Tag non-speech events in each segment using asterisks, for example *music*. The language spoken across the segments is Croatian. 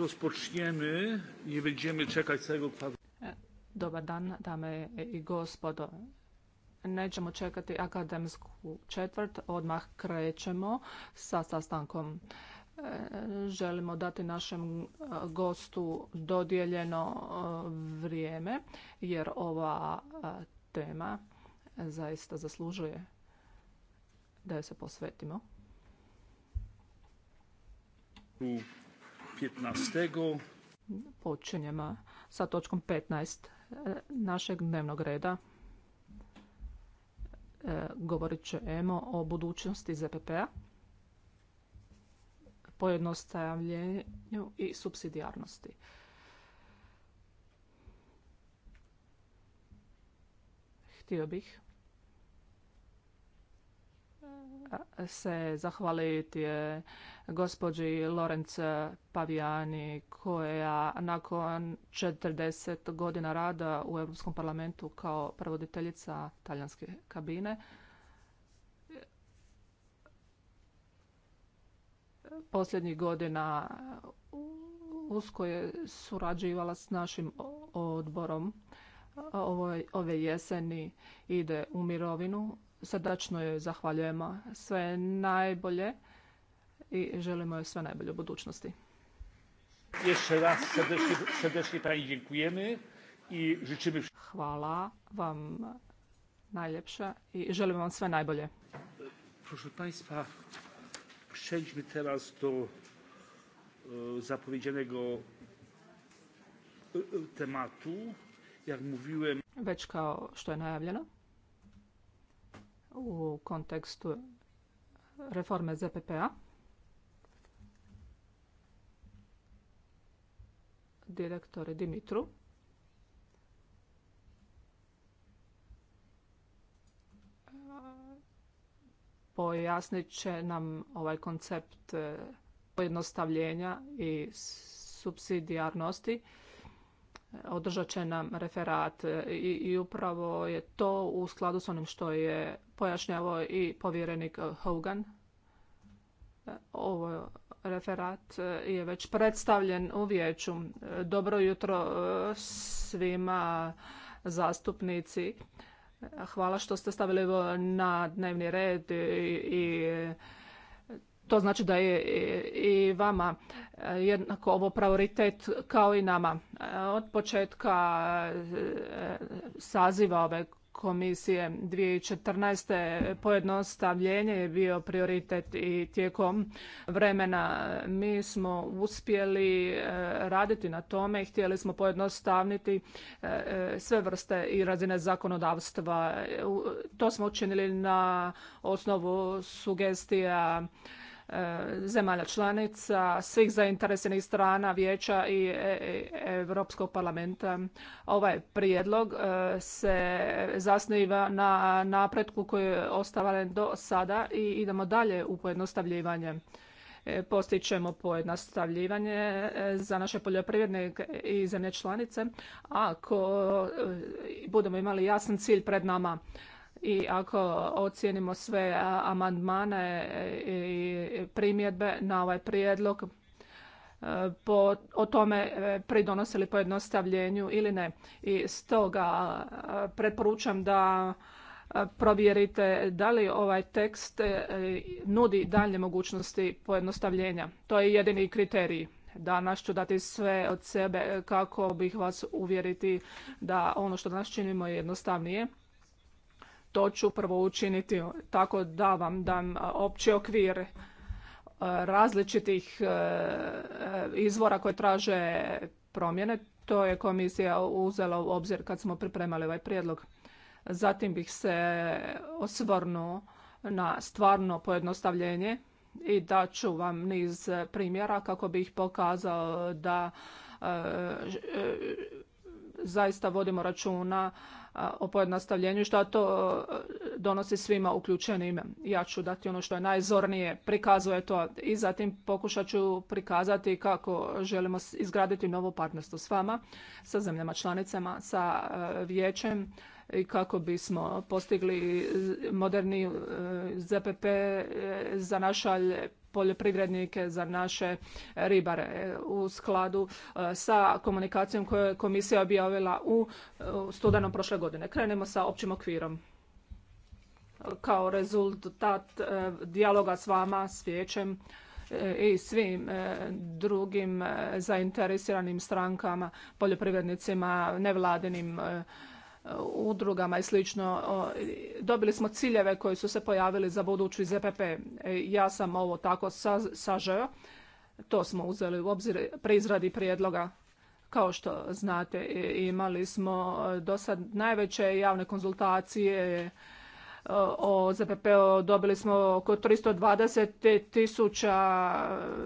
rozpoczniemy. Nie będziemy czekać e, Dobar dan, dame i gospodo. Nećemo čekati akademsku četvrt, odmah krećemo sa sastankom. E, želimo dati našem e, gostu dodijeljeno vrijeme, jer ova tema zaista zaslužuje da joj se posvetimo. 15. Počinjemo sa točkom 15 e, našeg dnevnog reda. E, govorit ćemo o budućnosti ZPP-a, pojednostavljenju i subsidijarnosti. Htio bih se zahvaliti gospođi Lorenz Pavijani koja nakon 40 godina rada u Europskom parlamentu kao prevoditeljica talijanske kabine posljednjih godina usko je surađivala s našim odborom. ove jeseni ide u mirovinu srdačno joj zahvaljujemo. Sve najbolje i želimo joj sve najbolje u budućnosti. Jeszcze raz serdecznie, dziękujemy i życzymy... Hvala Wam najlepsza i želimo Wam sve najbolje. Proszę Państwa, przejdźmy teraz do e, zapowiedzianego e, tematu. Jak mówiłem... Već kao što je najavljeno, u kontekstu reforme ZPP-a. 'Direktore Dimitru. Pojasnit će nam ovaj koncept e, pojednostavljenja i subsidijarnosti. Održat će nam referat e, i upravo je to u skladu s onim što je pojašnjavao i povjerenik Hogan. E, ovo referat e, je već predstavljen u vijeću. E, dobro jutro svima zastupnici. Hvala što ste stavili ovo na dnevni red i to znači da je i vama jednako ovo prioritet kao i nama. Od početka saziva ove komisije 2014. pojednostavljenje je bio prioritet i tijekom vremena mi smo uspjeli e, raditi na tome. i Htjeli smo pojednostavniti e, sve vrste i razine zakonodavstva. To smo učinili na osnovu sugestija zemalja članica, svih zainteresenih strana, vijeća i e, e, Europskog parlamenta. Ovaj prijedlog e, se zasniva na napretku koji je ostvaren do sada i idemo dalje u pojednostavljivanje postićemo pojednostavljivanje za naše poljoprivrednike i zemlje članice ako budemo imali jasan cilj pred nama i ako ocijenimo sve amandmane e, i primjedbe na ovaj prijedlog e, po, o tome e, pridonose li pojednostavljenju ili ne. I stoga preporučam da provjerite da li ovaj tekst nudi dalje mogućnosti pojednostavljenja. To je jedini kriterij. Danas ću dati sve od sebe kako bih vas uvjeriti da ono što danas činimo je jednostavnije to ću prvo učiniti tako da vam dam opći okvir različitih e, izvora koje traže promjene. To je komisija uzela u obzir kad smo pripremali ovaj prijedlog. Zatim bih se osvrnuo na stvarno pojednostavljenje i daću vam niz primjera kako bih pokazao da e, e, zaista vodimo računa o pojednostavljenju što to e, donosi svima uključenim. Ja ću dati ono što je najzornije, prikazuje to i zatim pokušat ću prikazati kako želimo izgraditi novo partnerstvo s vama, sa zemljama članicama, sa e, vijećem i kako bismo postigli moderni e, ZPP za naša poljoprivrednike, za naše ribare u skladu e, sa komunikacijom koju je komisija objavila u e, studenom prošle godine. Krenemo sa općim okvirom. Kao rezultat e, dijaloga s vama, s vijećem, i svim drugim zainteresiranim strankama, poljoprivrednicima, nevladinim udrugama i slično. Dobili smo ciljeve koji su se pojavili za budući ZPP. E, ja sam ovo tako sažao. To smo uzeli u obzir pri izradi prijedloga. Kao što znate, e, imali smo e, do sad najveće javne konzultacije o ZPP-u. Dobili smo oko 320 tisuća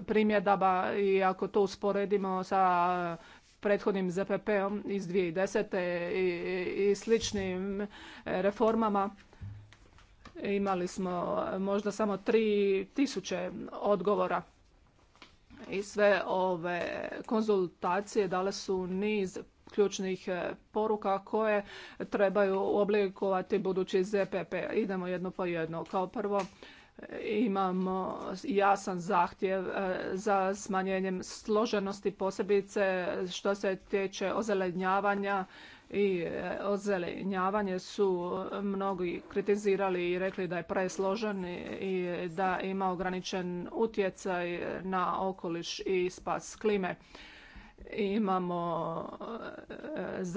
primjedaba i ako to usporedimo sa prethodnim ZPP-om iz 2010. I, i sličnim e, reformama imali smo e, možda samo 3000 odgovora i sve ove konzultacije dale su niz ključnih e, poruka koje trebaju oblikovati budući ZPP. Idemo jedno po jedno. Kao prvo, imamo jasan zahtjev e, za smanjenjem složenosti posebice što se tiče ozelenjavanja i e, ozelenjavanje su mnogi kritizirali i rekli da je presložen i da ima ograničen utjecaj na okoliš i spas klime. Imamo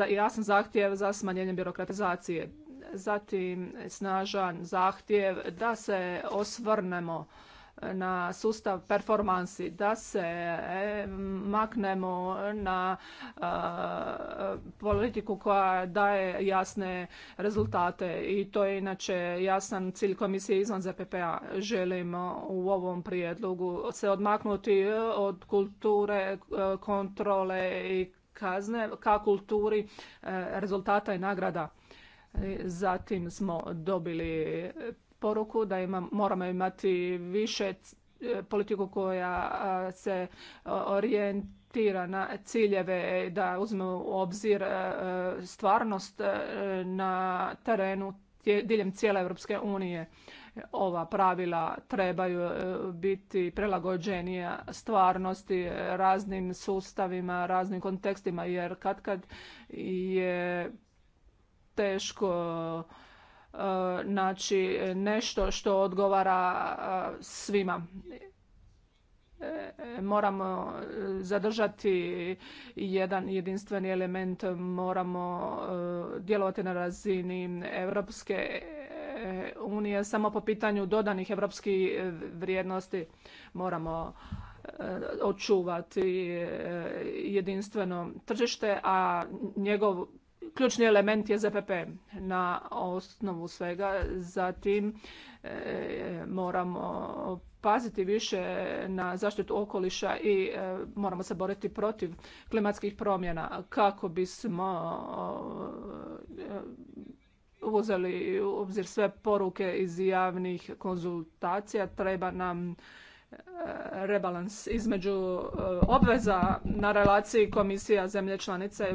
e, jasan zahtjev za smanjenje birokratizacije zatim snažan zahtjev da se osvrnemo na sustav performansi, da se e, maknemo na politiku koja daje jasne rezultate i to je inače jasan cilj komisije izvan ZPP-a. Želimo u ovom prijedlogu se odmaknuti od kulture e, kontrole i kazne ka kulturi e, rezultata i nagrada Zatim smo dobili poruku da moramo imati više e, politiku koja se e, orijentira na ciljeve, da uzme u obzir e, stvarnost na terenu diljem cijele Europske unije. Ova pravila trebaju biti prilagođenija stvarnosti, raznim sustavima, raznim kontekstima, jer kad kad je teško e, naći nešto što odgovara e, svima. E, moramo zadržati jedan jedinstveni element, moramo djelovati na razini Europske unije samo po pitanju dodanih europskih vrijednosti. Moramo očuvati jedinstveno tržište, a njegov ključni element je ZPP na osnovu svega. Zatim e, moramo paziti više na zaštitu okoliša i e, moramo se boriti protiv klimatskih promjena kako bismo e, uzeli u obzir sve poruke iz javnih konzultacija. Treba nam rebalans između obveza na relaciji komisija zemlje članice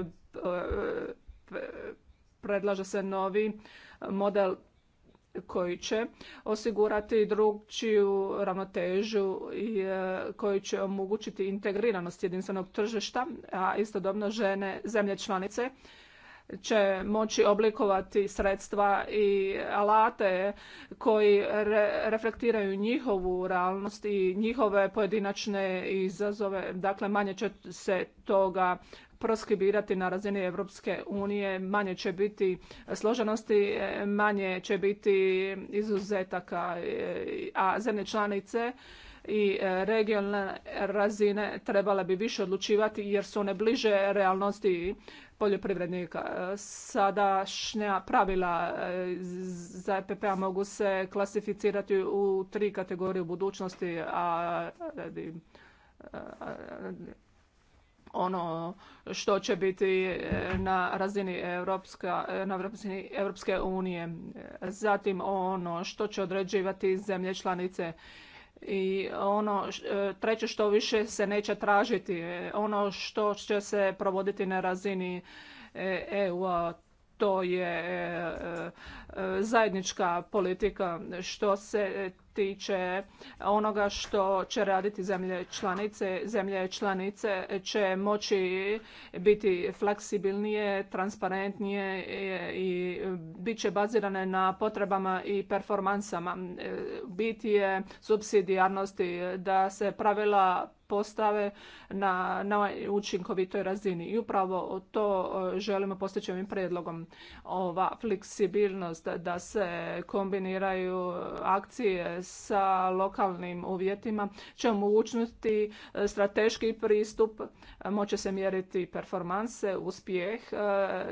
predlaže se novi model koji će osigurati drugčiju ravnotežu i e, koji će omogućiti integriranost jedinstvenog tržišta, a istodobno žene zemlje članice će moći oblikovati sredstva i alate koji reflektiraju njihovu realnost i njihove pojedinačne izazove. Dakle, manje će se toga proskribirati na razini Europske unije, manje će biti složenosti, manje će biti izuzetaka, a zemlje članice i regionalne razine trebale bi više odlučivati jer su one bliže realnosti poljoprivrednika. Sadašnja pravila eh, za EPP-a mogu se klasificirati u tri kategorije u budućnosti, a eh, ono što će biti eh, na razini Europska, eh, na razini Europske unije, zatim ono što će određivati zemlje članice i ono eh, treće što više se neće tražiti, ono što će se provoditi na razini EU-a, to je e, e, zajednička politika što se tiče onoga što će raditi zemlje članice. Zemlje članice će moći biti fleksibilnije, transparentnije e, i bit će bazirane na potrebama i performansama. Biti je subsidijarnosti da se pravila ostave na, na učinkovitoj razini. I upravo to e, želimo postići ovim predlogom. Ova fleksibilnost da se kombiniraju akcije sa lokalnim uvjetima će omogućiti e, strateški pristup, moće se mjeriti performanse, uspjeh e,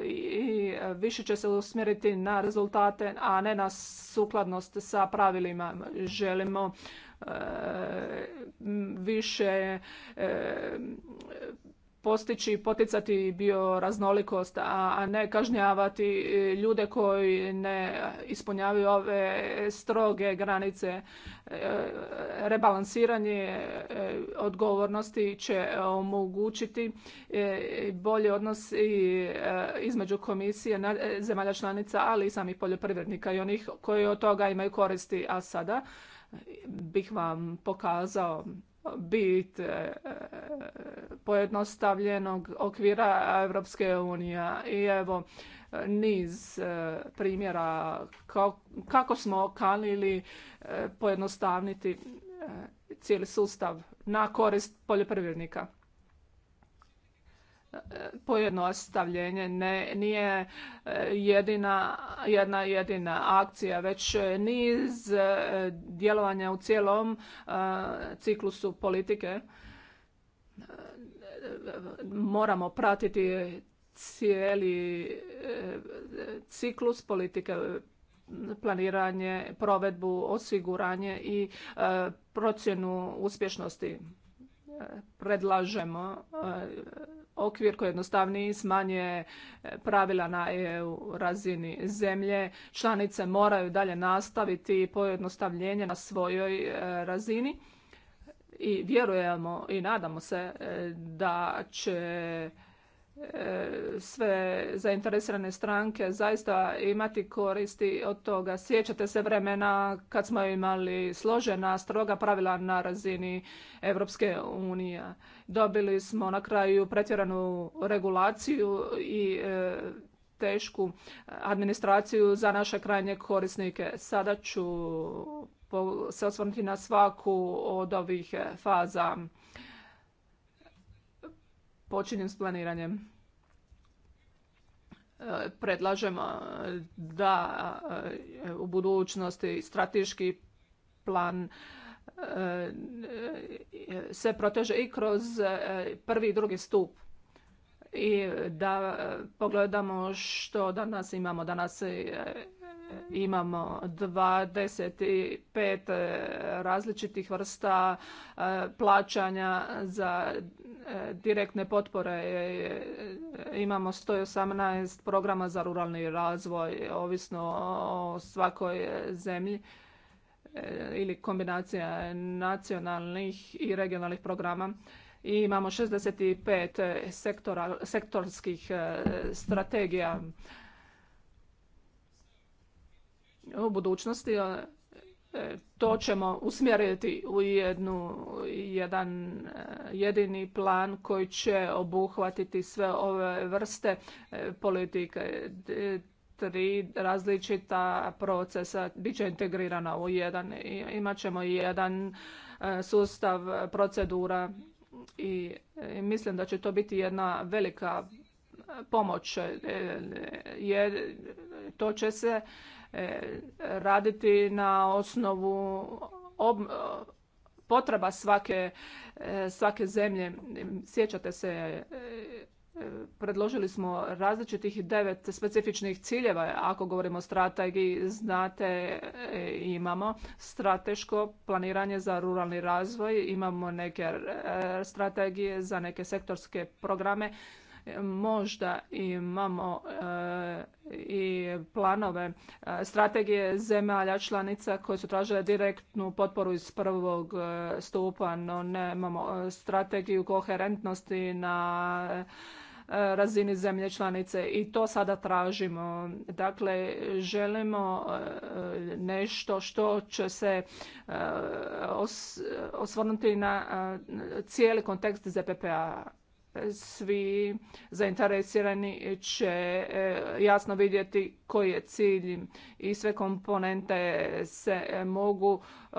i više će se usmjeriti na rezultate, a ne na sukladnost sa pravilima. Želimo E, više e, postići poticati bioraznolikost, a ne kažnjavati e, ljude koji ne ispunjavaju ove stroge granice. Rebalansiranje odgovornosti će omogućiti bolji odnos i između komisije zemalja članica, ali i samih poljoprivrednika i onih koji od toga imaju koristi. A sada bih vam pokazao bit e, pojednostavljenog okvira Europske unije i evo niz e, primjera kako smo kanili e, pojednostavniti cijeli sustav na korist poljoprivrednika pojednostavljenje ne, nije e, jedina, jedna jedina akcija, već niz e, djelovanja u cijelom e, ciklusu politike. Moramo pratiti cijeli ciklus politike planiranje, provedbu, osiguranje i procjenu uspješnosti. Predlažemo okvir koji je jednostavniji, smanje e, pravila na EU razini zemlje. Članice moraju dalje nastaviti pojednostavljenje na svojoj e, razini i vjerujemo i nadamo se e, da će sve zainteresirane stranke zaista imati koristi od toga. Sjećate se vremena kad smo imali složena, stroga pravila na razini Europske unije. Dobili smo na kraju pretjeranu regulaciju i e, tešku administraciju za naše krajnje korisnike. Sada ću se osvrnuti na svaku od ovih faza. Počinjem s planiranjem predlažemo da e, u budućnosti strateški plan e, e, se proteže i kroz prvi i drugi stup i da pogledamo što danas imamo. Danas imamo 25 e, različitih vrsta e, plaćanja za e, direktne potpore. Imamo 118 programa za ruralni razvoj, ovisno o svakoj zemlji ili kombinacija nacionalnih i regionalnih programa i imamo 65 sektorskih strategija u budućnosti e, to ćemo usmjeriti u jednu, jedan e, jedini plan koji će obuhvatiti sve ove vrste e, politike. Tri različita procesa bit će integrirana u jedan. Imat ćemo jedan sustav procedura i mislim da će to biti jedna velika pomoć. to će se E, raditi na osnovu e, potreba svake, e, svake zemlje. Sjećate se, predložili smo različitih devet specifičnih ciljeva. Ako govorimo o strategiji, znate, imamo strateško planiranje za ruralni razvoj, imamo neke strategije za neke sektorske programe. Možda imamo e, i planove e, strategije zemalja članica koje su tražile direktnu potporu iz prvog e, stupa, no nemamo strategiju koherentnosti na razini zemlje članice i to sada tražimo. Dakle, želimo nešto što će se osvrnuti na cijeli kontekst ZPPA svi zainteresirani će e, jasno vidjeti koji je cilj i sve komponente se mogu e,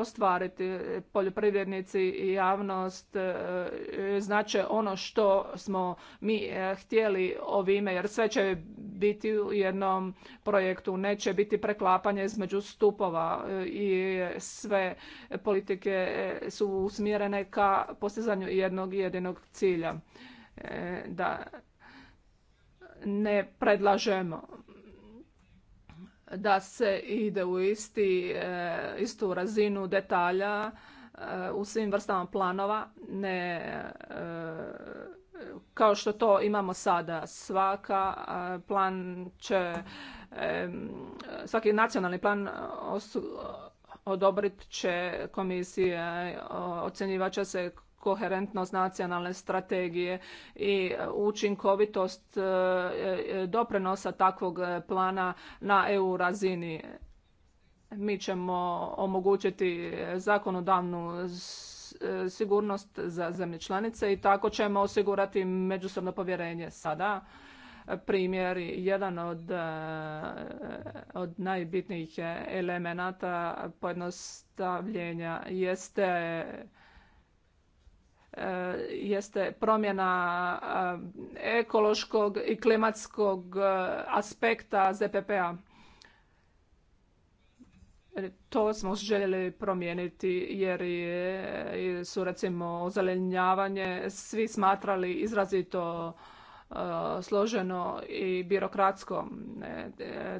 ostvariti. Poljoprivrednici i javnost e, znače ono što smo mi e, htjeli ovime, jer sve će biti u jednom projektu. Neće biti preklapanje između stupova i sve politike su usmjerene ka postizanju jednog jedinog cilja. Da ne predlažemo da se ide u isti, e, istu razinu detalja e, u svim vrstama planova, ne e, kao što to imamo sada. Svaka plan će, svaki nacionalni plan odobrit će komisije, ocjenjivat će se koherentnost nacionalne strategije i učinkovitost e, e, doprinosa takvog e, plana na EU razini. Mi ćemo omogućiti zakonodavnu sigurnost za zemlje članice i tako ćemo osigurati međusobno povjerenje. Sada primjer, jedan od, od najbitnijih elemenata pojednostavljenja jeste Eh, jeste promjena eh, ekološkog i klimatskog eh, aspekta ZPP-a. To smo željeli promijeniti jer je, su recimo ozelenjavanje svi smatrali izrazito složeno i birokratsko.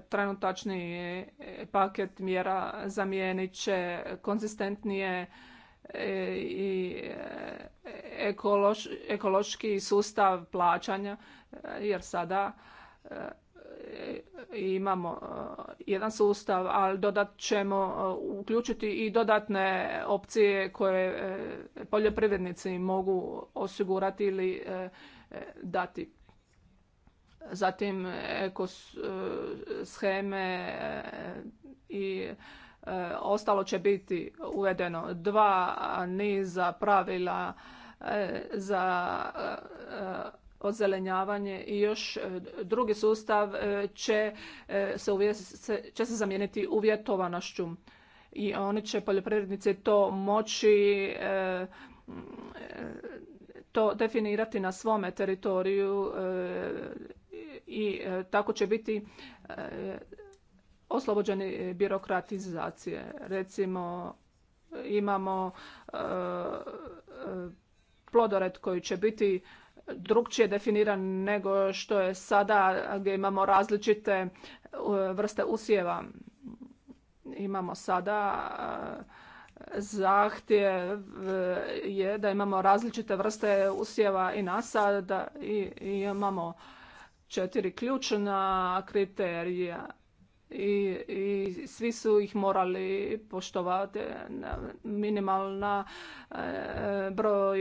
trenutačni paket mjera zamijenit će konzistentnije E, i e, ekološki sustav plaćanja e, jer sada imamo jedan sustav, ali dodat ćemo uključiti i dodatne opcije koje poljoprivrednici mogu osigurati ili dati. Zatim eko sheme i E, ostalo će biti uvedeno dva niza pravila e, za e, ozelenjavanje i još drugi sustav će se, će se zamijeniti uvjetovanošću i oni će poljoprivrednici to moći to definirati na svome teritoriju i tako će biti oslobođeni e, birokratizacije. Recimo imamo plodoret e, plodored koji će biti drugčije definiran nego što je sada gdje imamo različite e, vrste usjeva. Imamo sada zahtjev je da imamo različite vrste usjeva i nasada i imamo četiri ključna kriterija i, i svi su ih morali poštovati minimalna e, broj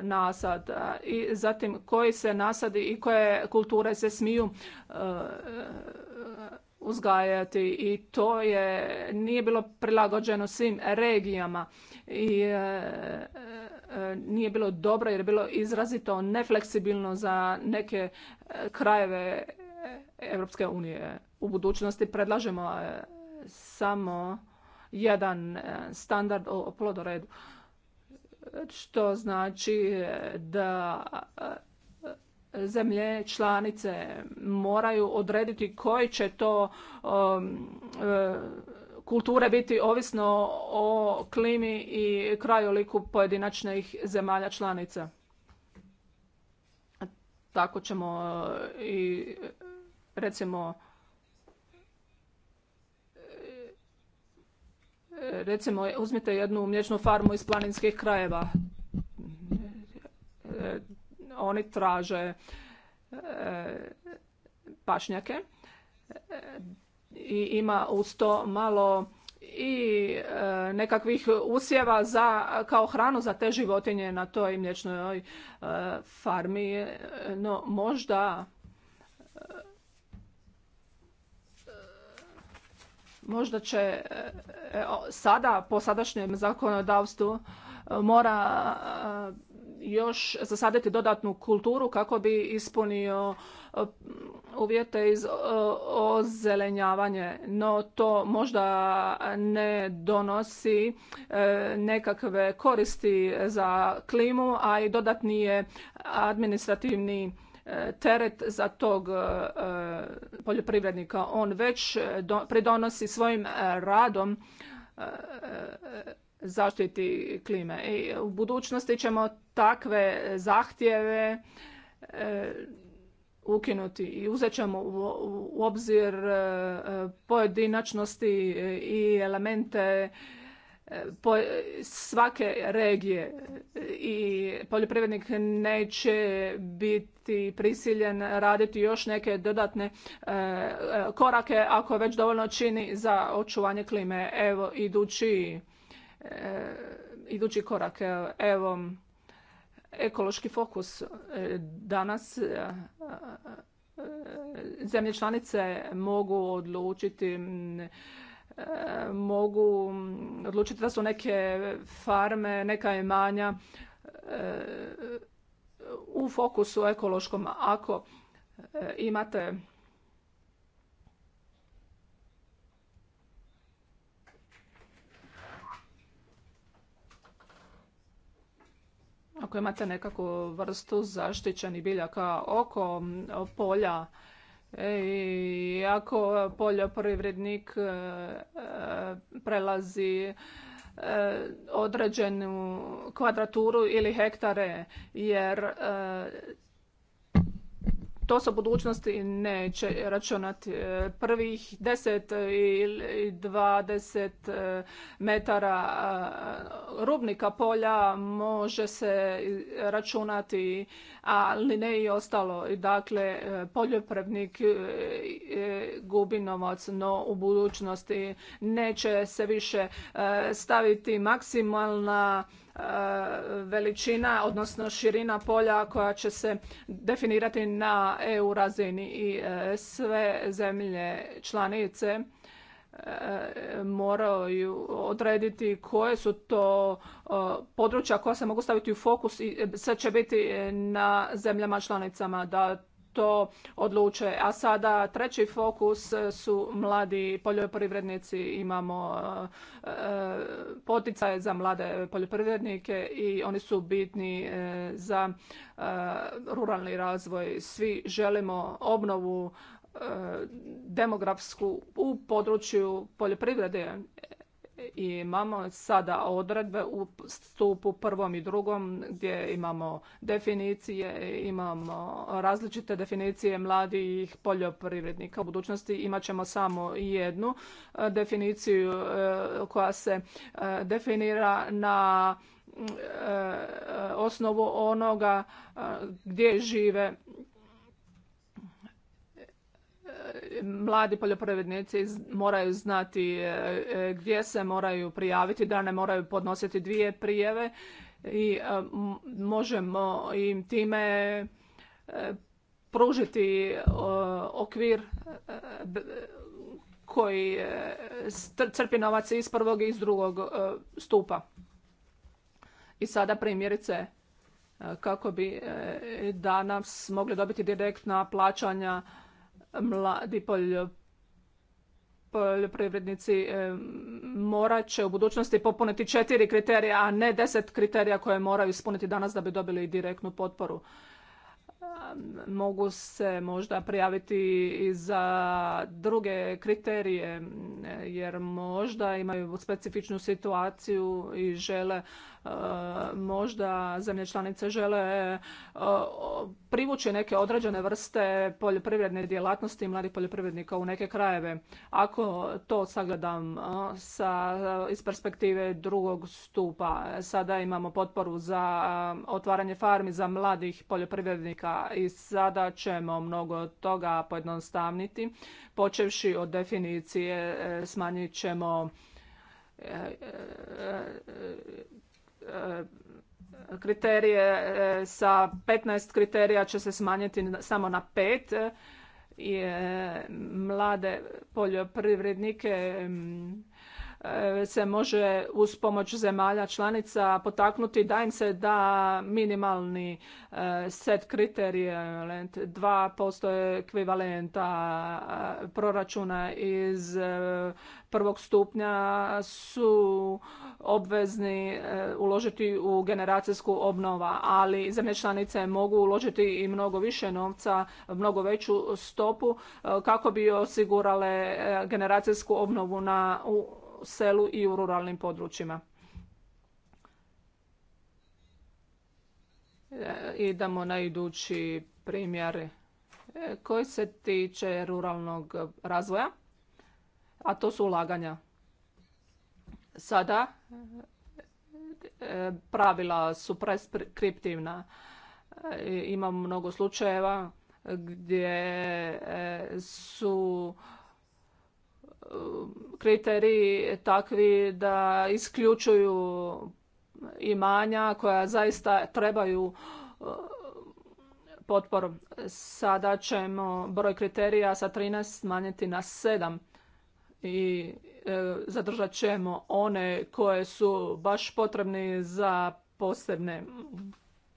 nasad e, nasada i zatim koji se nasadi i koje kulture se smiju e, uzgajati i to je nije bilo prilagođeno svim regijama i nije bilo dobro jer je bilo izrazito nefleksibilno za neke krajeve Europske unije. U budućnosti predlažemo e, samo jedan e, standard o plodoredu, što znači e, da zemlje članice moraju odrediti koji će to kulture biti ovisno o klimi i krajoliku pojedinačnih zemalja članica. Tako ćemo i recimo recimo uzmite jednu mliječnu farmu iz planinskih krajeva oni traže e, pašnjake i ima uz to malo i e, nekakvih usjeva za, kao hranu za te životinje na toj mliječnoj e, farmi. No možda možda će e, e, sada po sadašnjem zakonodavstvu e, mora još zasaditi dodatnu kulturu kako bi ispunio uvjete iz ozelenjavanje, no to možda ne donosi nekakve koristi za klimu, a i dodatni je administrativni teret za tog e, poljoprivrednika. On već e, pridonosi svojim e, radom zaštiti klime. I u budućnosti ćemo takve zahtjeve ukinuti i uzet ćemo u obzir pojedinačnosti i elemente svake regije e, i poljoprivrednik neće biti prisiljen raditi još neke dodatne e, e, korake ako već dovoljno čini za očuvanje klime. Evo, idući, idući korak, evo, ekološki fokus danas zemlje članice mogu odlučiti mogu odlučiti da su neke farme, neka imanja eh, u fokusu ekološkom. Ako eh, imate ako imate nekakvu vrstu zaštićenih biljaka oko polja E, I ako poljoprivrednik e, e, prelazi određenu kvadraturu ili hektare jer to se u budućnosti neće računati. E, prvih 10 ili 20 e, metara e, rubnika polja može se računati, ali ne i ostalo. Dakle, poljoprivrednik gubi novac, no u budućnosti neće se više staviti maksimalna veličina, odnosno širina polja koja će se definirati na EU razini i e, sve zemlje članice e, moraju odrediti koje su to područja koja se mogu staviti u fokus i e, sve će biti na zemljama članicama da to odluče. A sada treći fokus su mladi poljoprivrednici. Imamo eh, poticaje za mlade poljoprivrednike i oni su bitni eh, za eh, ruralni razvoj. Svi želimo obnovu demografsku u području poljoprivrede i imamo sada odredbe u stupu prvom i drugom gdje imamo definicije, imamo različite definicije mladih poljoprivrednika. U budućnosti imat ćemo samo jednu e, definiciju e, koja se e, definira na osnovu onoga gdje žive mladi poljoprivrednici moraju znati e, e, gdje se moraju prijaviti, da ne moraju podnositi dvije prijeve i e, možemo im time pružiti okvir koji crpi novac iz prvog i iz drugog stupa. I sada primjerice kako bi danas mogli dobiti direktna plaćanja mladi poljoprivrednici e, morat će u budućnosti popuniti četiri kriterija, a ne deset kriterija koje moraju ispuniti danas da bi dobili direktnu potporu mogu se možda prijaviti i za druge kriterije e, jer možda imaju specifičnu situaciju i žele možda zemlje članice žele privući neke određene vrste poljoprivredne djelatnosti mladih poljoprivrednika u neke krajeve. Ako to sagledam sa, iz perspektive drugog stupa, sada imamo potporu za otvaranje farmi za mladih poljoprivrednika i sada ćemo mnogo toga pojednostavniti. Počevši od definicije e, smanjit ćemo e, e, E, kriterije e, sa 15 kriterija će se smanjiti samo na 5 i e, mlade poljoprivrednike E, se može uz pomoć zemalja članica potaknuti da im se da minimalni e, set kriterija, 2% ekvivalenta proračuna iz e, prvog stupnja su obvezni uložiti u generacijsku obnova, ali zemlje članice mogu uložiti i mnogo više novca, mnogo veću stopu kako bi osigurale generacijsku obnovu na selu i u ruralnim područjima. E, idemo na idući primjer e, koji se tiče ruralnog razvoja, a to su ulaganja. Sada e, pravila su preskriptivna. Imamo mnogo slučajeva gdje su kriteriji takvi da isključuju imanja koja zaista trebaju e, potporu. Sada ćemo broj kriterija sa 13 smanjiti na 7 i e, zadržat ćemo one koje su baš potrebni za posebne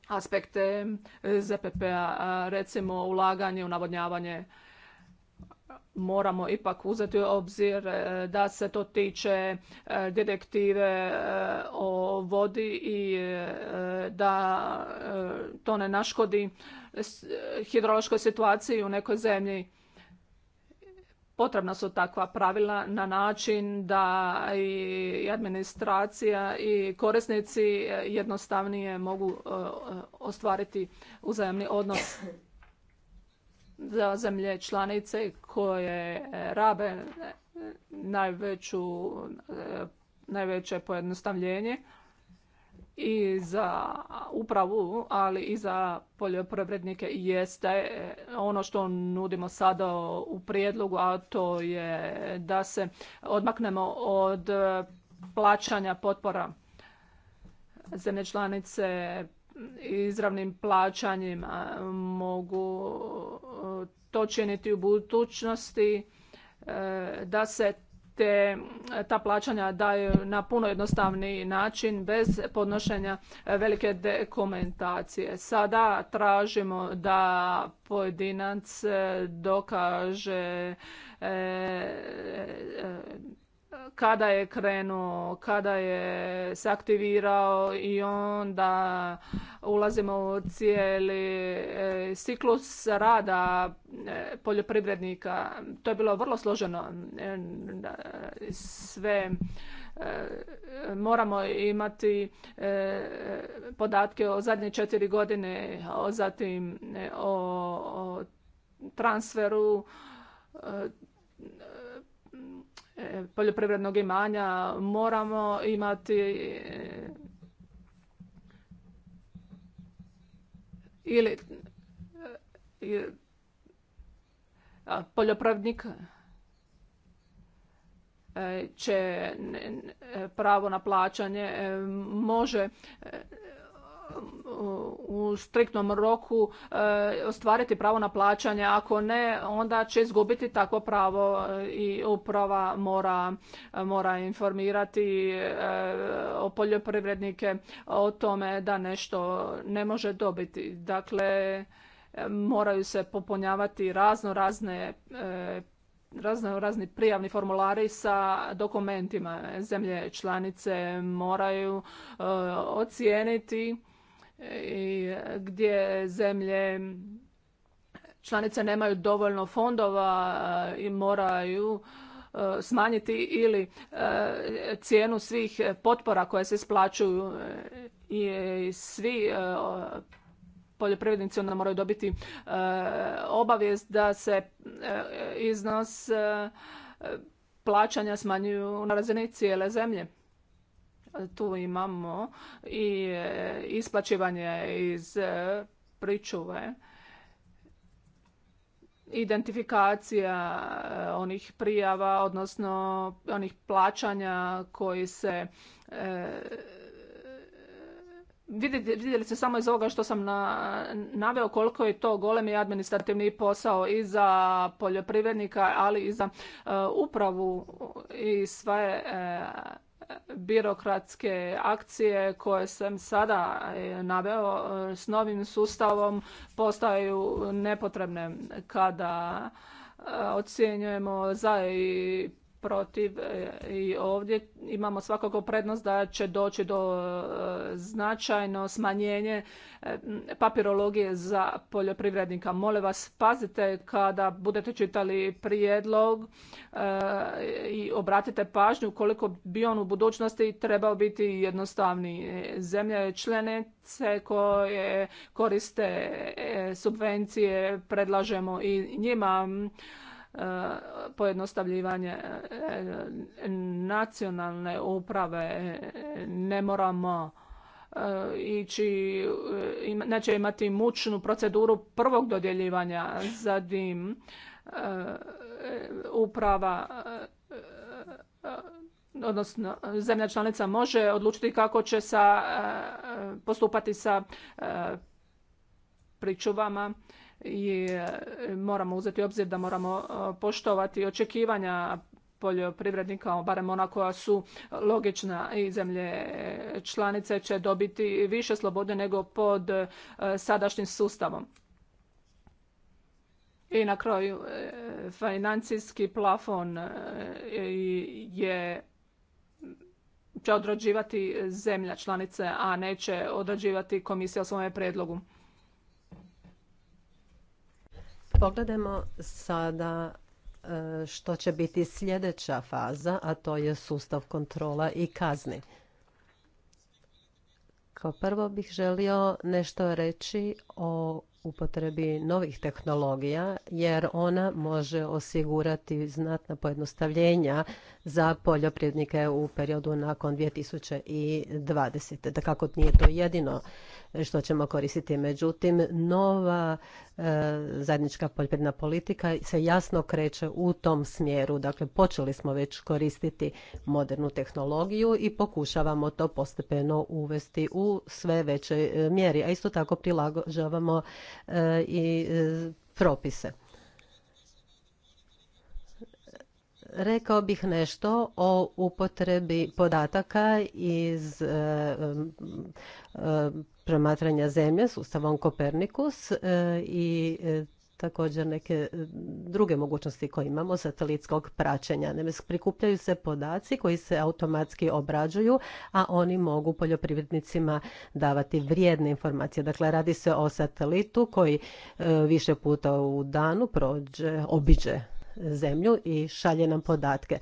aspekte e, ZPP-a, recimo ulaganje u navodnjavanje moramo ipak uzeti u obzir e, da se to tiče e, direktive e, o vodi i da to ne naškodi hidrološkoj situaciji u nekoj zemlji. Potrebna su takva pravila na način da i administracija i korisnici jednostavnije mogu ostvariti uzajemni odnos za zemlje članice koje e, rabe e, najveću, e, najveće pojednostavljenje i za upravu, ali i za poljoprivrednike jeste ono što nudimo sada u prijedlogu, a to je da se odmaknemo od plaćanja potpora zemlje članice izravnim plaćanjima mogu to činiti u budućnosti e, da se te ta plaćanja daju na puno jednostavniji način bez podnošenja e, velike dokumentacije. Sada tražimo da pojedinac e, dokaže kada je krenuo, kada je se aktivirao i onda ulazimo u cijeli e, ciklus rada e, poljoprivrednika. To je bilo vrlo složeno. E, sve moramo imati podatke o zadnje četiri godine, o zatim o transferu poljoprivrednog imanja moramo imati eh, ili eh, poljoprivrednik eh, će pravo na plaćanje može u striktnom roku e, ostvariti pravo na plaćanje. Ako ne, onda će izgubiti takvo pravo e, i uprava mora, mora informirati e, o poljoprivrednike o tome da nešto ne može dobiti. Dakle, moraju se popunjavati razno razne razno razni prijavni formulari sa dokumentima. Zemlje članice moraju ocijeniti i gdje zemlje članice nemaju dovoljno fondova e, i moraju e, smanjiti ili e, cijenu svih potpora koje se isplaćuju i svi poljoprivrednici onda moraju dobiti obavijest da se iznos plaćanja smanjuju na razini cijele zemlje. Tu imamo i e, isplaćivanje iz e, pričuve, identifikacija e, onih prijava, odnosno onih plaćanja koji se Vidjeli ste samo iz ovoga što sam naveo koliko je to golemi administrativni posao i za poljoprivrednika, ali i za upravu i sve birokratske akcije koje sam sada e, naveo e, s novim sustavom postaju nepotrebne kada e, ocjenjujemo za i protiv e, i ovdje imamo svakako prednost da će doći do e, značajno smanjenje e, papirologije za poljoprivrednika. Mole vas pazite kada budete čitali prijedlog i obratite pažnju koliko bi on u budućnosti trebao biti jednostavni. Zemlje članice koje koriste subvencije predlažemo i njima pojednostavljivanje e, e, nacionalne uprave e, ne moramo ići, neće imati mučnu proceduru prvog dodjeljivanja, zadim uprava odnosno zemlja članica može odlučiti kako će sa, postupati sa pričuvama i e, moramo uzeti u obzir da moramo e, poštovati očekivanja poljoprivrednika, barem ona koja su logična i zemlje članice će dobiti više slobode nego pod e, sadašnjim sustavom. I na kraju, financijski plafon je će odrađivati zemlja članice, a neće odrađivati komisija o svome predlogu. Pogledajmo sada e, što će biti sljedeća faza, a to je sustav kontrola i kazni. Kao prvo bih želio nešto reći o upotrebi novih tehnologija, jer ona može osigurati znatna pojednostavljenja za poljoprivrednike u periodu nakon 2020. Da kako nije to jedino što ćemo koristiti. Međutim, nova e, zajednička poljoprivredna politika se jasno kreće u tom smjeru. Dakle, počeli smo već koristiti modernu tehnologiju i pokušavamo to postepeno uvesti u sve većoj e, mjeri, a isto tako prilagođavamo e, i propise. rekao bih nešto o upotrebi podataka iz promatranja zemlje, sustavom Kopernikus e, i e, također neke e, druge mogućnosti koje imamo satelitskog praćenja. Naime, prikupljaju se podaci koji se automatski obrađuju, a oni mogu poljoprivrednicima davati vrijedne informacije. Dakle, radi se o satelitu koji više puta u danu prođe, obiđe zemlju i šalje nam podatke.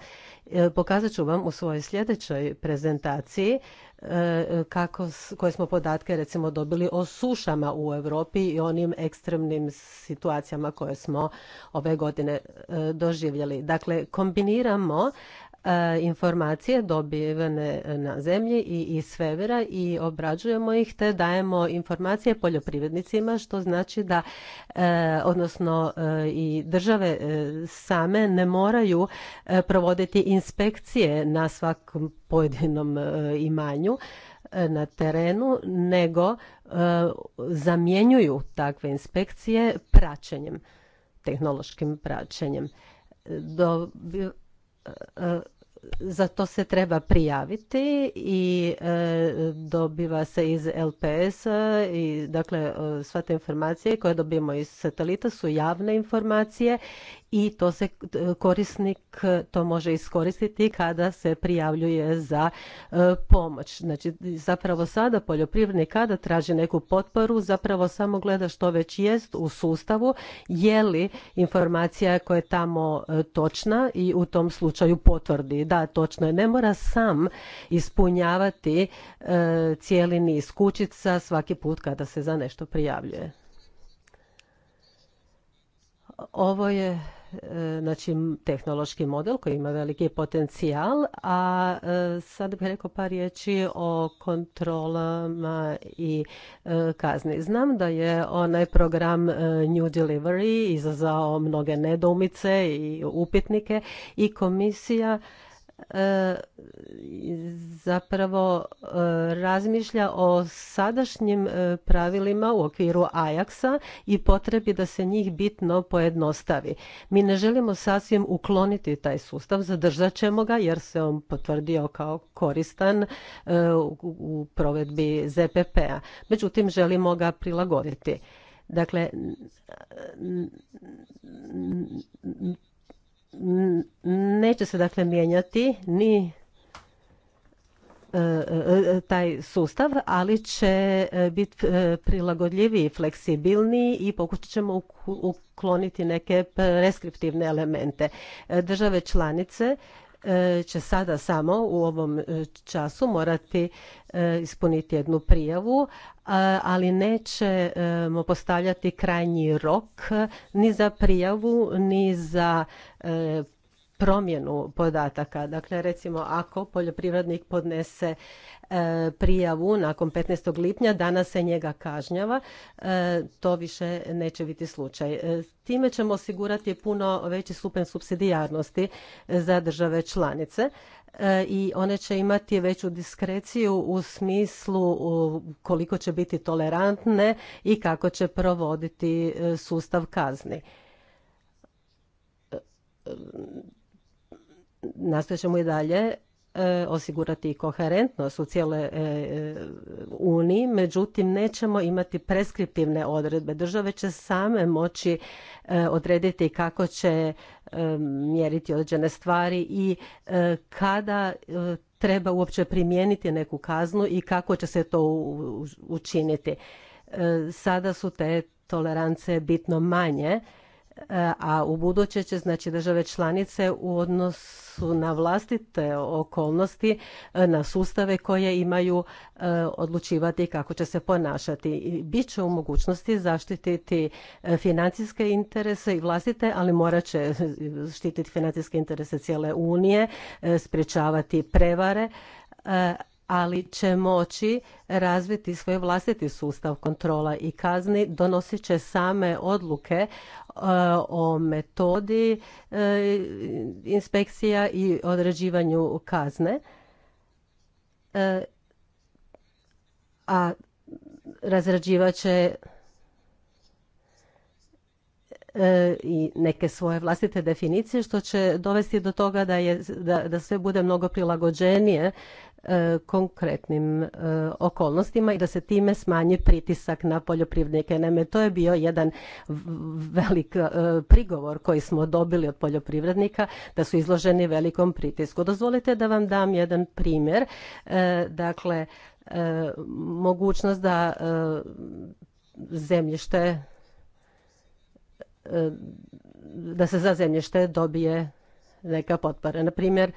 Pokazat ću vam u svojoj sljedećoj prezentaciji E, kako, koje smo podatke recimo dobili o sušama u Europi i onim ekstremnim situacijama koje smo ove godine e, doživjeli. Dakle, kombiniramo E, informacije dobivene na zemlji i iz svevera i obrađujemo ih te dajemo informacije poljoprivrednicima što znači da e, odnosno e, i države same ne moraju provoditi inspekcije na svakom pojedinom imanju na terenu nego zamjenjuju takve inspekcije praćenjem tehnološkim praćenjem do za to se treba prijaviti i e, dobiva se iz LPS e, i dakle e, sva te informacije koje dobijemo iz satelita su javne informacije i to se korisnik e, to može iskoristiti kada se prijavljuje za e, pomoć. Znači zapravo sada poljoprivrednik kada traži neku potporu zapravo samo gleda što već jest u sustavu, je li informacija koja je tamo e, točna i u tom slučaju potvrdi. Da, točno je. Ne mora sam ispunjavati cijeli niz kućica svaki put kada se za nešto prijavljuje. Ovo je E, znači tehnološki model koji ima veliki potencijal, a e, sad bih rekao par riječi o kontrolama i e, kazni. Znam da je onaj program New Delivery izazao mnoge nedoumice i upitnike i komisija zapravo e, razmišlja o sadašnjim e, pravilima u okviru Ajaksa i potrebi da se njih bitno pojednostavi. Mi ne želimo sasvim ukloniti taj sustav, zadržat ćemo ga jer se on potvrdio kao koristan e, u provedbi ZPP-a. Međutim, želimo ga prilagoditi. Dakle, neće se dakle mijenjati ni e, e, e, taj sustav, ali će biti prilagodljiviji, fleksibilniji i pokušat ćemo ukloniti neke preskriptivne elemente. Države članice E, će sada samo u ovom e, času morati e, ispuniti jednu prijavu, ali nećemo postavljati krajnji rok ni za prijavu, ni za promjenu podataka. Dakle, recimo ako poljoprivrednik podnese e, prijavu nakon 15. lipnja, danas se njega kažnjava, e, to više neće biti slučaj. E, time ćemo osigurati puno veći stupanj subsidijarnosti za države članice i one će imati veću diskreciju u smislu koliko će biti tolerantne i kako će provoditi sustav kazni nastojat ćemo i dalje e, osigurati koherentnost u cijeloj e, e, Uniji, međutim nećemo imati preskriptivne odredbe. Države će same moći odrediti kako će mjeriti određene stvari i kada treba uopće primijeniti neku kaznu i kako će se to učiniti. Sada su te tolerance bitno manje E, a u buduće će znači države članice u odnosu na vlastite okolnosti e, na sustave koje imaju e, odlučivati kako će se ponašati. bit će u mogućnosti zaštititi financijske interese i vlastite, ali morat će štititi financijske interese cijele unije, sprječavati prevare, ali će moći razviti svoj vlastiti sustav kontrola i kazni, donosit će same odluke o metodi e, inspekcija i određivanju kazne. E, a razrađivat će e, i neke svoje vlastite definicije što će dovesti do toga da, da sve bude mnogo prilagođenije E, konkretnim e, okolnostima i da se time smanji pritisak na poljoprivrednike. Naime, to je bio jedan velik e, prigovor koji smo dobili od poljoprivrednika da su izloženi velikom pritisku. Dozvolite da vam dam jedan primjer. Dakle, mogućnost da zemljište da se za zemljište dobije neka potpora. Na primjer,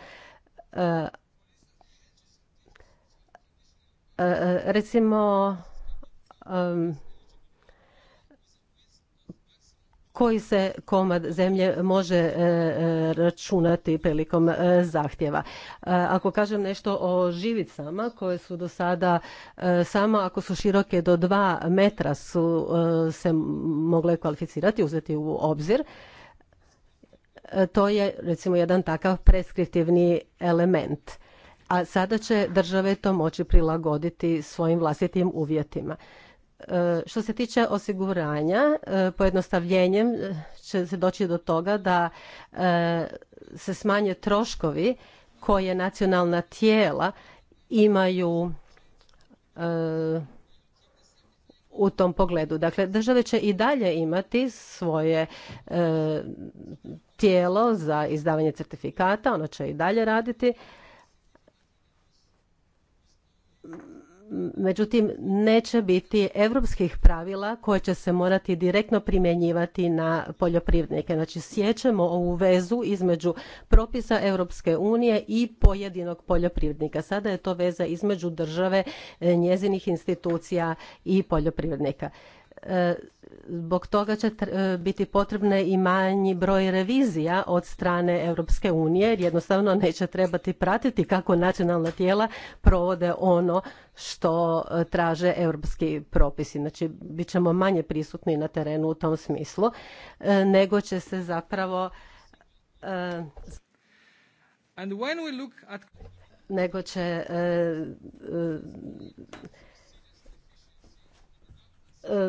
E, e, recimo koji se komad zemlje može e, računati prilikom zahtjeva. Ako kažem nešto o živicama koje su do sada samo ako su široke do dva metra su se mogle kvalificirati, uzeti u obzir. To je recimo jedan takav preskriptivni element a sada će države to moći prilagoditi svojim vlastitim uvjetima. E, što se tiče osiguranja, e, pojednostavljenjem e, će se doći do toga da se smanje troškovi koje nacionalna tijela imaju u tom pogledu. Dakle, države će i dalje imati svoje tijelo za izdavanje certifikata, ono će i dalje raditi, međutim neće biti europskih pravila koje će se morati direktno primjenjivati na poljoprivrednike. Znači sjećemo ovu vezu između propisa Europske unije i pojedinog poljoprivrednika. Sada je to veza između države, e, njezinih institucija i poljoprivrednika. E, zbog toga će e, biti potrebne i manji broj revizija od strane Europske unije jer jednostavno neće trebati pratiti kako nacionalna tijela provode ono što e, traže europski propisi. Znači, bit ćemo manje prisutni na terenu u tom smislu, nego će se zapravo nego će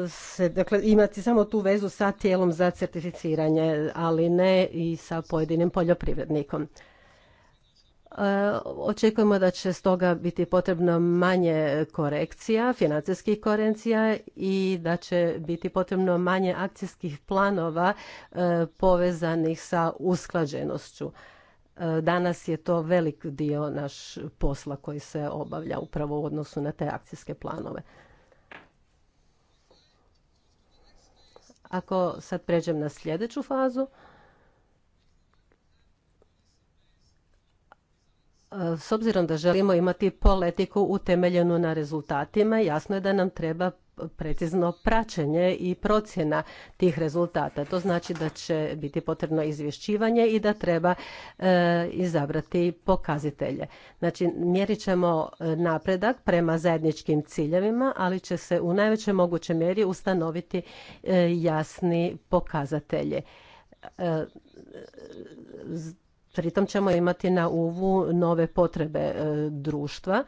se, dakle, imati samo tu vezu sa tijelom za certificiranje, ali ne i sa pojedinim poljoprivrednikom. E, očekujemo da će stoga biti potrebno manje korekcija, financijskih korekcija i da će biti potrebno manje akcijskih planova e, povezanih sa usklađenošću. E, danas je to velik dio naš posla koji se obavlja upravo u odnosu na te akcijske planove. Ako sad pređem na sljedeću fazu, S obzirom da želimo imati politiku utemeljenu na rezultatima, jasno je da nam treba precizno praćenje i procjena tih rezultata. To znači da će biti potrebno izvješćivanje i da treba e, izabrati pokazatelje. Znači, mjerit ćemo e, napredak prema zajedničkim ciljevima, ali će se u najvećoj mogućoj mjeri ustanoviti e, jasni pokazatelje. E, pritom ćemo imati na uvu nove potrebe društva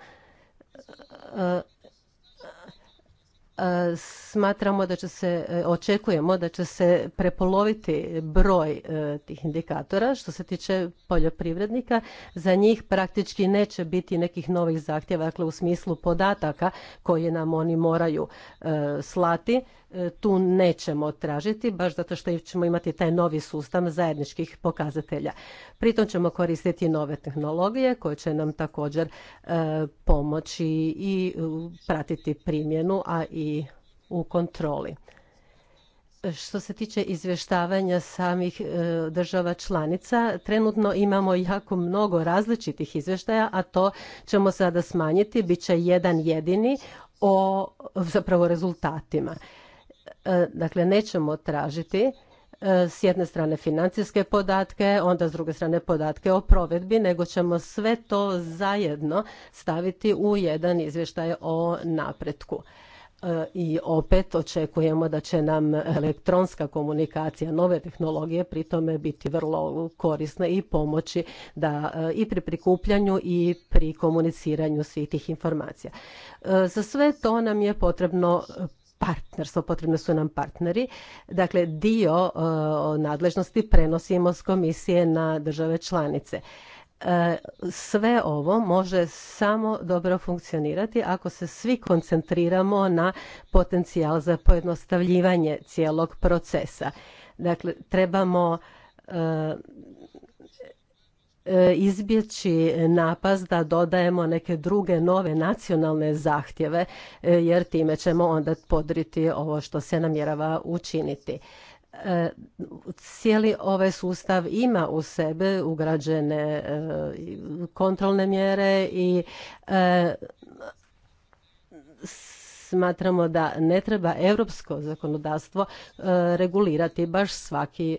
E, smatramo da će se, e, očekujemo da će se prepoloviti broj e, tih indikatora. Što se tiče poljoprivrednika, za njih praktički neće biti nekih novih zahtjeva, dakle u smislu podataka koje nam oni moraju slati tu nećemo tražiti, baš zato što ćemo imati taj novi sustav zajedničkih pokazatelja. Pritom ćemo koristiti nove tehnologije koje će nam također e, pomoći i e, pratiti primjenu, a i u kontroli. Što se tiče izvještavanja samih e, država članica, trenutno imamo jako mnogo različitih izvještaja, a to ćemo sada smanjiti, bit će jedan jedini o zapravo rezultatima. E, dakle, nećemo tražiti e, s jedne strane financijske podatke, onda s druge strane podatke o provedbi, nego ćemo sve to zajedno staviti u jedan izvještaj o napretku. E, I opet očekujemo da će nam elektronska komunikacija, nove tehnologije pri tome biti vrlo korisne i pomoći da i pri prikupljanju i pri komuniciranju svih tih informacija. Za sve to nam je potrebno partnerstvo, potrebno su nam partneri. Dakle, dio e, nadležnosti prenosimo s komisije na države članice. E, sve ovo može samo dobro funkcionirati ako se svi koncentriramo na potencijal za pojednostavljivanje cijelog procesa. Dakle, trebamo e, E, izbjeći napas da dodajemo neke druge nove nacionalne zahtjeve e, jer time ćemo onda podriti ovo što se namjerava učiniti e, cijeli ovaj sustav ima u sebe ugrađene kontrolne mjere i smatramo da ne treba europsko zakonodavstvo e, regulirati baš svaki e,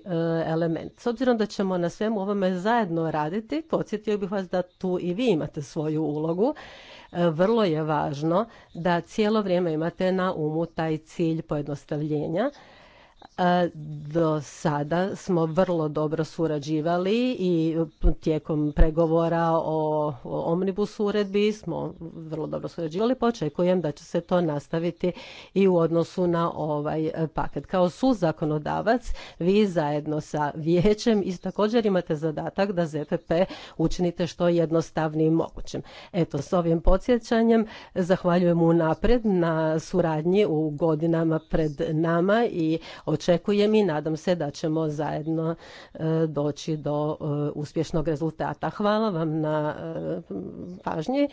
element. S obzirom da ćemo na svemu ovome zajedno raditi, podsjetio bih vas da tu i vi imate svoju ulogu. E, vrlo je važno da cijelo vrijeme imate na umu taj cilj pojednostavljenja E, do sada smo vrlo dobro surađivali i tijekom pregovora o omnibus uredbi smo vrlo dobro surađivali pa očekujem da će se to nastaviti i u odnosu na ovaj e, paket. Kao zakonodavac, vi zajedno sa vijećem i također imate zadatak da ZPP učinite što jednostavnijim mogućim. Eto, s ovim podsjećanjem zahvaljujem unaprijed na suradnji u godinama pred nama i očekujem i nadam se da ćemo zajedno e, doći do e, uspješnog rezultata. Hvala vam na e, pažnji.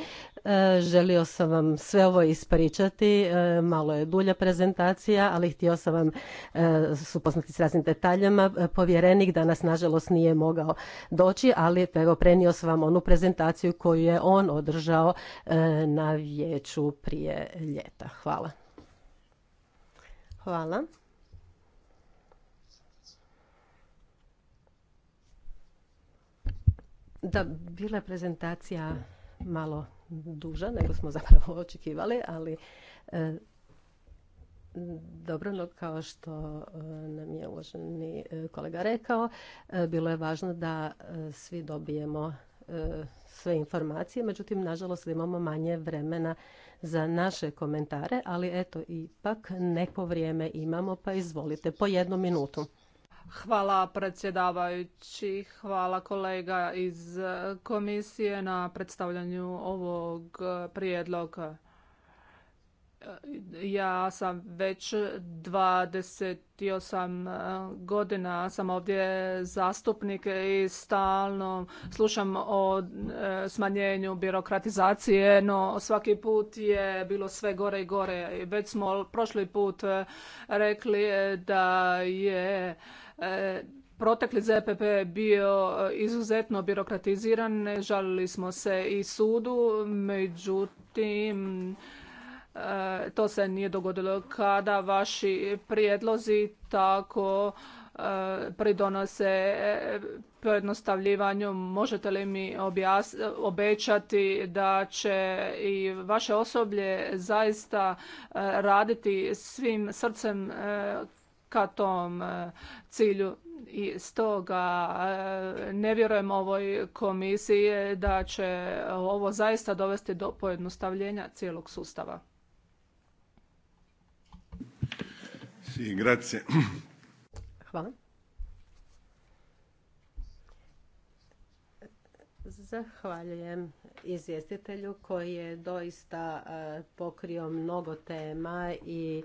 Želio sam vam sve ovo ispričati. Malo je dulja prezentacija, ali htio sam vam supoznati s raznim detaljama. Povjerenik danas, nažalost, nije mogao doći, ali evo, prenio sam vam onu prezentaciju koju je on održao na vijeću prije ljeta. Hvala. Hvala. Da, bila je prezentacija malo duža nego smo *laughs* zapravo očekivali, ali e, dobro, no kao što e, nam je uvaženi e, kolega rekao, bilo je važno da svi dobijemo sve informacije, međutim, nažalost, imamo manje vremena za naše komentare, ali eto, ipak neko vrijeme imamo, pa izvolite, po jednu minutu. Hvala predsjedavajući, hvala kolega iz komisije na predstavljanju ovog prijedloga. Ja sam već 28 godina, sam ovdje zastupnik i stalno slušam o e, smanjenju birokratizacije, no svaki put je bilo sve gore i gore. Već smo prošli put rekli da je Protekli ZPP je bio e, izuzetno birokratiziran, žalili smo se i sudu, međutim e, to se nije dogodilo kada vaši prijedlozi tako e, pridonose pojednostavljivanju. Možete li mi obećati da će i vaše osoblje zaista raditi svim srcem ka tom e, cilju i stoga e, ne vjerujem ovoj komisiji da će ovo zaista dovesti do pojednostavljenja cijelog sustava. Hvala. Zahvaljujem izvjestitelju koji je doista e, pokrio mnogo tema i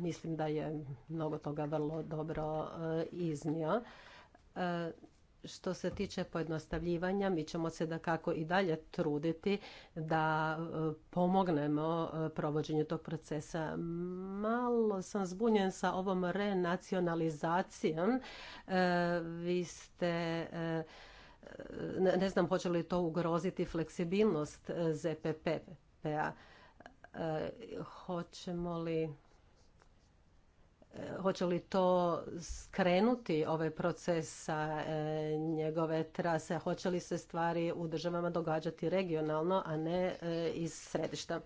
mislim da je mnogo toga vrlo dobro e, iznio. E, što se tiče pojednostavljivanja, mi ćemo se da kako i dalje truditi da e, pomognemo provođenju tog procesa. Malo sam zbunjen sa ovom renacionalizacijom. Vi ste ne znam hoće li to ugroziti fleksibilnost ZPP-a. E, hoćemo li e, hoće li to skrenuti ovaj proces sa e, njegove trase, hoće li se stvari u državama događati regionalno, a ne iz središta.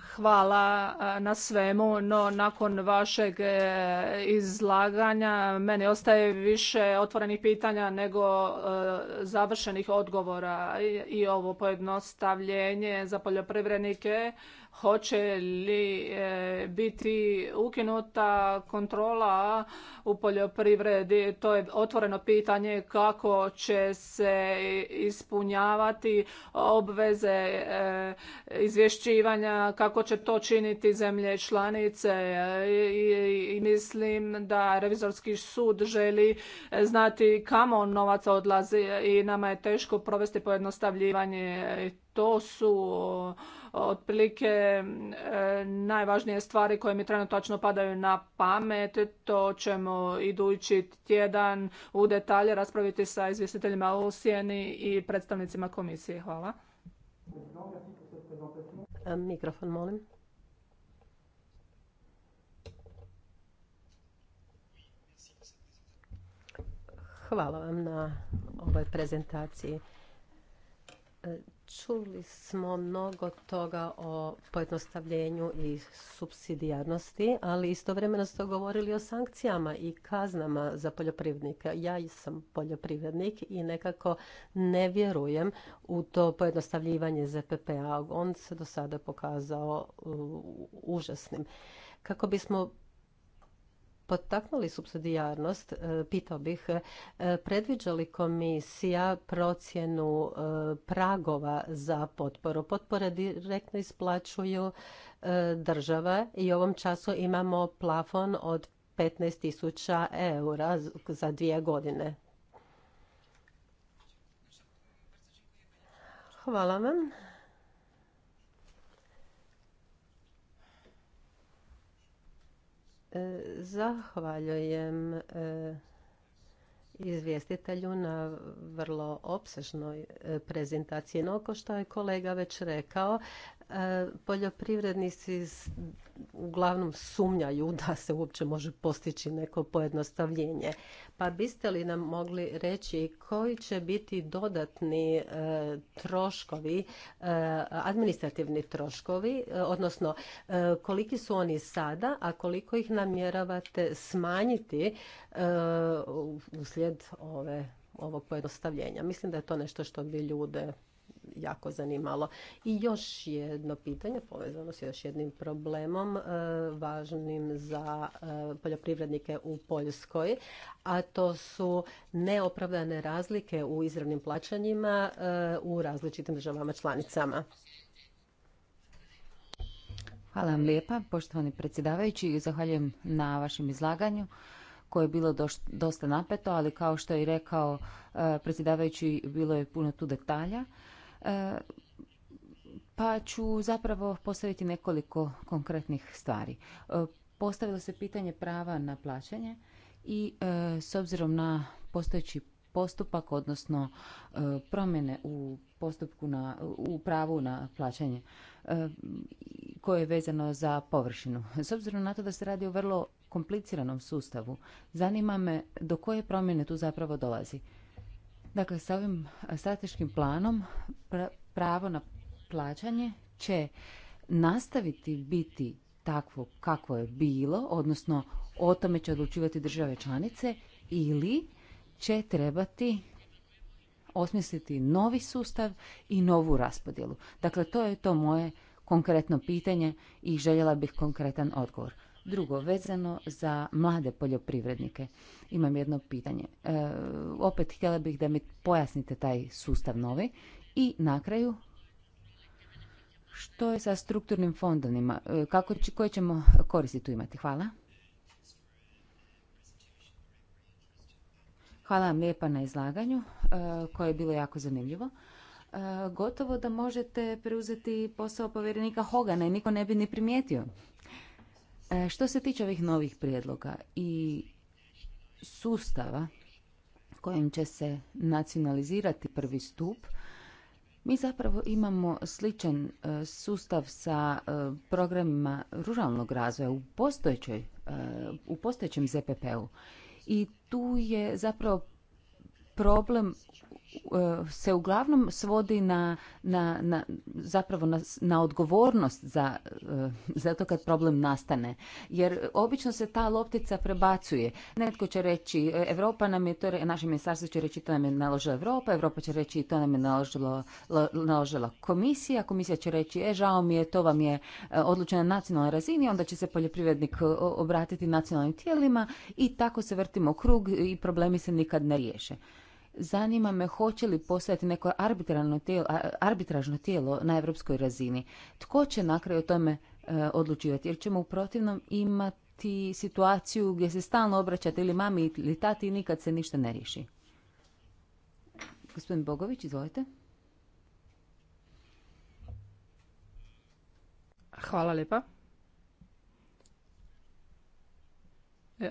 Hvala na svemu, no nakon vašeg e, izlaganja meni ostaje više otvorenih pitanja nego e, završenih odgovora i ovo pojednostavljenje za poljoprivrednike hoće li e, biti ukinuta kontrola u poljoprivredi. To je otvoreno pitanje kako će se ispunjavati obveze e, izvješćivanja, kako će to činiti zemlje članice e, i mislim da revizorski sud želi znati kamo novac odlazi i nama je teško provesti pojednostavljivanje. To su Otprilike e, najvažnije stvari koje mi trenutačno padaju na pamet, to ćemo idući tjedan u detalje raspraviti sa izvjestiteljima u Sjeni i predstavnicima komisije. Hvala. E, mikrofon, molim. Hvala vam na ovoj prezentaciji. E, Čuli smo mnogo toga o pojednostavljenju i subsidijarnosti, ali istovremeno ste govorili o sankcijama i kaznama za poljoprivrednika. Ja sam poljoprivrednik i nekako ne vjerujem u to pojednostavljivanje ZPP-a. On se do sada pokazao uh, užasnim. Kako bismo potaknuli subsidijarnost, e, pitao bih, e, predviđa li komisija procjenu e, pragova za potporu? Potpore direktno isplaćuju država i ovom času imamo plafon od 15.000 eura za dvije godine. Hvala vam. E, zahvaljujem e, izvjestitelju na vrlo opsežnoj e, prezentaciji. No, kao što je kolega već rekao, E, poljoprivrednici uglavnom sumnjaju da se uopće može postići neko pojednostavljenje. Pa biste li nam mogli reći koji će biti dodatni e, troškovi, e, administrativni troškovi, odnosno koliki su oni sada, a koliko ih namjeravate smanjiti uslijed ove, ovog pojednostavljenja? Mislim da je to nešto što bi ljude jako zanimalo. I još jedno pitanje povezano s još jednim problemom e, važnim za e, poljoprivrednike u Poljskoj, a to su neopravdane razlike u izravnim plaćanjima e, u različitim državama članicama. Hvala vam lijepa, poštovani predsjedavajući, i zahvaljujem na vašem izlaganju koje je bilo dosta napeto, ali kao što je i rekao predsjedavajući, bilo je puno tu detalja. E, pa ću zapravo postaviti nekoliko konkretnih stvari. E, postavilo se pitanje prava na plaćanje i e, s obzirom na postojeći postupak, odnosno promjene u postupku na, u pravu na plaćanje koje je vezano za površinu. S obzirom na to da se radi o vrlo kompliciranom sustavu, zanima me do koje promjene tu zapravo dolazi. Dakle, s ovim e, strateškim planom pravo na plaćanje će nastaviti biti takvo kako je bilo, odnosno o tome će odlučivati države članice ili će trebati osmisliti novi sustav i novu raspodjelu. Dakle, to je to moje konkretno pitanje i željela bih konkretan odgovor. Drugo, vezano za mlade poljoprivrednike. Imam jedno pitanje. E, opet htjela bih da mi pojasnite taj sustav novi. I na kraju, što je sa strukturnim fondovima? E, kako, koje ćemo koristi tu imati? Hvala. Hvala vam lijepa na izlaganju e, koje je bilo jako zanimljivo. E, gotovo da možete preuzeti posao povjerenika Hogana i niko ne bi ni primijetio. E, što se tiče ovih novih prijedloga i sustava kojim će se nacionalizirati prvi stup, mi zapravo imamo sličan e, sustav sa e, programima ruralnog razvoja u, postojećoj, u postojećem ZPP-u. I tu je zapravo problem E, se uglavnom svodi na, na, na zapravo na, na odgovornost za, e, za to kad problem nastane. Jer obično se ta loptica prebacuje. Netko će reći Europa nam je to, naše ministarstvo će reći to nam je naložila Europa, Europa će reći to nam je naložilo, naložila komisija, komisija će reći e žao mi je, to vam je e, odlučeno na nacionalnoj razini, onda će se poljoprivrednik obratiti nacionalnim tijelima i tako se vrtimo u krug i problemi se nikad ne riješe. Zanima me hoće li postojati neko arbitražno tijelo na europskoj razini. Tko će na kraju o tome e, odlučivati? Jer ćemo u protivnom imati situaciju gdje se stalno obraćate ili mami ili tati i nikad se ništa ne riješi. Gospodin Bogović, izvolite. Hvala lijepa.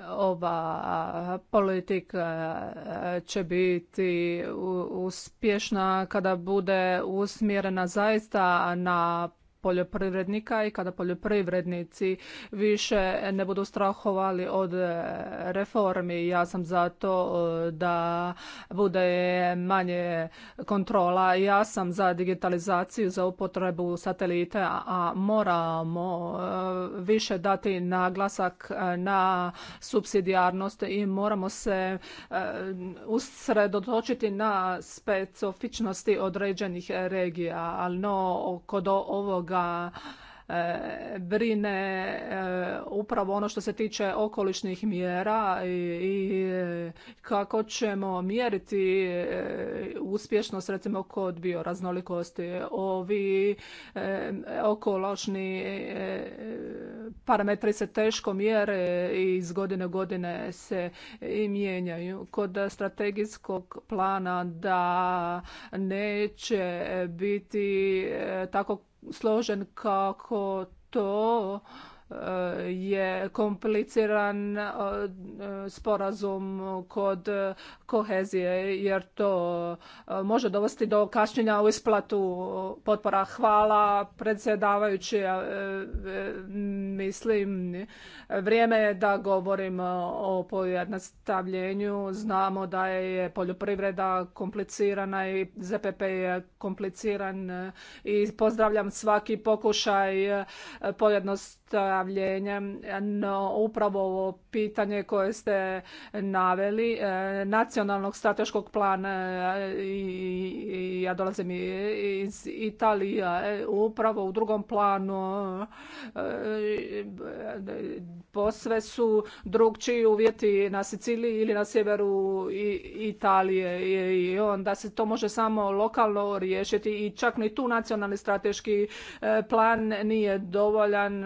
ova politika će biti uspješna kada bude usmjerena zaista na poljoprivrednika i kada poljoprivrednici više ne budu strahovali od e, reformi. Ja sam za to e, da bude manje kontrola. Ja sam za digitalizaciju, za upotrebu satelita, a moramo e, više dati naglasak na subsidijarnost i moramo se usredotočiti na specifičnosti određenih regija. Ali no, kod ovog ga e, brine e, upravo ono što se tiče okolišnih mjera i e, kako ćemo mjeriti uspješnost recimo kod bioraznolikosti. Ovi okološni parametri se teško mjere i iz godine godine se i mijenjaju. Kod strategijskog plana da neće biti tako složen kako to je kompliciran e, sporazum kod kohezije jer to e, može dovesti do kašnjenja u isplatu potpora. Hvala predsjedavajući, e, mislim vrijeme je da govorim o pojednostavljenju. Znamo da je poljoprivreda komplicirana i ZPP je kompliciran i pozdravljam svaki pokušaj pojednostavljenja pojednostavljenjem, no upravo ovo pitanje koje ste naveli, e, nacionalnog strateškog plana e, i ja dolazim iz Italije, e, upravo u drugom planu posve su drugčiji uvjeti na Siciliji ili na sjeveru Italije i onda se to može samo lokalno riješiti i čak ni tu nacionalni strateški plan nije dovoljan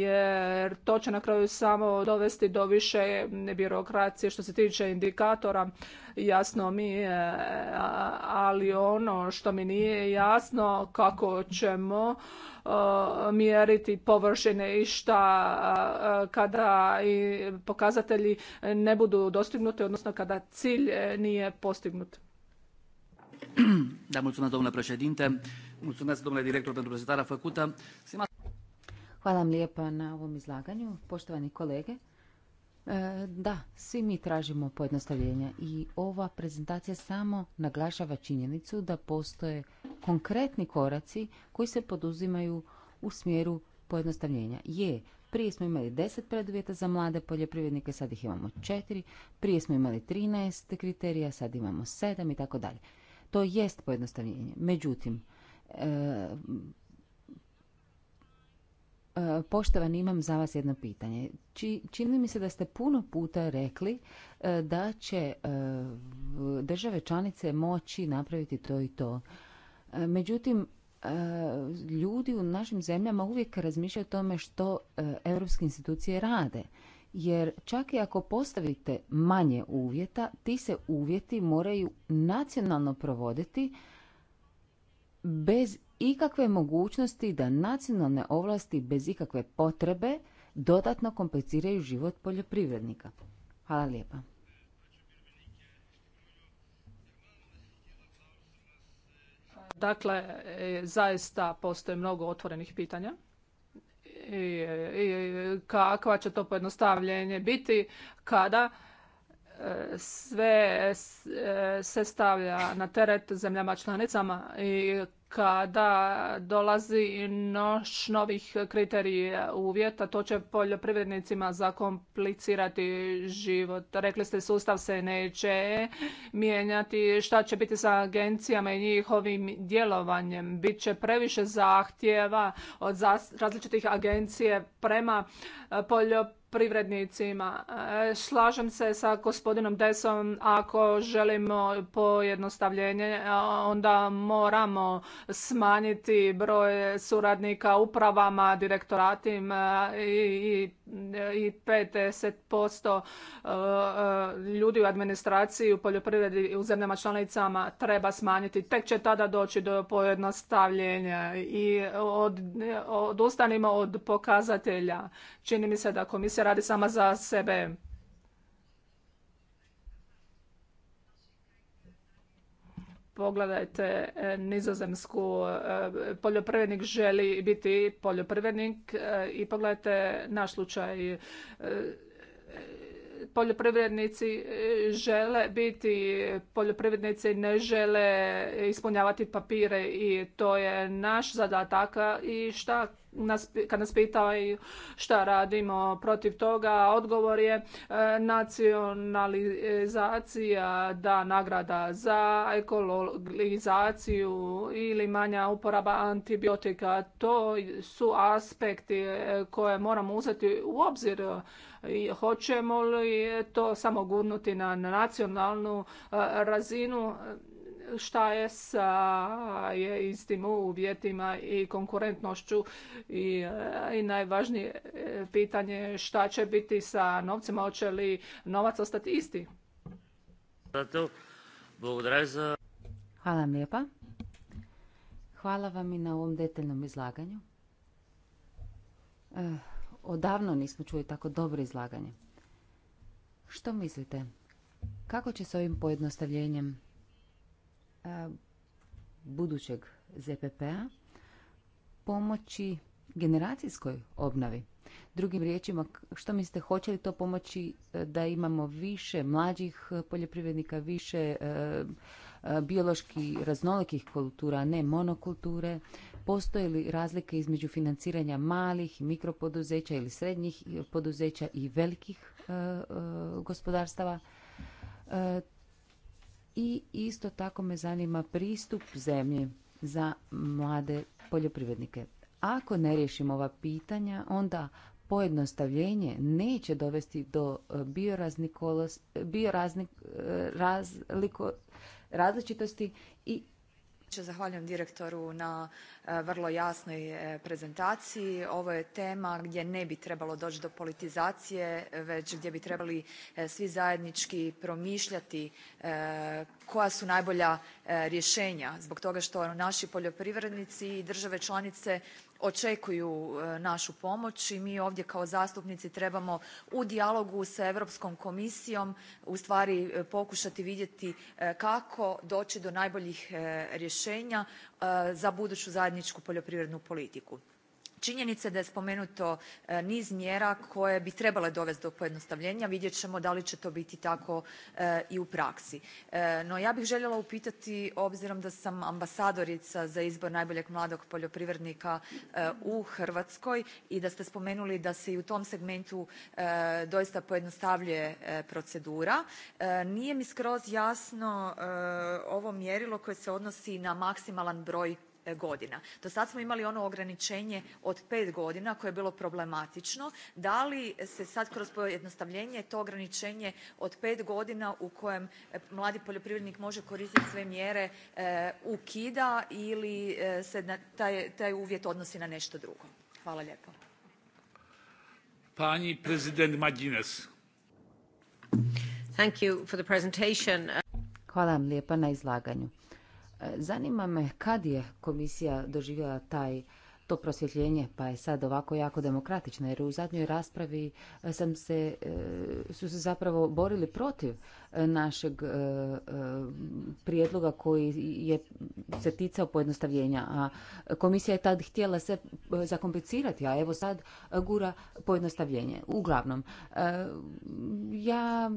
jer to će na kraju samo dovesti do više birokracije što se tiče indikatora. Jasno mi je, ali ono što mi nije jasno kako ćemo mjeriti površine i šta kada i pokazatelji ne budu dostignuti, odnosno kada cilj nije postignut. Da, mulțumesc, domnule președinte. Mulțumesc, domnule director, pentru prezentarea făcută. Hvala vam lijepa na ovom izlaganju, poštovani kolege. E, da, svi mi tražimo pojednostavljenja i ova prezentacija samo naglašava činjenicu da postoje konkretni koraci koji se poduzimaju u smjeru pojednostavljenja. Je, prije smo imali 10 preduvjeta za mlade poljoprivrednike, sad ih imamo 4, prije smo imali 13 kriterija, sad imamo 7 i tako dalje. To jest pojednostavljenje. Međutim, e, E, poštovani, imam za vas jedno pitanje. Čini mi se da ste puno puta rekli e, da će e, države članice moći napraviti to i to. Međutim, ljudi u našim zemljama uvijek razmišljaju o tome što europske institucije rade. Jer čak i ako postavite manje uvjeta, ti se uvjeti moraju nacionalno provoditi bez ikakve mogućnosti da nacionalne ovlasti bez ikakve potrebe dodatno kompliciraju život poljoprivrednika. Hvala lijepa. Dakle, e, zaista postoje mnogo otvorenih pitanja. kakva će to pojednostavljenje biti kada e, sve e, se stavlja na teret zemljama članicama i kada dolazi noš novih kriterija uvjeta, to će poljoprivrednicima zakomplicirati život. Rekli ste sustav se neće mijenjati, šta će biti sa agencijama i njihovim djelovanjem? Biće previše zahtjeva od različitih agencije prema eh, poljoprivrednicima privrednicima. E, slažem se sa gospodinom Desom, ako želimo pojednostavljenje, e, onda moramo smanjiti broj suradnika upravama, direktoratima e, i 50% ljudi u administraciji u poljoprivredi u zemljama članicama treba smanjiti. Tek će tada doći do pojednostavljenja i odustanimo od pokazatelja. Čini mi se da komisija radi sama za sebe. Pogledajte e, nizozemsku, e, poljoprivrednik želi biti poljoprivrednik e, i pogledajte naš slučaj. Poljoprivrednici žele biti poljoprivrednici, ne žele ispunjavati papire i to je naš zadatak i šta kad nas pitaju šta radimo protiv toga, odgovor je e, nacionalizacija, da nagrada za ekologizaciju ili manja uporaba antibiotika. To su aspekti e, koje moramo uzeti u obzir. Hoćemo li to samo gurnuti na nacionalnu e, razinu? šta je sa je istim uvjetima i konkurentnošću i, e, i najvažnije e, pitanje šta će biti sa novcima, hoće li novac ostati isti? Hvala vam lijepa. Hvala vam i na ovom detaljnom izlaganju. Eh, odavno nismo čuli tako dobro izlaganje. Što mislite? Kako će s ovim pojednostavljenjem E, budućeg ZPP-a pomoći generacijskoj obnovi. Drugim riječima, što mislite, hoće li to pomoći e, da imamo više mlađih e, poljoprivrednika, više biološki raznolikih kultura, ne monokulture? Postoje li razlike između financiranja malih i mikropoduzeća ili srednjih poduzeća i velikih gospodarstava? i isto tako me zanima pristup zemlji za mlade poljoprivrednike. Ako ne riješimo ova pitanja, onda pojednostavljenje neće dovesti do e, bioraznik, bio e, različitosti i zahvaljujem direktoru na e, vrlo jasnoj e, prezentaciji. ovo je tema gdje ne bi trebalo doći do politizacije već gdje bi trebali e, svi zajednički promišljati koja su najbolja rješenja zbog toga što naši poljoprivrednici i države članice očekuju e, našu pomoć i mi ovdje kao zastupnici trebamo u dijalogu sa Europskom komisijom ustvari e, pokušati vidjeti e, kako doći do najboljih rješenja za buduću zajedničku poljoprivrednu politiku činjenica je da je spomenuto e, niz mjera koje bi trebale dovesti do pojednostavljenja vidjet ćemo da li će to biti tako e, i u praksi. E, no ja bih željela upitati obzirom da sam ambasadorica za izbor najboljeg mladog poljoprivrednika u hrvatskoj i da ste spomenuli da se i u tom segmentu doista pojednostavljuje procedura nije mi skroz jasno ovo mjerilo koje se odnosi na maksimalan broj E, godina. Do sad smo imali ono ograničenje od pet godina koje je bilo problematično. Da li se sad kroz pojednostavljenje to ograničenje od pet godina u kojem e, mladi poljoprivrednik može koristiti sve mjere e, ukida ili se taj uvjet odnosi na nešto drugo? Hvala lijepo. Pani prezident Magines. Hvala vam na izlaganju. Zanima me kad je komisija doživjela taj to prosvjetljenje, pa je sad ovako jako demokratično, jer u zadnjoj raspravi e, sam se, e, su se zapravo borili protiv e, našeg prijedloga koji je se ticao pojednostavljenja, a komisija je tad htjela se zakomplicirati, a evo sad gura pojednostavljenje. Uglavnom, ja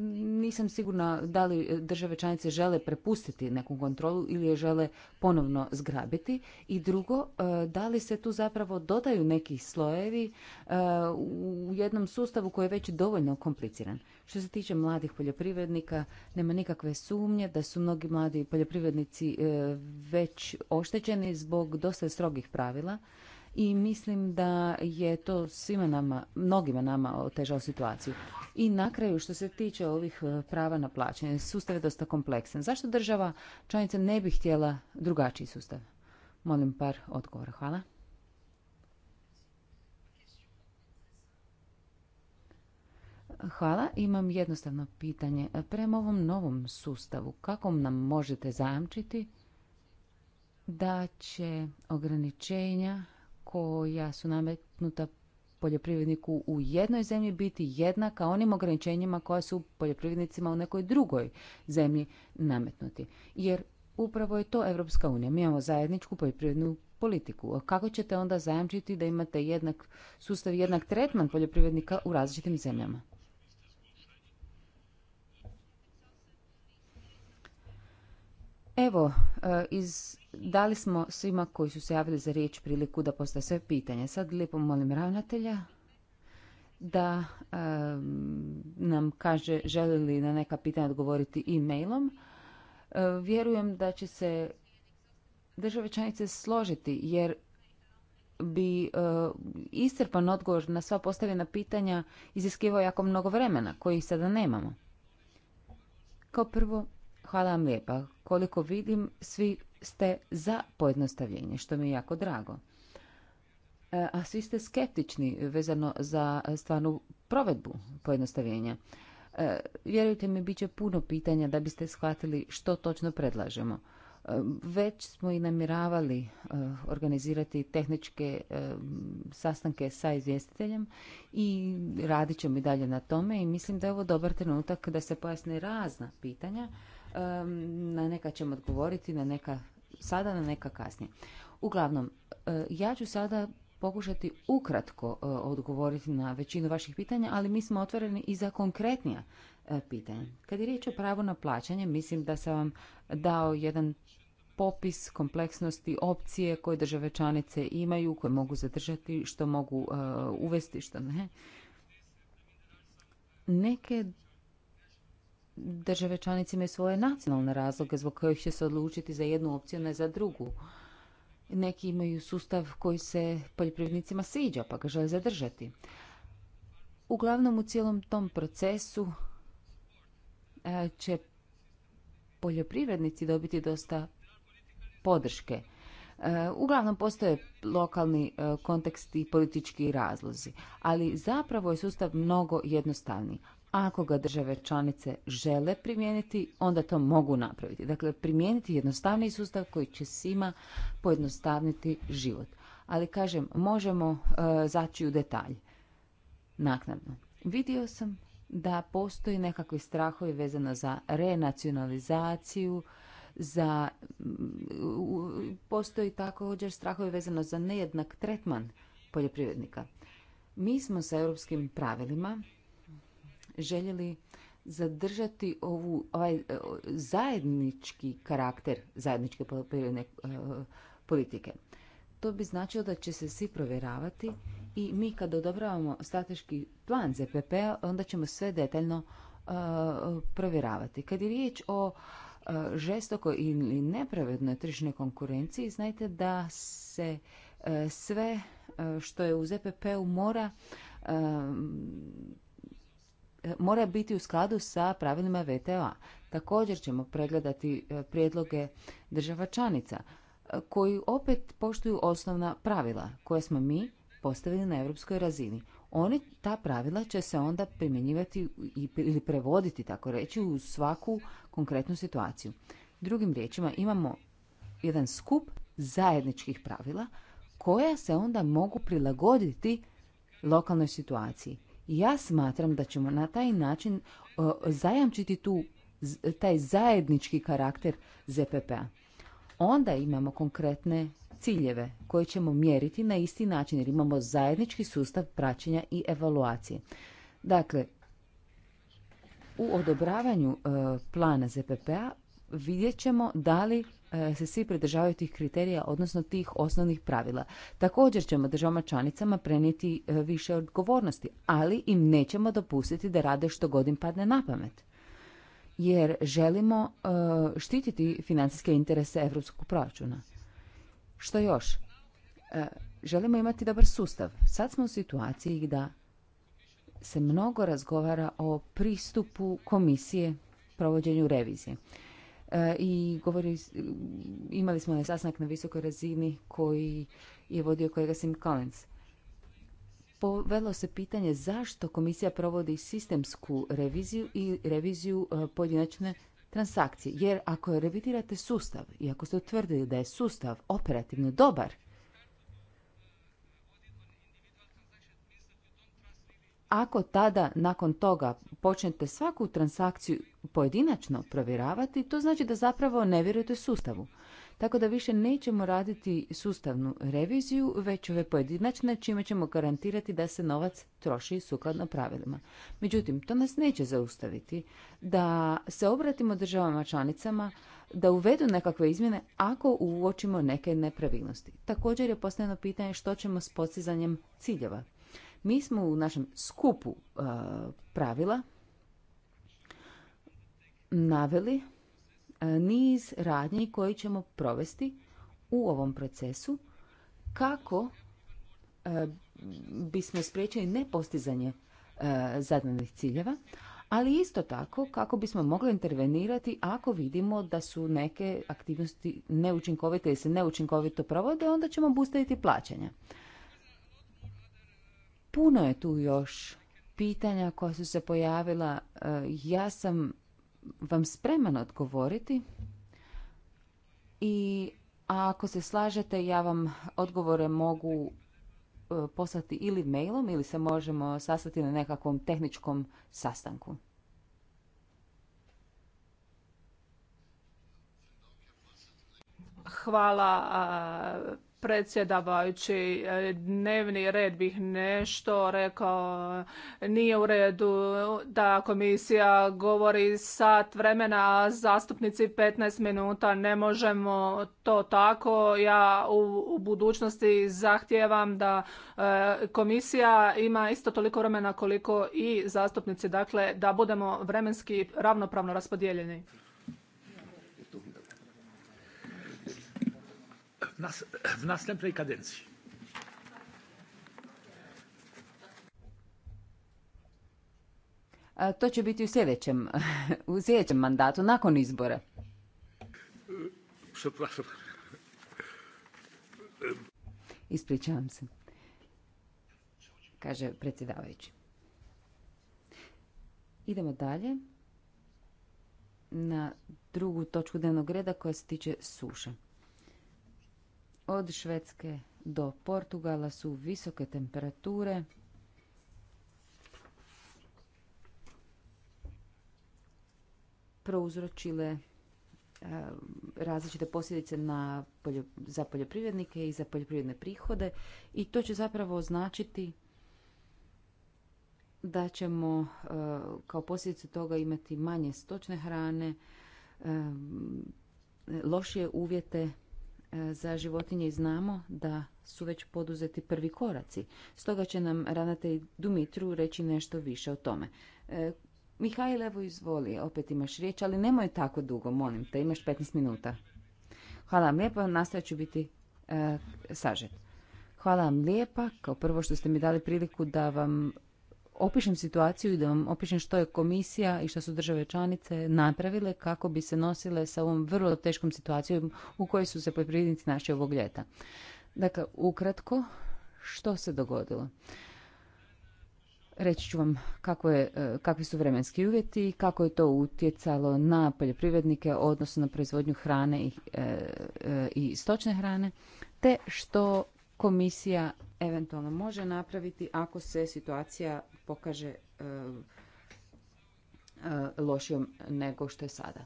nisam sigurna da li države članice žele prepustiti neku kontrolu ili je žele ponovno zgrabiti i drugo, da li se tu zapravo zapravo dodaju neki slojevi e, u jednom sustavu koji je već dovoljno kompliciran. Što se tiče mladih poljoprivrednika, nema nikakve sumnje da su mnogi mladi poljoprivrednici e, već oštećeni zbog dosta strogih pravila i mislim da je to svima nama, mnogima nama otežao situaciju. I na kraju što se tiče ovih e, prava na plaćanje, sustav je dosta kompleksan. Zašto država članica ne bi htjela drugačiji sustav? Molim par odgovora. Hvala. Hvala. Imam jednostavno pitanje. Prema ovom novom sustavu, kako nam možete zajamčiti da će ograničenja koja su nametnuta poljoprivredniku u jednoj zemlji biti jednaka onim ograničenjima koja su poljoprivrednicima u nekoj drugoj zemlji nametnuti. Jer upravo je to Evropska unija. Mi imamo zajedničku poljoprivrednu politiku. Kako ćete onda zajamčiti da imate jednak sustav, jednak tretman poljoprivrednika u različitim zemljama? Evo, e, iz, dali smo svima koji su se javili za riječ priliku da postave sve pitanje. Sad lijepo molim ravnatelja da e, nam kaže želi li na neka pitanja odgovoriti e-mailom. E, vjerujem da će se države članice složiti jer bi iscrpan odgovor na sva postavljena pitanja iziskivao jako mnogo vremena koji sada nemamo. Kao prvo, Hvala vam lijepa. Koliko vidim, svi ste za pojednostavljenje, što mi je jako drago. E, a svi ste skeptični vezano za stvarnu provedbu pojednostavljenja. E, vjerujte mi, bit će puno pitanja da biste shvatili što točno predlažemo. E, već smo i namiravali organizirati tehničke sastanke sa izvjestiteljem i radit ćemo i dalje na tome i mislim da je ovo dobar trenutak da se pojasne razna pitanja na neka ćemo odgovoriti, na neka sada, na neka kasnije. Uglavnom, e, ja ću sada pokušati ukratko e, odgovoriti na većinu vaših pitanja, ali mi smo otvoreni i za konkretnija e, pitanja. Kad je riječ o pravu na plaćanje, mislim da sam vam dao jedan popis kompleksnosti opcije koje države članice imaju, koje mogu zadržati, što mogu uvesti, što ne. Neke države članice imaju svoje nacionalne razloge zbog kojih će se odlučiti za jednu opciju, ne za drugu. Neki imaju sustav koji se poljoprivrednicima sviđa pa ga žele zadržati. Uglavnom u cijelom tom procesu e, će poljoprivrednici dobiti dosta podrške. E, uglavnom postoje lokalni e, kontekst i politički razlozi, ali zapravo je sustav mnogo jednostavniji. Ako ga države članice žele primijeniti, onda to mogu napraviti. Dakle, primijeniti jednostavni sustav koji će svima pojednostavniti život. Ali kažem, možemo e, zaći u detalj naknadno. Vidio sam da postoji nekakvi strahovi vezano za renacionalizaciju, za, postoji također strahovi vezano za nejednak tretman poljoprivrednika. Mi smo sa europskim pravilima željeli zadržati ovu, ovaj e, zajednički karakter zajedničke poljoprivredne e, politike. To bi značilo da će se svi provjeravati i mi kad odobravamo strateški plan ZPP-a, onda ćemo sve detaljno e, provjeravati. Kad je riječ o žestokoj ili nepravednoj tržišnoj konkurenciji, znajte da se sve što je u ZPP-u mora E, mora biti u skladu sa pravilima VTA. Također ćemo pregledati e, prijedloge država članica e, koji opet poštuju osnovna pravila koje smo mi postavili na europskoj razini. Oni ta pravila će se onda primjenjivati ili prevoditi tako reći u svaku konkretnu situaciju. Drugim riječima imamo jedan skup zajedničkih pravila koja se onda mogu prilagoditi lokalnoj situaciji. Ja smatram da ćemo na taj način e, zajamčiti tu, taj zajednički karakter ZPP-a. Onda imamo konkretne ciljeve koje ćemo mjeriti na isti način jer imamo zajednički sustav praćenja i evaluacije. Dakle, u odobravanju e, plana ZPP-a vidjet ćemo da li E, se svi pridržavaju tih kriterija, odnosno tih osnovnih pravila. Također ćemo državama članicama prenijeti e, više odgovornosti, ali im nećemo dopustiti da rade što god padne na pamet. Jer želimo e, štititi financijske interese europskog proračuna. Što još? Želimo imati dobar sustav. Sad smo u situaciji da se mnogo razgovara o pristupu komisije provođenju revizije. E, i govori, mm, imali smo onaj sastanak na visokoj razini koji je vodio kolega Sim Collins. Povelo se pitanje zašto komisija provodi sistemsku reviziju i reviziju e, pojedinačne transakcije. Jer ako revidirate sustav i ako ste utvrdili da je sustav operativno dobar, Ako tada nakon toga počnete svaku transakciju pojedinačno provjeravati, to znači da zapravo ne vjerujete sustavu. Tako da više nećemo raditi sustavnu reviziju, već ove pojedinačne, čime ćemo garantirati da se novac troši sukladno pravilima. Međutim, to nas neće zaustaviti da se obratimo državama članicama da uvedu nekakve izmjene ako uočimo neke nepravilnosti. Također je postavljeno pitanje što ćemo s postizanjem ciljeva. Mi smo u našem skupu e, pravila naveli e, niz radnji koji ćemo provesti u ovom procesu kako e, bismo spriječili nepostizanje zadanih ciljeva, ali isto tako kako bismo mogli intervenirati ako vidimo da su neke aktivnosti neučinkovite ili se neučinkovito provode, onda ćemo obustaviti plaćanja. Puno je tu još pitanja koja su se pojavila. E, ja sam vam spreman odgovoriti i ako se slažete ja vam odgovore mogu e, poslati ili mailom ili se možemo sastati na nekakvom tehničkom sastanku. Hvala predsjedavajući e, dnevni red bih nešto rekao nije u redu da komisija govori sat vremena a zastupnici 15 minuta ne možemo to tako ja u, budućnosti zahtijevam da e, komisija ima isto toliko vremena koliko i zastupnici dakle da budemo vremenski ravnopravno raspodijeljeni w, to će biti u sljedećem, *laughs* u mandatu, nakon izbora. Ispričavam se. Kaže predsjedavajući. Idemo dalje na drugu točku dnevnog reda koja se tiče suša. Od Švedske do Portugala su visoke temperature. Prouzročile e, različite posljedice za poljoprivrednike i za poljoprivredne prihode i to će zapravo značiti da ćemo e, kao posljedicu toga imati manje stočne hrane, e, lošije uvjete E, za životinje i znamo da su već poduzeti prvi koraci. Stoga će nam ravnatelj Dumitru reći nešto više o tome. E, Mihajl, evo izvoli, opet imaš riječ, ali nemoj tako dugo, molim te, imaš 15 minuta. Hvala vam lijepa, nastavit ću biti e, sažet. Hvala vam lijepa, kao prvo što ste mi dali priliku da vam opišem situaciju i da vam opišem što je komisija i što su države članice napravile kako bi se nosile sa ovom vrlo teškom situacijom u kojoj su se poljoprivrednici našli ovog ljeta. Dakle, ukratko, što se dogodilo? Reći ću vam kako je, e, kakvi su vremenski uvjeti i kako je to utjecalo na poljoprivrednike, odnosno na proizvodnju hrane i, e, e, i stočne hrane, te što komisija eventualno može napraviti ako se situacija pokaže e, e, lošijom nego što je sada.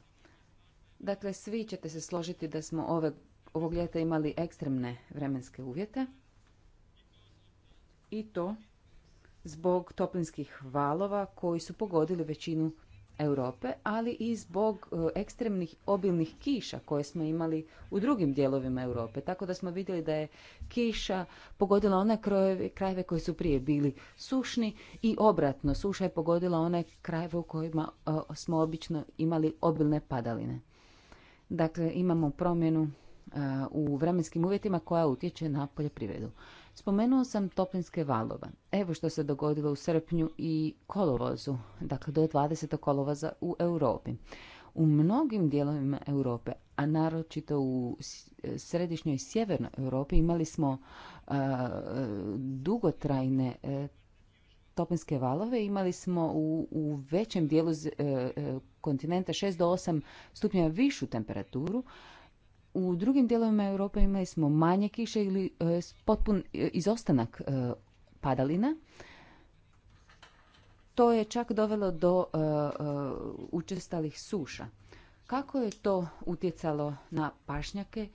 Dakle, svi ćete se složiti da smo ove, ovog ljeta imali ekstremne vremenske uvjete i to zbog toplinskih valova koji su pogodili većinu Europe, ali i zbog e, ekstremnih obilnih kiša koje smo imali u drugim dijelovima Europe. Tako da smo vidjeli da je kiša pogodila one krajeve, krajeve koji su prije bili sušni i obratno. Suša je pogodila one krajeve u kojima e, smo obično imali obilne padaline. Dakle, imamo promjenu e, u vremenskim uvjetima koja utječe na poljoprivredu. Spomenuo sam toplinske valove. Evo što se dogodilo u srpnju i kolovozu, dakle do 20. kolovoza u Europi. U mnogim dijelovima Europe, a naročito u e, središnjoj i sjevernoj Europi imali smo e, dugotrajne e, toplinske valove, imali smo u, u većem dijelu kontinenta 6 do 8 stupnjeva višu temperaturu, u drugim dijelovima Europe imali smo manje kiše ili e, potpun e, izostanak e, padalina. To je čak dovelo do učestalih suša. Kako je to utjecalo na pašnjake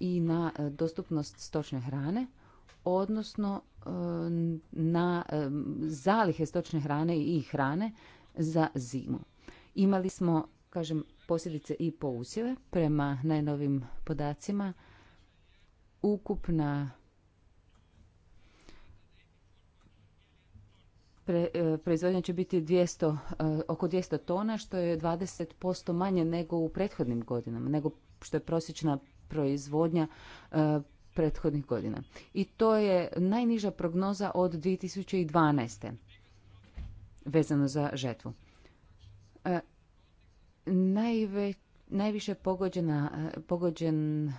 i na dostupnost stočne hrane, odnosno na zalihe stočne hrane i hrane za zimu? Imali smo, kažem, posljedice i po usjeve. Prema najnovim podacima, ukupna e, proizvodnja će biti e, oko 200 tona, što je 20% manje nego u prethodnim godinama, nego što je prosječna proizvodnja e, prethodnih godina. I to je najniža prognoza od 2012. vezano za žetvu najviše pogođena, eh, pogođen eh,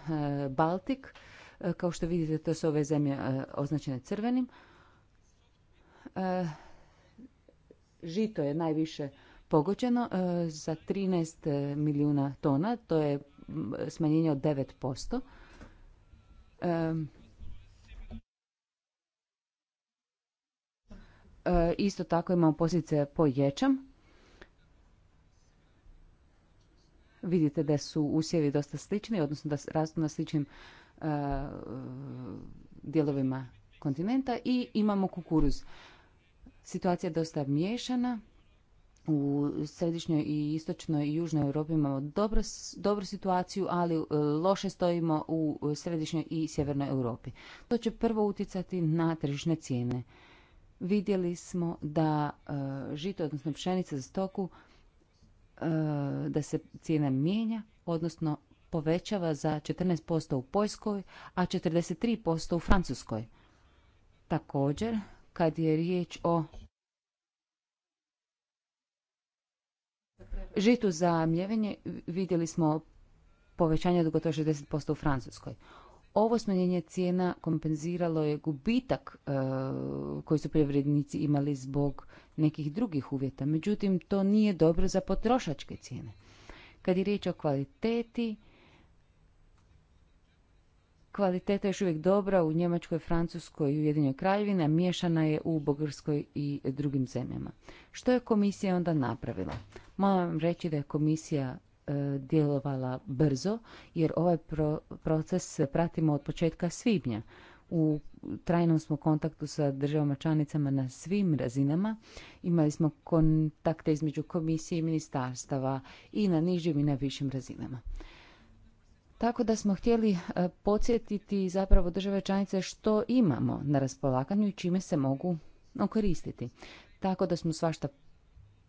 Baltik. Eh, kao što vidite, to su ove zemlje označene crvenim. Žito je najviše pogođeno za 13 milijuna tona. To je mm, smanjenje od 9%. Isto tako imamo posljedice po ječam. vidite da su usjevi dosta slični, odnosno da rastu na sličnim e, dijelovima kontinenta i imamo kukuruz. Situacija je dosta miješana. U središnjoj i istočnoj i južnoj Europi imamo dobro, dobru situaciju, ali e, loše stojimo u središnjoj i sjevernoj Europi. To će prvo utjecati na tržišne cijene. Vidjeli smo da e, žito, odnosno pšenica za stoku, E, da se cijena mijenja, odnosno povećava za 14% u Poljskoj, a 43% u Francuskoj. Također, kad je riječ o žitu za mljevenje, vidjeli smo povećanje dugo gotovo 60% u Francuskoj. Ovo smanjenje cijena kompenziralo je gubitak e, koji su privrednici imali zbog nekih drugih uvjeta. Međutim, to nije dobro za potrošačke cijene. Kad je riječ o kvaliteti, kvaliteta je još uvijek dobra u Njemačkoj, Francuskoj i Ujedinjoj kraljevini, a miješana je u Bugarskoj i drugim zemljama. Što je komisija onda napravila? Moram vam reći da je komisija E, djelovala brzo, jer ovaj proces pratimo od početka svibnja. U trajnom smo kontaktu sa državama članicama na svim razinama. Imali smo kontakte između komisije i ministarstava i na nižim i na višim razinama. Tako da smo htjeli e, podsjetiti zapravo države članice što imamo na raspolaganju i čime se mogu okoristiti. Tako da smo svašta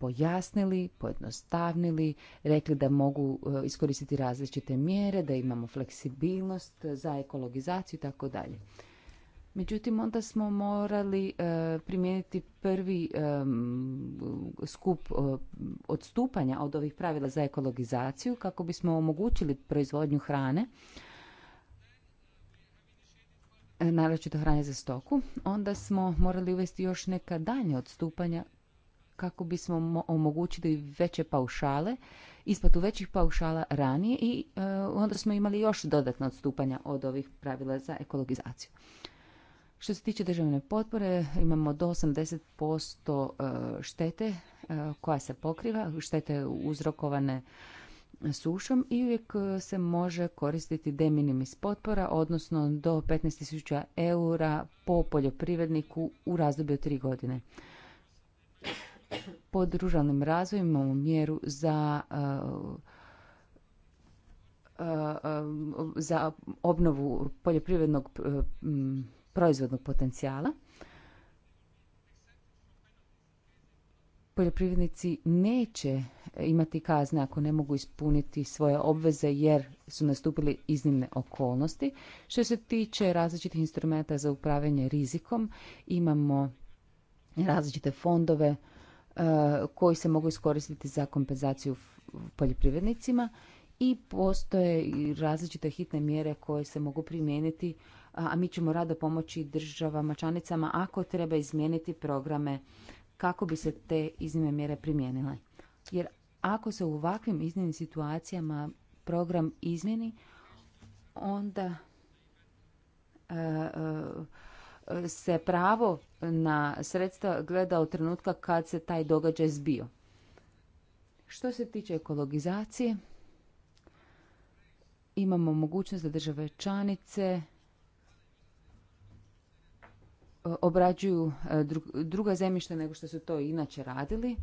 pojasnili, pojednostavnili, rekli da mogu e, iskoristiti različite mjere, da imamo fleksibilnost za ekologizaciju i tako dalje. Međutim, onda smo morali e, primijeniti prvi e, skup odstupanja od ovih pravila za ekologizaciju kako bismo omogućili proizvodnju hrane, naročito hrane za stoku. Onda smo morali uvesti još neka dalje odstupanja kako bismo omogućili veće paušale, isplatu većih paušala ranije i e, onda smo imali još dodatna odstupanja od ovih pravila za ekologizaciju. Što se tiče državne potpore, imamo do 80% e, štete e, koja se pokriva, štete uzrokovane sušom i uvijek se može koristiti de minimis potpora, odnosno do 15.000 eura po poljoprivredniku u razdoblju od 3 godine pod ruralnim razvojem imamo mjeru za e, e, e, za obnovu poljoprivrednog proizvodnog potencijala. Poljoprivrednici neće imati kazne ako ne mogu ispuniti svoje obveze jer su nastupili iznimne okolnosti. Što se tiče različitih instrumenta za upravljanje rizikom, imamo različite fondove Eh, koji se mogu iskoristiti za kompenzaciju poljoprivrednicima i postoje različite hitne mjere koje se mogu primijeniti, a mi ćemo rado pomoći državama članicama ako treba izmijeniti programe kako bi se te iznimne mjere primijenile. Jer ako se u ovakvim iznimnim situacijama program izmjeni, onda eh, eh, se pravo na sredstva gleda od trenutka kad se taj događaj zbio. Što se tiče ekologizacije, imamo mogućnost da države članice e, obrađuju e, druga zemljišta nego što su to inače radili.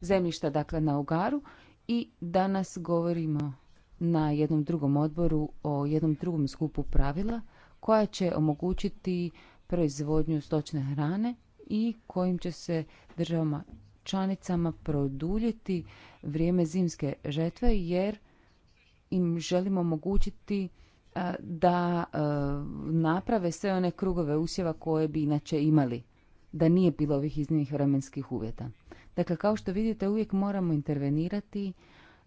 Zemljišta dakle na ugaru i danas govorimo na jednom drugom odboru o jednom drugom skupu pravila koja će omogućiti proizvodnju stočne hrane i kojim će se državama članicama produljiti vrijeme zimske žetve jer im želimo omogućiti da naprave sve one krugove usjeva koje bi inače imali da nije bilo ovih iznimnih vremenskih uvjeta. Dakle, kao što vidite, uvijek moramo intervenirati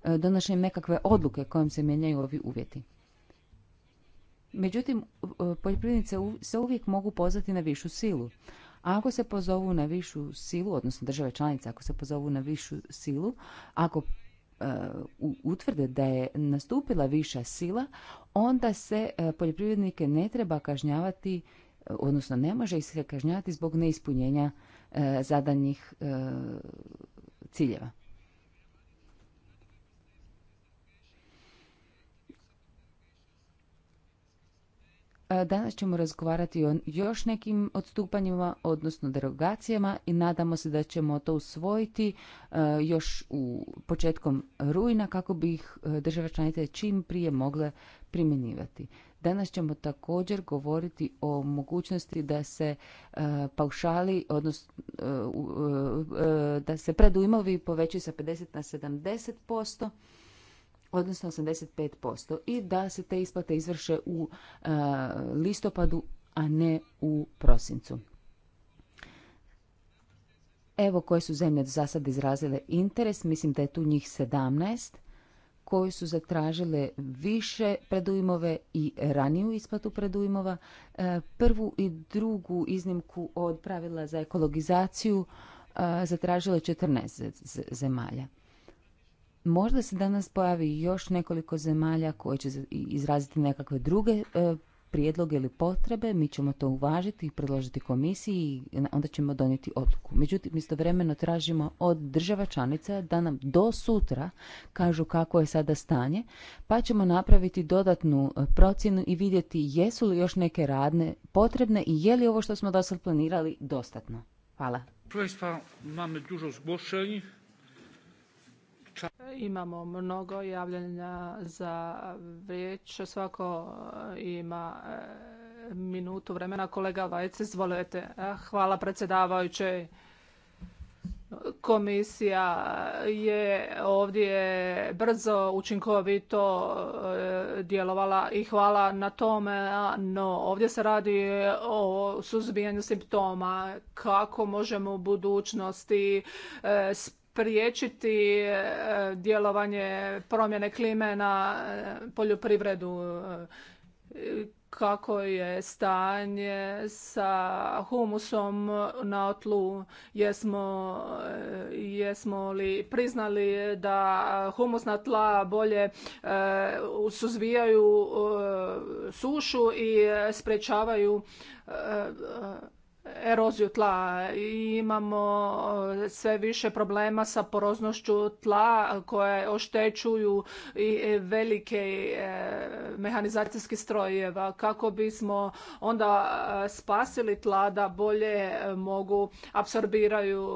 E, donošenjem nekakve odluke kojom se mijenjaju ovi uvjeti. Međutim, e, poljoprivrednice se uvijek mogu pozvati na višu silu. ako se pozovu na višu silu, odnosno države članice ako se pozovu na višu silu, ako e, utvrde da je nastupila viša sila, onda se poljoprivrednike ne treba kažnjavati, odnosno ne može se kažnjavati zbog neispunjenja zadanih ciljeva. E, danas ćemo razgovarati o još nekim odstupanjima, odnosno derogacijama i nadamo se da ćemo to usvojiti e, još u početkom rujna kako bi ih e, država članice čim prije mogle primjenjivati. Danas ćemo također govoriti o mogućnosti da se paušali, odnosno da se predujmovi povećaju sa 50 na 70% odnosno 85% i da se te isplate izvrše u e, listopadu, a ne u prosincu. Evo koje su zemlje za sad izrazile interes, mislim da je tu njih 17 koje su zatražile više predujmove i raniju isplatu predujmova. E, prvu i drugu iznimku od pravila za ekologizaciju e, zatražile 14 zemalja. Možda se danas pojavi još nekoliko zemalja koje će izraziti nekakve druge e, prijedloge ili potrebe, mi ćemo to uvažiti i predložiti komisiji i onda ćemo donijeti odluku. Međutim, istovremeno tražimo od država članica da nam do sutra kažu kako je sada stanje, pa ćemo napraviti dodatnu e, procjenu i vidjeti jesu li još neke radne potrebne i je li ovo što smo do sad planirali dostatno. Hvala. dužo Imamo mnogo javljanja za riječ. Svako e, ima e, minutu vremena. Kolega Vajc, izvolite. E, hvala predsjedavajuće. Komisija je ovdje brzo, učinkovito djelovala i hvala na tome, no ovdje se radi o suzbijanju simptoma, kako možemo u budućnosti priječiti e, djelovanje promjene klime na e, poljoprivredu e, kako je stanje sa humusom na tlu, jesmo, jesmo li priznali da humusna tla bolje suzbijaju sušu i sprečavaju eroziju tla. Imamo e, sve više problema sa poroznošću tla koje oštećuju i e, velike e, mehanizacijski strojeva kako bismo onda spasili tla da bolje mogu apsorbiraju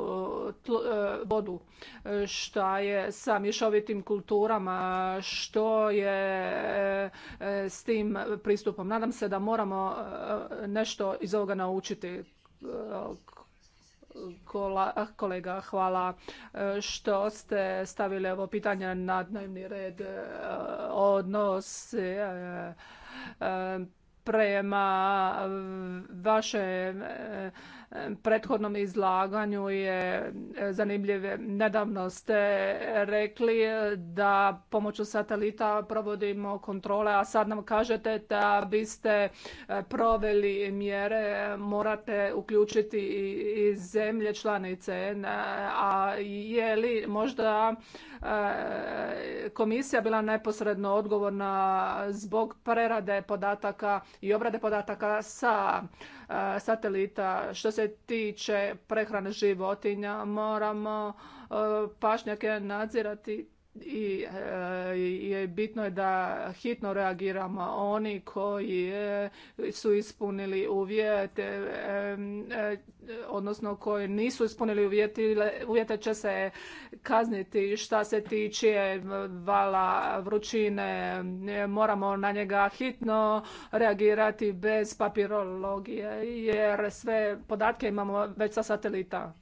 vodu. Šta je sa mješovitim kulturama? Što je s tim pristupom? Nadam se da moramo nešto iz ovoga naučiti kolega, hvala e, što ste stavili ovo pitanje na dnevni red e, odnos e, prema vaše prethodnom izlaganju je e, zanimljiv. Nedavno ste rekli da pomoću satelita provodimo kontrole, a sad nam kažete da biste e, proveli mjere, morate uključiti i zemlje članice. E, a je li možda komisija bila neposredno odgovorna zbog prerade podataka i obrade podataka sa satelita? Što se se tiče prehrane životinja moramo e, pašnjake nadzirati i i eh, bitno je da hitno reagiramo oni koji eh, su ispunili uvjete eh, odnosno koji nisu ispunili uvjeti, uvjete će se kazniti šta se tiče vala vrućine moramo na njega hitno reagirati bez papirologije jer sve podatke imamo već sa satelita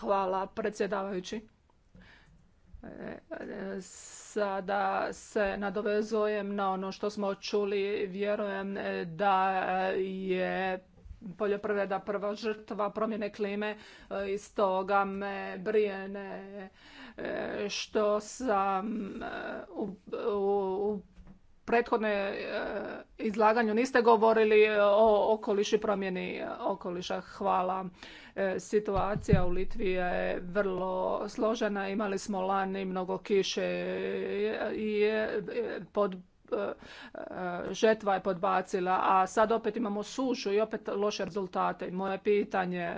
hvala predsjedavajući Sada se nadovezujem na ono što smo čuli. Vjerujem da je poljoprivreda prva žrtva promjene klime i stoga me brijene što sam u, u prethodne izlaganju niste govorili o okoliši i promjeni okoliša. Hvala. E, situacija u Litvi je vrlo složena. Imali smo lani mnogo kiše i e, pod e, žetva je podbacila, a sad opet imamo sušu i opet loše rezultate. Moje pitanje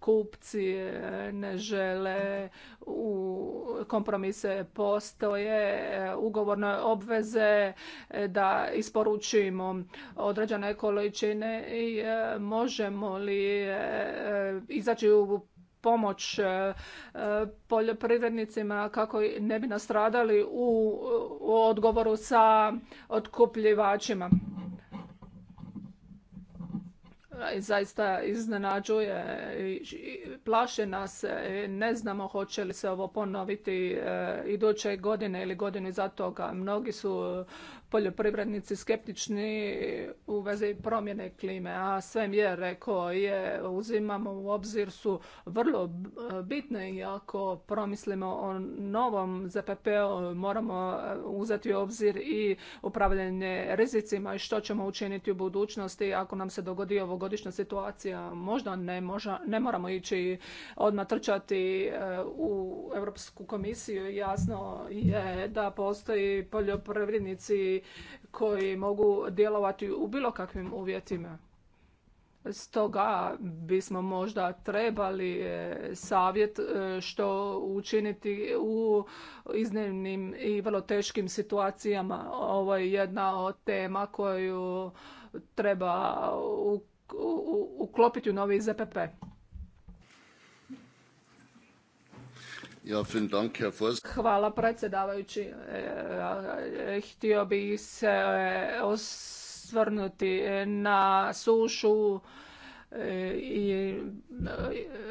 kupci e, ne žele u kompromise postoje e, ugovorne obveze e, da isporučimo određene količine i možemo li izaći u pomoć poljoprivrednicima kako ne bi nastradali u odgovoru sa otkupljivačima zaista iznenađuje i plaši nas. Ne znamo hoće li se ovo ponoviti e, iduće godine ili godine za toga. Mnogi su poljoprivrednici skeptični u vezi promjene klime, a sve mjere koje uzimamo u obzir su vrlo bitne i ako promislimo o novom ZPP-u moramo e, uzeti u obzir i upravljanje rizicima i što ćemo učiniti u budućnosti ako nam se dogodi ovogodišnja situacija. Možda ne, ne moramo ići odmah trčati e, u Europsku komisiju. Jasno je da postoji poljoprivrednici koji mogu djelovati u bilo kakvim uvjetima. Stoga bismo možda trebali e, savjet e, što učiniti u iznimnim i vrlo teškim situacijama. Ovo je jedna od tema koju treba uklopiti u novi ZPP. Hvala predsjedavajući. E, e, htio bih se e, osvrnuti na sušu i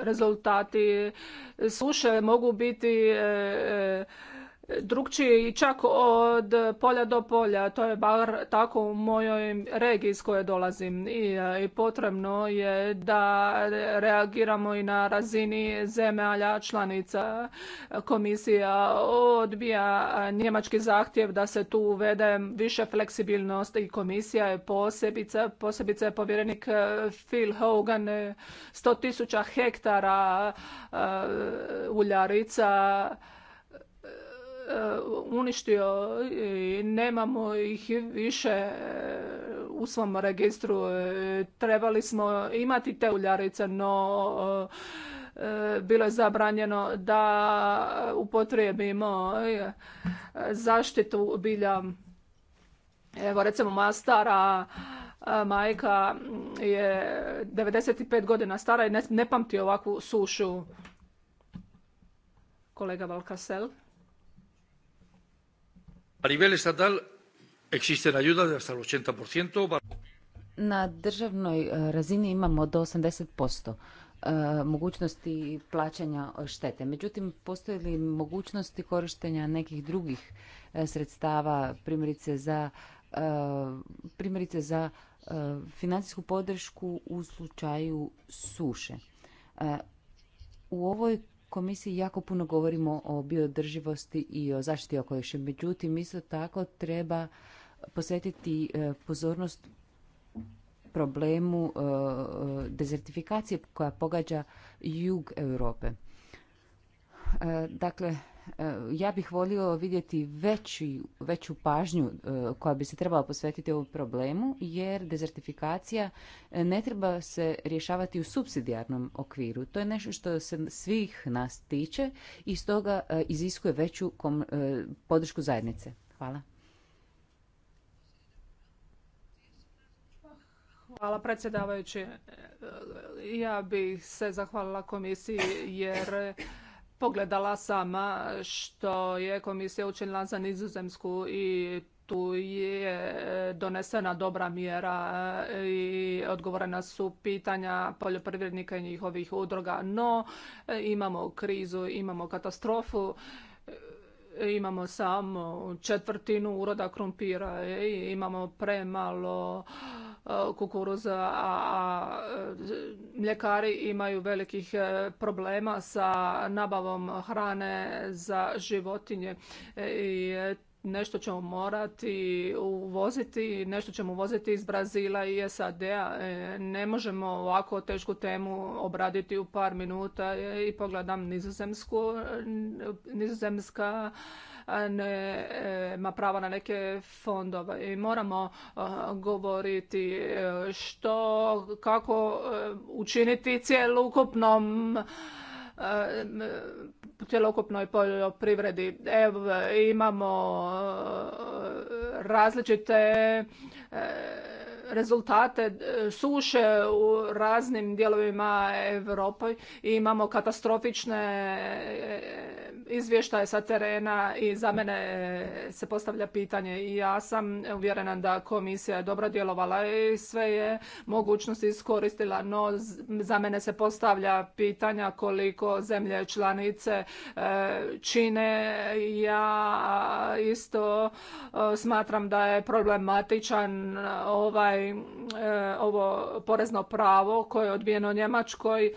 rezultati suše mogu biti i čak od polja do polja. To je bar tako u mojoj regiji iz koje dolazim i, i potrebno je da reagiramo i na razini zemalja članica. Komisija odbija njemački zahtjev da se tu uvede više fleksibilnosti i komisija je posebice, posebice je povjerenik e, Phil Hogan 100.000 e, hektara e, uljarica E, uništio i nemamo ih više e, u svom registru. E, trebali smo imati te uljarice, no bilo je zabranjeno da upotrijebimo zaštitu bilja. Evo recimo moja stara majka je 95 godina stara i ne, pamti ovakvu sušu. Kolega Valkasel. A nivel estatal existen Na državnoj eh, razini imamo do 80% eh, mogućnosti plaćanja štete. Međutim, postoje li mogućnosti korištenja nekih drugih eh, sredstava, primjerice za, primjerice za financijsku podršku u slučaju suše? U ovoj komisiji jako puno govorimo o biodrživosti i o zaštiti okoliša. Međutim, isto tako treba posvetiti e, pozornost problemu e, dezertifikacije koja pogađa jug Europe. E, dakle, E, ja bih volio vidjeti veću, veću pažnju e, koja bi se trebala posvetiti ovom problemu, jer dezertifikacija e, ne treba se rješavati u subsidijarnom okviru. To je nešto što se svih nas tiče i stoga iziskuje veću podršku zajednice. Hvala. Hvala predsjedavajući. Ja bih se zahvalila komisiji jer Pogledala sam što je komisija učinila za nizozemsku i tu je donesena dobra mjera e, i odgovorena su pitanja poljoprivrednika i njihovih udruga. No, e, imamo krizu, imamo katastrofu, e, imamo samo četvrtinu uroda krumpira i imamo premalo E, kukuruza, a e, mljekari imaju velikih e, problema sa nabavom hrane za životinje i nešto ćemo morati uvoziti, nešto ćemo uvoziti iz Brazila i SAD-a. Ne možemo ovako tešku temu obraditi u par minuta i pogledam nizozemsku, nizozemska nema e, pravo na neke fondove. I moramo e, govoriti e, što, kako učiniti cjelokupnom cjelokupnoj poljoprivredi. Evo, imamo različite rezultate e, suše u raznim dijelovima Europe. Imamo katastrofične e, e, izvještaje sa terena i za mene se postavlja pitanje i ja sam uvjerena da komisija je dobro djelovala i sve je mogućnosti iskoristila, no za mene se postavlja pitanja koliko zemlje članice čine. Ja isto smatram da je problematičan ovaj Ovaj, e, ovo porezno pravo koje je odbijeno Njemačkoj. E,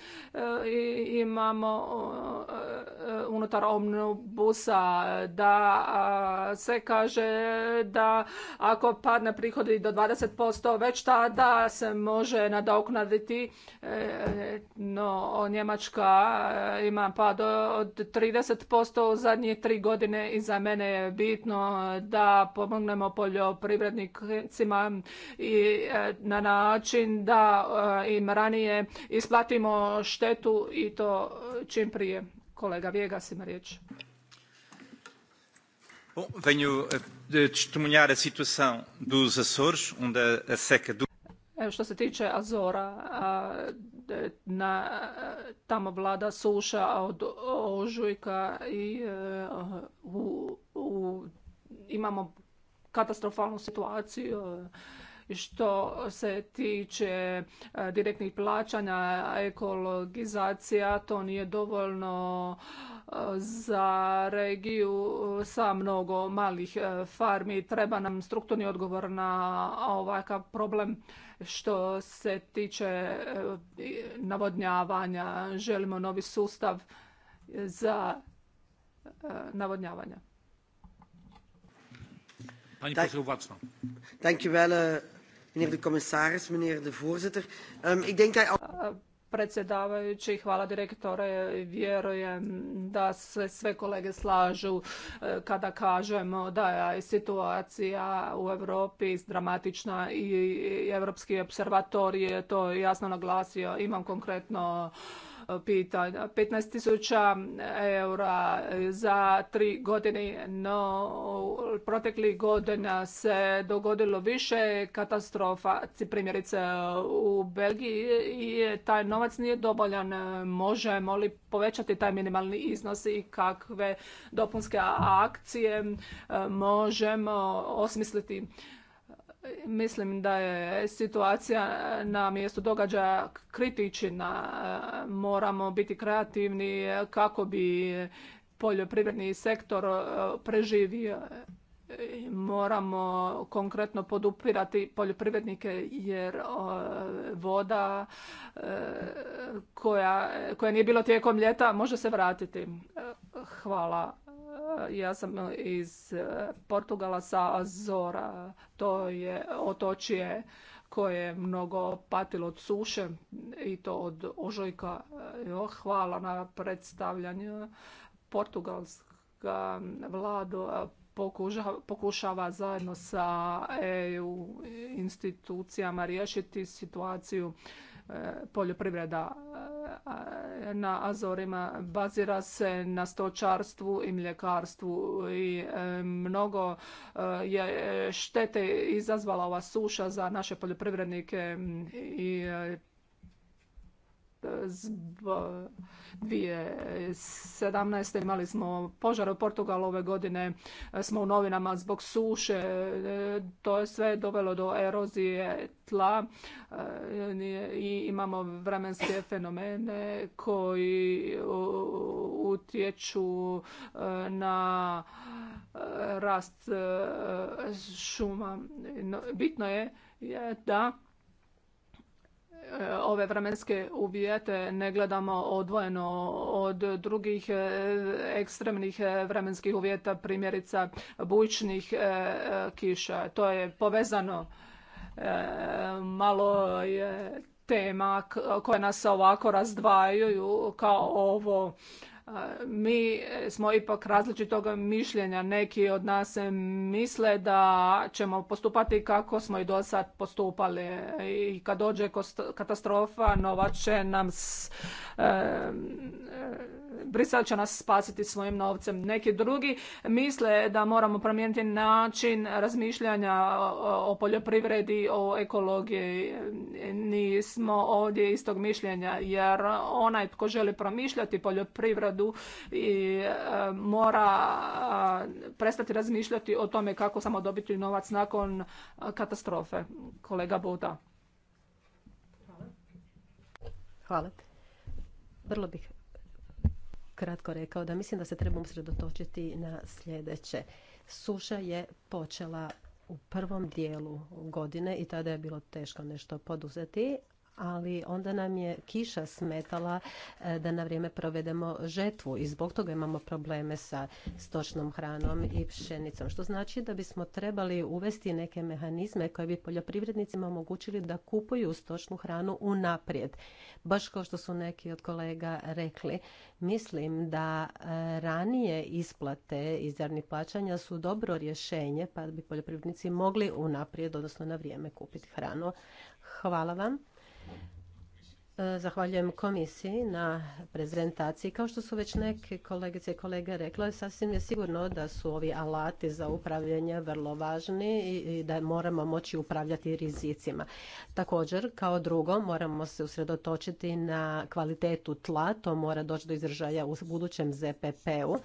imamo e, unutar omnibusa da se kaže da ako padne prihodi do 20% već tada se može nadoknaditi. No, Njemačka ima pad od 30% u zadnje tri godine i za mene je bitno da pomognemo poljoprivrednicima i E, na način da e, im ranije isplatimo štetu i to čim prije. Kolega Vjegas ima riječ. Što se tiče Azora, na, tamo vlada suša od ožujka i e, u, imamo katastrofalnu situaciju što se tiče e, direktnih plaćanja, ekologizacija, to nije dovoljno e, za regiju e, sa mnogo malih farmi. Treba nam strukturni odgovor na ovakav problem što se tiče navodnjavanja. Želimo novi sustav za navodnjavanja. Predsjedavajući, hvala direktore. Vjerujem da se sve kolege slažu eh, kada kažemo da je situacija u Europi dramatična i Europski observator je to jasno naglasio. Imam konkretno pitanja. 15.000 eura za tri godine, no proteklih godina se dogodilo više katastrofa, primjerice u Belgiji i taj novac nije dovoljan. Možemo li povećati taj minimalni iznos i kakve dopunske akcije e, možemo osmisliti? Mislim da je situacija na mjestu događaja kritična. E, moramo biti kreativni kako bi poljoprivredni sektor e, preživio. E, moramo konkretno podupirati poljoprivrednike jer voda koja, koja nije bilo tijekom ljeta može se vratiti. Hvala ja sam iz e, Portugala sa Azora. To je otočje koje je mnogo patilo od suše i to od ožojka. Hvala na predstavljanju. Portugalska vlada pokušava zajedno sa EU institucijama riješiti situaciju E, poljoprivreda e, na Azorima bazira se na stočarstvu i mljekarstvu i e, mnogo je štete izazvala ova suša za naše poljoprivrednike i 2017. imali smo požar u Portugalu ove godine, smo u novinama zbog suše, to je sve dovelo do erozije tla e, i imamo vremenske fenomene koji utječu e, na rast e, šuma. Bitno je da E, ove vremenske uvjete ne gledamo odvojeno od drugih e, ekstremnih e, vremenskih uvjeta, primjerica bujičnih kiša. To je povezano malo je tema koje nas ovako razdvajaju kao ovo mi e, smo ipak različitog mišljenja. Neki od nas e, misle da ćemo postupati kako smo i do sad postupali. E, I kad dođe katastrofa, nova će nam s, Brisel će nas spasiti svojim novcem. Neki drugi misle da moramo promijeniti način razmišljanja o poljoprivredi, o ekologiji. Nismo ovdje istog mišljenja jer onaj tko želi promišljati poljoprivredu i e, mora prestati razmišljati o tome kako samo dobiti novac nakon katastrofe. Kolega Buda. Hvala. Hvala. Vrlo bih kratko rekao da mislim da se trebamo usredotočiti na sljedeće. Suša je počela u prvom dijelu godine i tada je bilo teško nešto poduzeti, ali onda nam je kiša smetala e, da na vrijeme provedemo žetvu i zbog toga imamo probleme sa stočnom hranom i pšenicom. Što znači da bismo trebali uvesti neke mehanizme koje bi poljoprivrednicima omogućili da kupuju stočnu hranu unaprijed. Baš kao što su neki od kolega rekli. Mislim da e, ranije isplate izravnih plaćanja su dobro rješenje pa bi poljoprivrednici mogli unaprijed, odnosno na vrijeme kupiti hranu. Hvala vam. E, zahvaljujem komisiji na prezentaciji. Kao što su već neke kolegice i kolege rekle, sasvim je sigurno da su ovi alati za upravljanje vrlo važni i da moramo moći upravljati rizicima. Također, kao drugo, moramo se usredotočiti na kvalitetu tla, to mora doći do izražaja u budućem ZPP-u,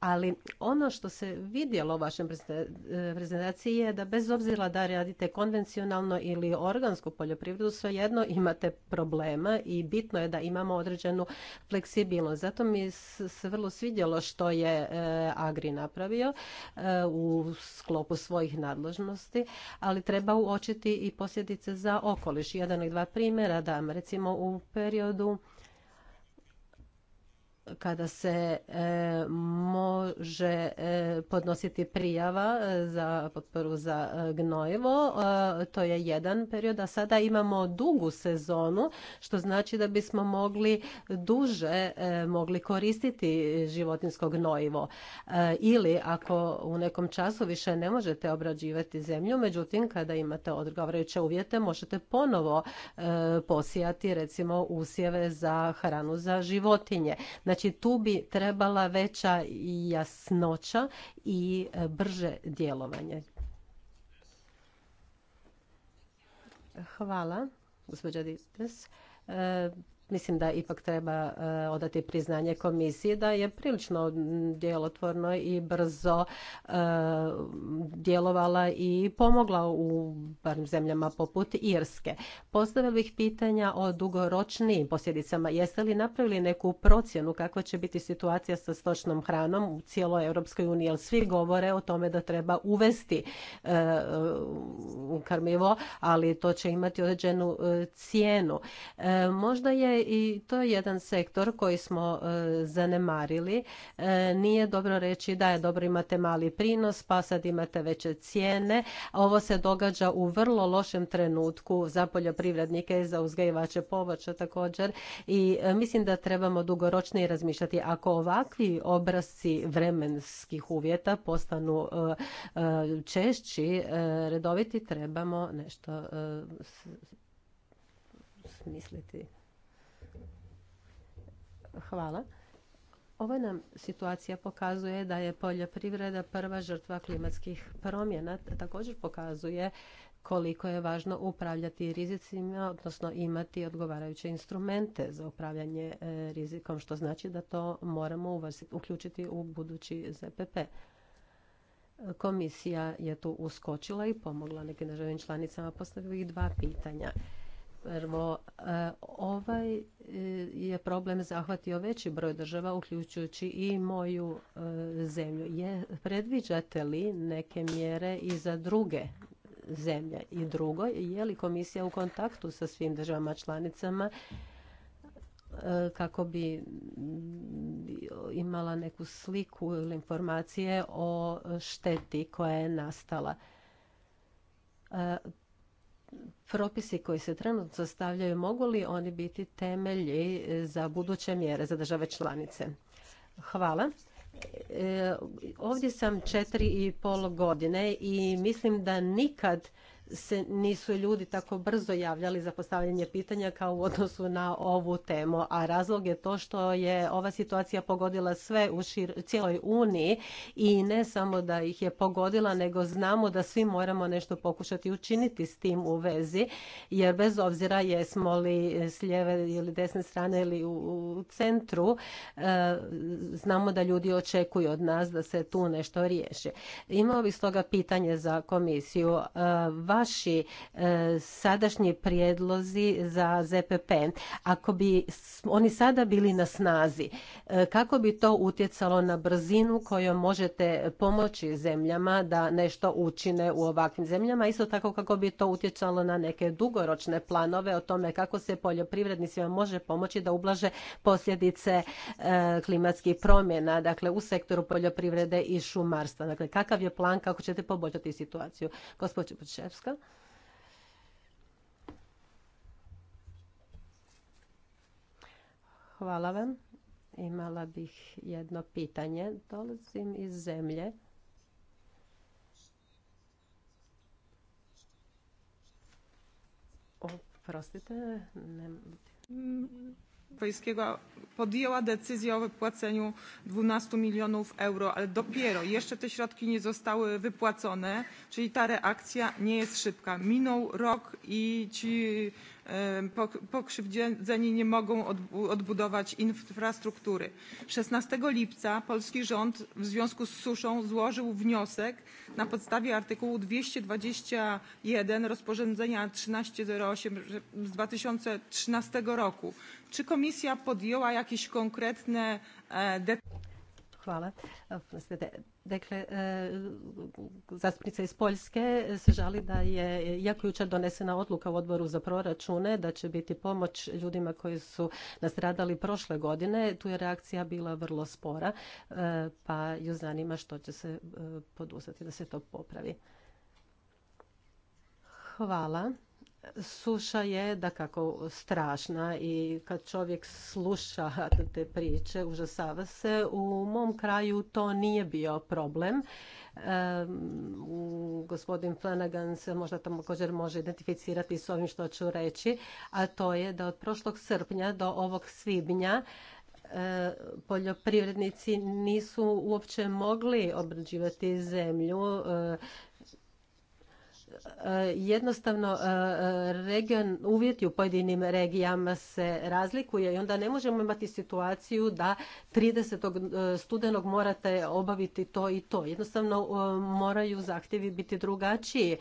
ali ono što se vidjelo u vašem e, prezentaciji je da bez obzira da radite konvencionalno ili organsku poljoprivredu, svejedno imate problema i bitno je da imamo određenu fleksibilnost. Zato mi se vrlo svidjelo što je e, Agri napravio e, u sklopu svojih nadložnosti, ali treba uočiti i posljedice za okoliš. Jedan ili dva primjera dam. Recimo u periodu kada se e, može e, podnositi prijava e, za potporu za gnojivo, To je jedan period, a sada imamo dugu sezonu, što znači da bismo mogli duže mogli koristiti životinsko gnojivo. Ili ako u nekom času više ne možete obrađivati zemlju, međutim kada imate odgovarajuće uvjete možete ponovo posijati recimo usjeve za hranu za životinje. Znači Znači tu bi trebala veća jasnoća i e, brže djelovanje. Hvala, gospođa e, Mislim da ipak treba eh, odati priznanje komisiji da je prilično djelotvorno i brzo eh, djelovala i pomogla u barim zemljama poput Irske. Postavila bih pitanja o dugoročnijim posljedicama. Jeste li napravili neku procjenu kakva će biti situacija sa stočnom hranom u cijeloj Europskoj uniji? Jer svi govore o tome da treba uvesti eh, karmivo, ali to će imati određenu cijenu. Možda je i to je jedan sektor koji smo e, zanemarili. E, nije dobro reći da je dobro imate mali prinos pa sad imate veće cijene. Ovo se događa u vrlo lošem trenutku za poljoprivrednike, za uzgajivače povrća također i e, mislim da trebamo dugoročnije razmišljati. Ako ovakvi obrazci vremenskih uvjeta postanu češći, redoviti, trebamo nešto smisliti. Hvala. Ova nam situacija pokazuje da je poljoprivreda prva žrtva klimatskih promjena. Također pokazuje koliko je važno upravljati rizicima, odnosno imati odgovarajuće instrumente za upravljanje e, rizikom, što znači da to moramo uključiti u budući ZPP. Komisija je tu uskočila i pomogla nekim državnim članicama postaviti dva pitanja. Prvo, e, ovaj e, je problem zahvatio veći broj država, uključujući i moju e, zemlju. Je, predviđate li neke mjere i za druge zemlje? I drugo, je li komisija u kontaktu sa svim državama članicama kako bi imala neku sliku ili informacije o šteti koja je nastala? propisi koji se trenutno stavljaju, mogu li oni biti temelji e, za buduće mjere za države članice? Hvala. E, ovdje sam četiri i pol godine i mislim da nikad se nisu ljudi tako brzo javljali za postavljanje pitanja kao u odnosu na ovu temu, a razlog je to što je ova situacija pogodila sve u cijeloj Uniji i ne samo da ih je pogodila, nego znamo da svi moramo nešto pokušati učiniti s tim u vezi, jer bez obzira jesmo li s lijeve ili desne strane ili u, centru, e, znamo da ljudi očekuju od nas da se tu nešto riješi. Imao bi stoga pitanje za komisiju. E, vaši e, sadašnji prijedlozi za ZPP, ako bi oni sada bili na snazi, e, kako bi to utjecalo na brzinu kojom možete pomoći zemljama da nešto učine u ovakvim zemljama, isto tako kako bi to utjecalo na neke dugoročne planove o tome kako se poljoprivrednicima može pomoći da ublaže posljedice e, klimatskih promjena, dakle u sektoru poljoprivrede i šumarstva. Dakle, kakav je plan, kako ćete poboljšati situaciju? Gospođo Počevska. Hvala vam. Imala bih jedno pitanje. Dolazim iz zemlje Oprostite, mm, Europejskiego podjęła decyzję o wypłaceniu 12 milionów euro, ale dopiero jeszcze te środki nie zostały wypłacone, czyli ta reakcja nie jest szybka. Minął rok i ci pokrzywdzeni nie mogą odbudować infrastruktury. 16 lipca polski rząd w związku z suszą złożył wniosek na podstawie artykułu 221 rozporządzenia 1308 z 2013 roku. Czy komisja podjęła jakieś konkretne e, decyzje? Hvala. Dakle, e, zastupnica iz Poljske se žali da je jako jučer donesena odluka u odboru za proračune da će biti pomoć ljudima koji su nastradali prošle godine. Tu je reakcija bila vrlo spora, e, pa ju zanima što će se e, poduzeti da se to popravi. Hvala. Suša je da kako strašna i kad čovjek sluša te priče, užasava se. U mom kraju to nije bio problem. U gospodin Flanagan se možda kođer može identificirati s ovim što ću reći, a to je da od prošlog srpnja do ovog svibnja e, poljoprivrednici nisu uopće mogli obrađivati zemlju e, jednostavno e, region, uvjeti u pojedinim regijama se razlikuje i onda ne možemo imati situaciju da 30. E, studenog morate obaviti to i to. Jednostavno e, moraju zahtjevi biti drugačiji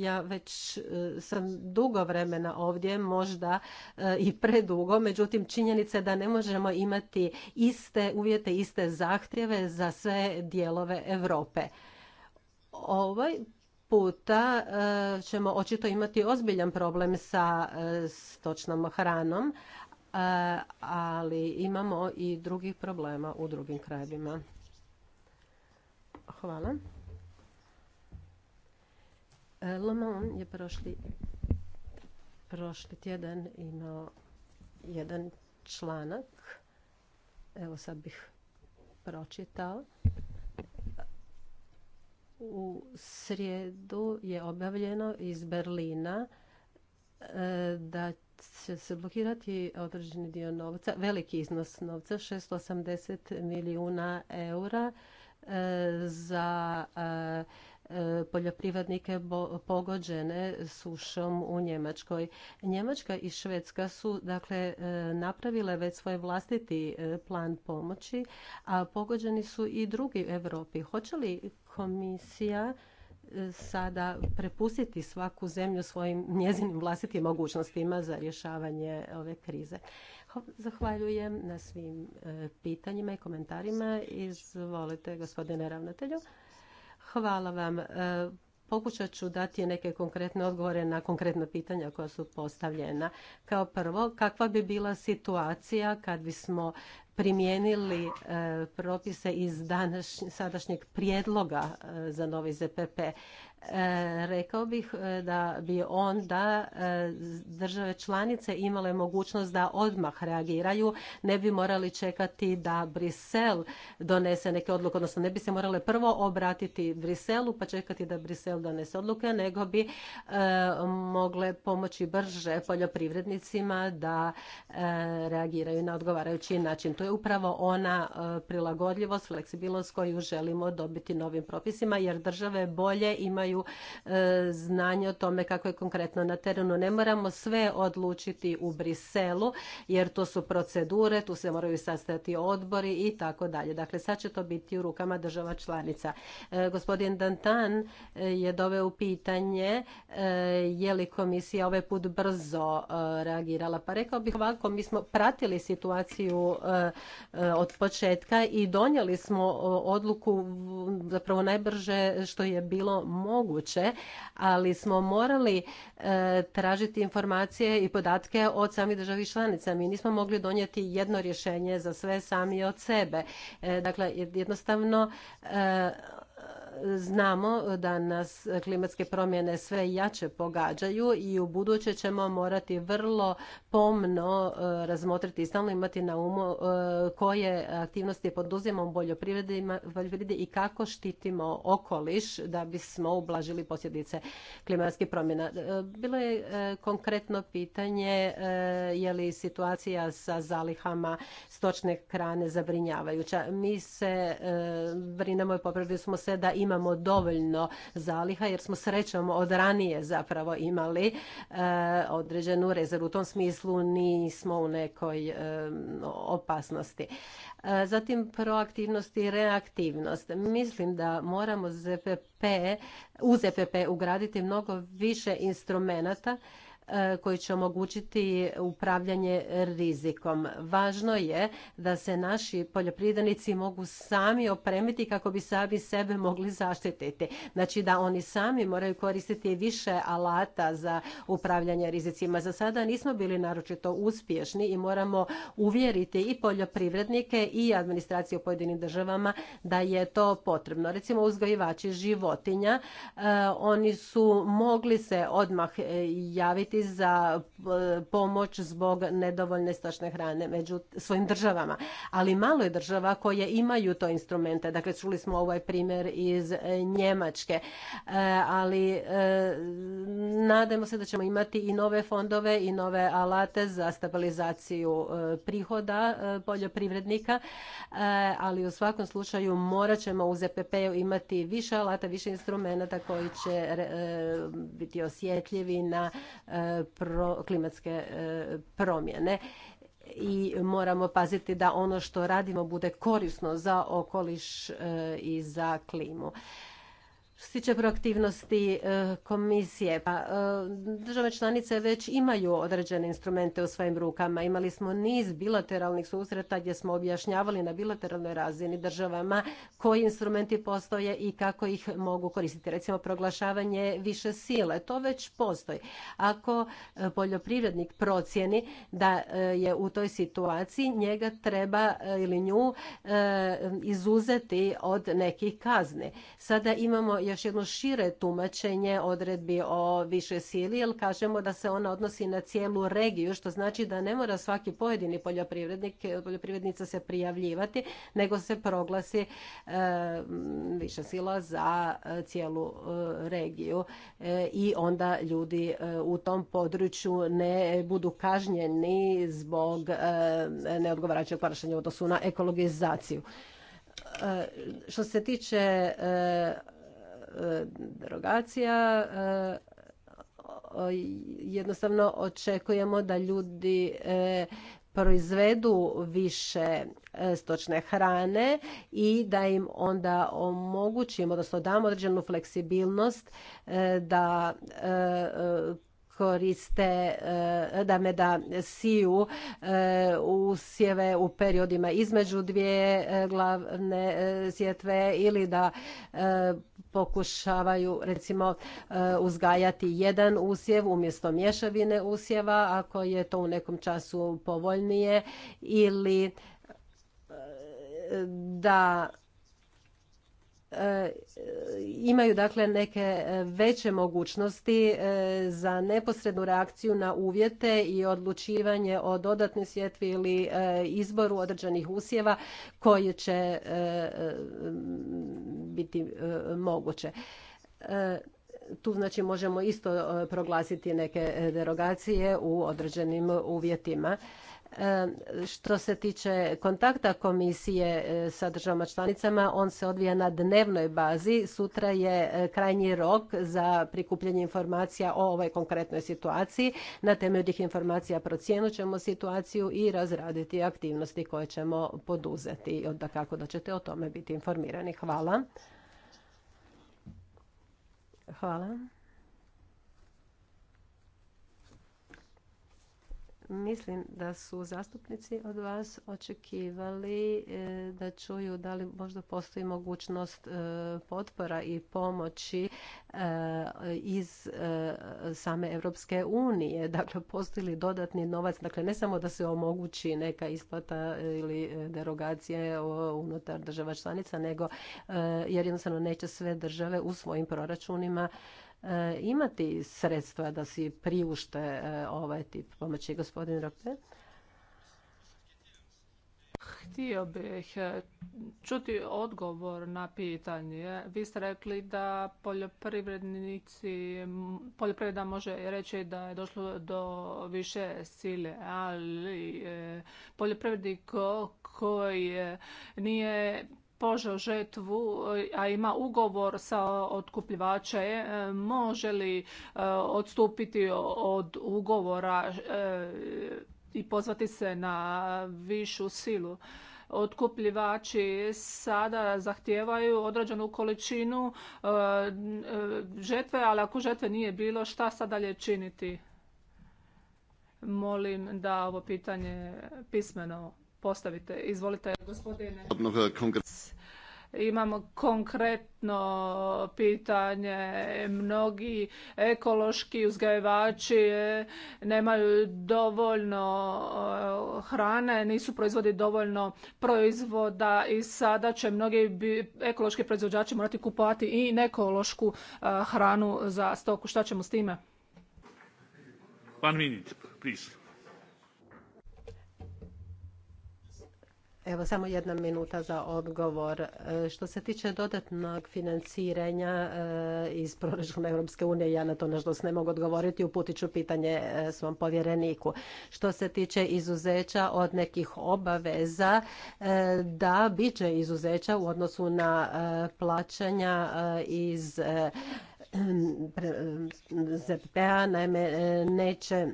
ja već e, sam dugo vremena ovdje, možda e, i predugo, međutim činjenica je da ne možemo imati iste uvjete, iste zahtjeve za sve dijelove Europe. Ovaj puta e, ćemo očito imati ozbiljan problem sa stočnom hranom, ali imamo i drugih problema u drugim krajevima. Hvala. E, Le je prošli, prošli tjedan imao jedan članak. Evo sad bih pročitao. U srijedu je objavljeno iz Berlina e, da će se blokirati određeni dio novca, veliki iznos novca, 680 milijuna eura e, za poljoprivrednike pogođene sušom u Njemačkoj. Njemačka i Švedska su dakle e, napravile već svoj vlastiti e, plan pomoći, a pogođeni su i drugi u Europi. Hoće li komisija e, sada prepustiti svaku zemlju svojim njezinim vlastitim mogućnostima za rješavanje ove krize. Zahvaljujem na svim pitanjima i komentarima. Izvolite, gospodine ravnatelju. Hvala vam. E, pokušat ću dati neke konkretne odgovore na konkretna pitanja koja su postavljena. Kao prvo, kakva bi bila situacija kad bismo primijenili e, propise iz današnjeg sadašnjeg prijedloga e, za novi ZPP. E, rekao bih e, da bi onda e, države članice imale mogućnost da odmah reagiraju, ne bi morali čekati da Brisel donese neke odluke, odnosno ne bi se morale prvo obratiti Briselu pa čekati da Brisel donese odluke, nego bi mogle pomoći brže poljoprivrednicima da reagiraju na odgovarajući način. To je upravo ona prilagodljivost, fleksibilnost koju želimo dobiti novim propisima jer države bolje imaju imaju e, znanje o tome kako je konkretno na terenu. Ne moramo sve odlučiti u Briselu jer to su procedure, tu se moraju sastati odbori i tako dalje. Dakle, sad će to biti u rukama država članica. E, gospodin Dantan e, je doveo u pitanje je li komisija ovaj put brzo reagirala. Pa rekao bih ovako, mi smo pratili situaciju od početka i donijeli smo odluku zapravo najbrže što je bilo moguće moguće, ali smo morali e, tražiti informacije i podatke od samih državi članica. Mi nismo mogli donijeti jedno rješenje za sve sami od sebe. E, dakle, jednostavno e, znamo da nas klimatske promjene sve jače pogađaju i u buduće ćemo morati vrlo pomno e, razmotriti i stalno imati na umu e, koje aktivnosti poduzimamo u poljoprivredi i kako štitimo okoliš da bismo ublažili posljedice klimatskih promjena. E, bilo je konkretno pitanje je li situacija sa zalihama stočne hrane zabrinjavajuća. Mi se brinemo i popravili smo se da imamo dovoljno zaliha jer smo srećom od ranije zapravo imali e, određenu rezervu. U tom smislu nismo u nekoj e, opasnosti. E, zatim proaktivnost i reaktivnost. Mislim da moramo ZPP, u ZPP ugraditi mnogo više instrumenata E, koji će omogućiti upravljanje rizikom. Važno je da se naši poljoprivrednici mogu sami opremiti kako bi sami sebe mogli zaštititi. Znači da oni sami moraju koristiti više alata za upravljanje rizicima. Za sada nismo bili naročito uspješni i moramo uvjeriti i poljoprivrednike i administracije u pojedinim državama da je to potrebno. Recimo uzgojivači životinja, e, oni su mogli se odmah e, javiti za e, pomoć zbog nedovoljne stočne hrane među svojim državama. Ali malo je država koje imaju to instrumente. Dakle, čuli smo ovaj primjer iz Njemačke. E, ali e, nadamo se da ćemo imati i nove fondove i nove alate za stabilizaciju prihoda poljoprivrednika. Ali u svakom slučaju morat ćemo u ZPP-u imati više alata, više instrumenta koji će biti osjetljivi na pro, klimatske e, promjene i moramo paziti da ono što radimo bude korisno za okoliš e, i za klimu. Što se tiče proaktivnosti e, komisije, pa e, države članice već imaju određene instrumente u svojim rukama. Imali smo niz bilateralnih susreta gdje smo objašnjavali na bilateralnoj razini državama koji instrumenti postoje i kako ih mogu koristiti. Recimo proglašavanje više sile, to već postoji. Ako e, poljoprivrednik procjeni da je u toj situaciji, njega treba ili nju izuzeti od nekih kazni. Sada imamo još jedno šire tumačenje odredbi o više sili, jer kažemo da se ona odnosi na cijelu regiju, što znači da ne mora svaki pojedini poljoprivrednik, poljoprivrednica se prijavljivati, nego se proglasi e, više sila za e, cijelu e, regiju i onda ljudi u tom području ne budu kažnjeni zbog neodgovarajućeg ponašanja u odnosu na ekologizaciju. Što se tiče derogacija e, jednostavno očekujemo da ljudi e, proizvedu više e, stočne hrane i da im onda omogućimo, odnosno damo određenu fleksibilnost da koriste e, da me da siju e, usjeve u periodima između dvije e, glavne sjetve ili da pokušavaju recimo uzgajati jedan usjev umjesto mješavine usjeva ako je to u nekom času povoljnije ili da E, imaju dakle neke e, veće mogućnosti e, za neposrednu reakciju na uvjete i odlučivanje o dodatnoj sjetvi ili izboru određenih usjeva koje će biti moguće. Tu znači možemo isto proglasiti neke derogacije u određenim uvjetima. Što se tiče kontakta komisije e, sa državama članicama, on se odvija na dnevnoj bazi. Sutra je e, krajnji rok za prikupljanje informacija o ovoj konkretnoj situaciji. Na temelju tih informacija procijenit ćemo situaciju i razraditi aktivnosti koje ćemo poduzeti. Da kako da ćete o tome biti informirani. Hvala. Hvala. Mislim da su zastupnici od vas očekivali e, da čuju da li možda postoji mogućnost e, potpora i pomoći e, iz same Europske unije. Dakle, postoji dodatni novac? Dakle, ne samo da se omogući neka isplata ili derogacija unutar država članica, nego jer jednostavno neće sve države u svojim proračunima E, imati sredstva da si priušte e, ovaj tip pomoći. Gospodin Rope? Htio bih e, čuti odgovor na pitanje. Vi ste rekli da poljoprivrednici, poljoprivreda može reći da je došlo do više sile, ali poljoprivrednik koji nije požeo žetvu, a ima ugovor sa otkupljivače, može li e, odstupiti od ugovora e, i pozvati se na višu silu? otkupljivači sada zahtijevaju određenu količinu e, žetve, ali ako žetve nije bilo, šta sad dalje činiti? Molim da ovo pitanje pismeno postavite. Izvolite, gospodine. E, Imamo konkretno pitanje. Mnogi ekološki uzgajivači e, nemaju dovoljno e, hrane, nisu proizvodi dovoljno proizvoda i sada će mnogi ekološki proizvođači morati kupovati i nekološku hranu za stoku. Šta ćemo s time? One minute, Evo samo jedna minuta za odgovor. E, što se tiče dodatnog financiranja e, iz proračuna Europske unije, ja na to nažalost ne mogu odgovoriti, uputit ću pitanje e, svom povjereniku. Što se tiče izuzeća od nekih obaveza, da bit će izuzeća u odnosu na plaćanja iz *clears throat* ZPP-a, naime neće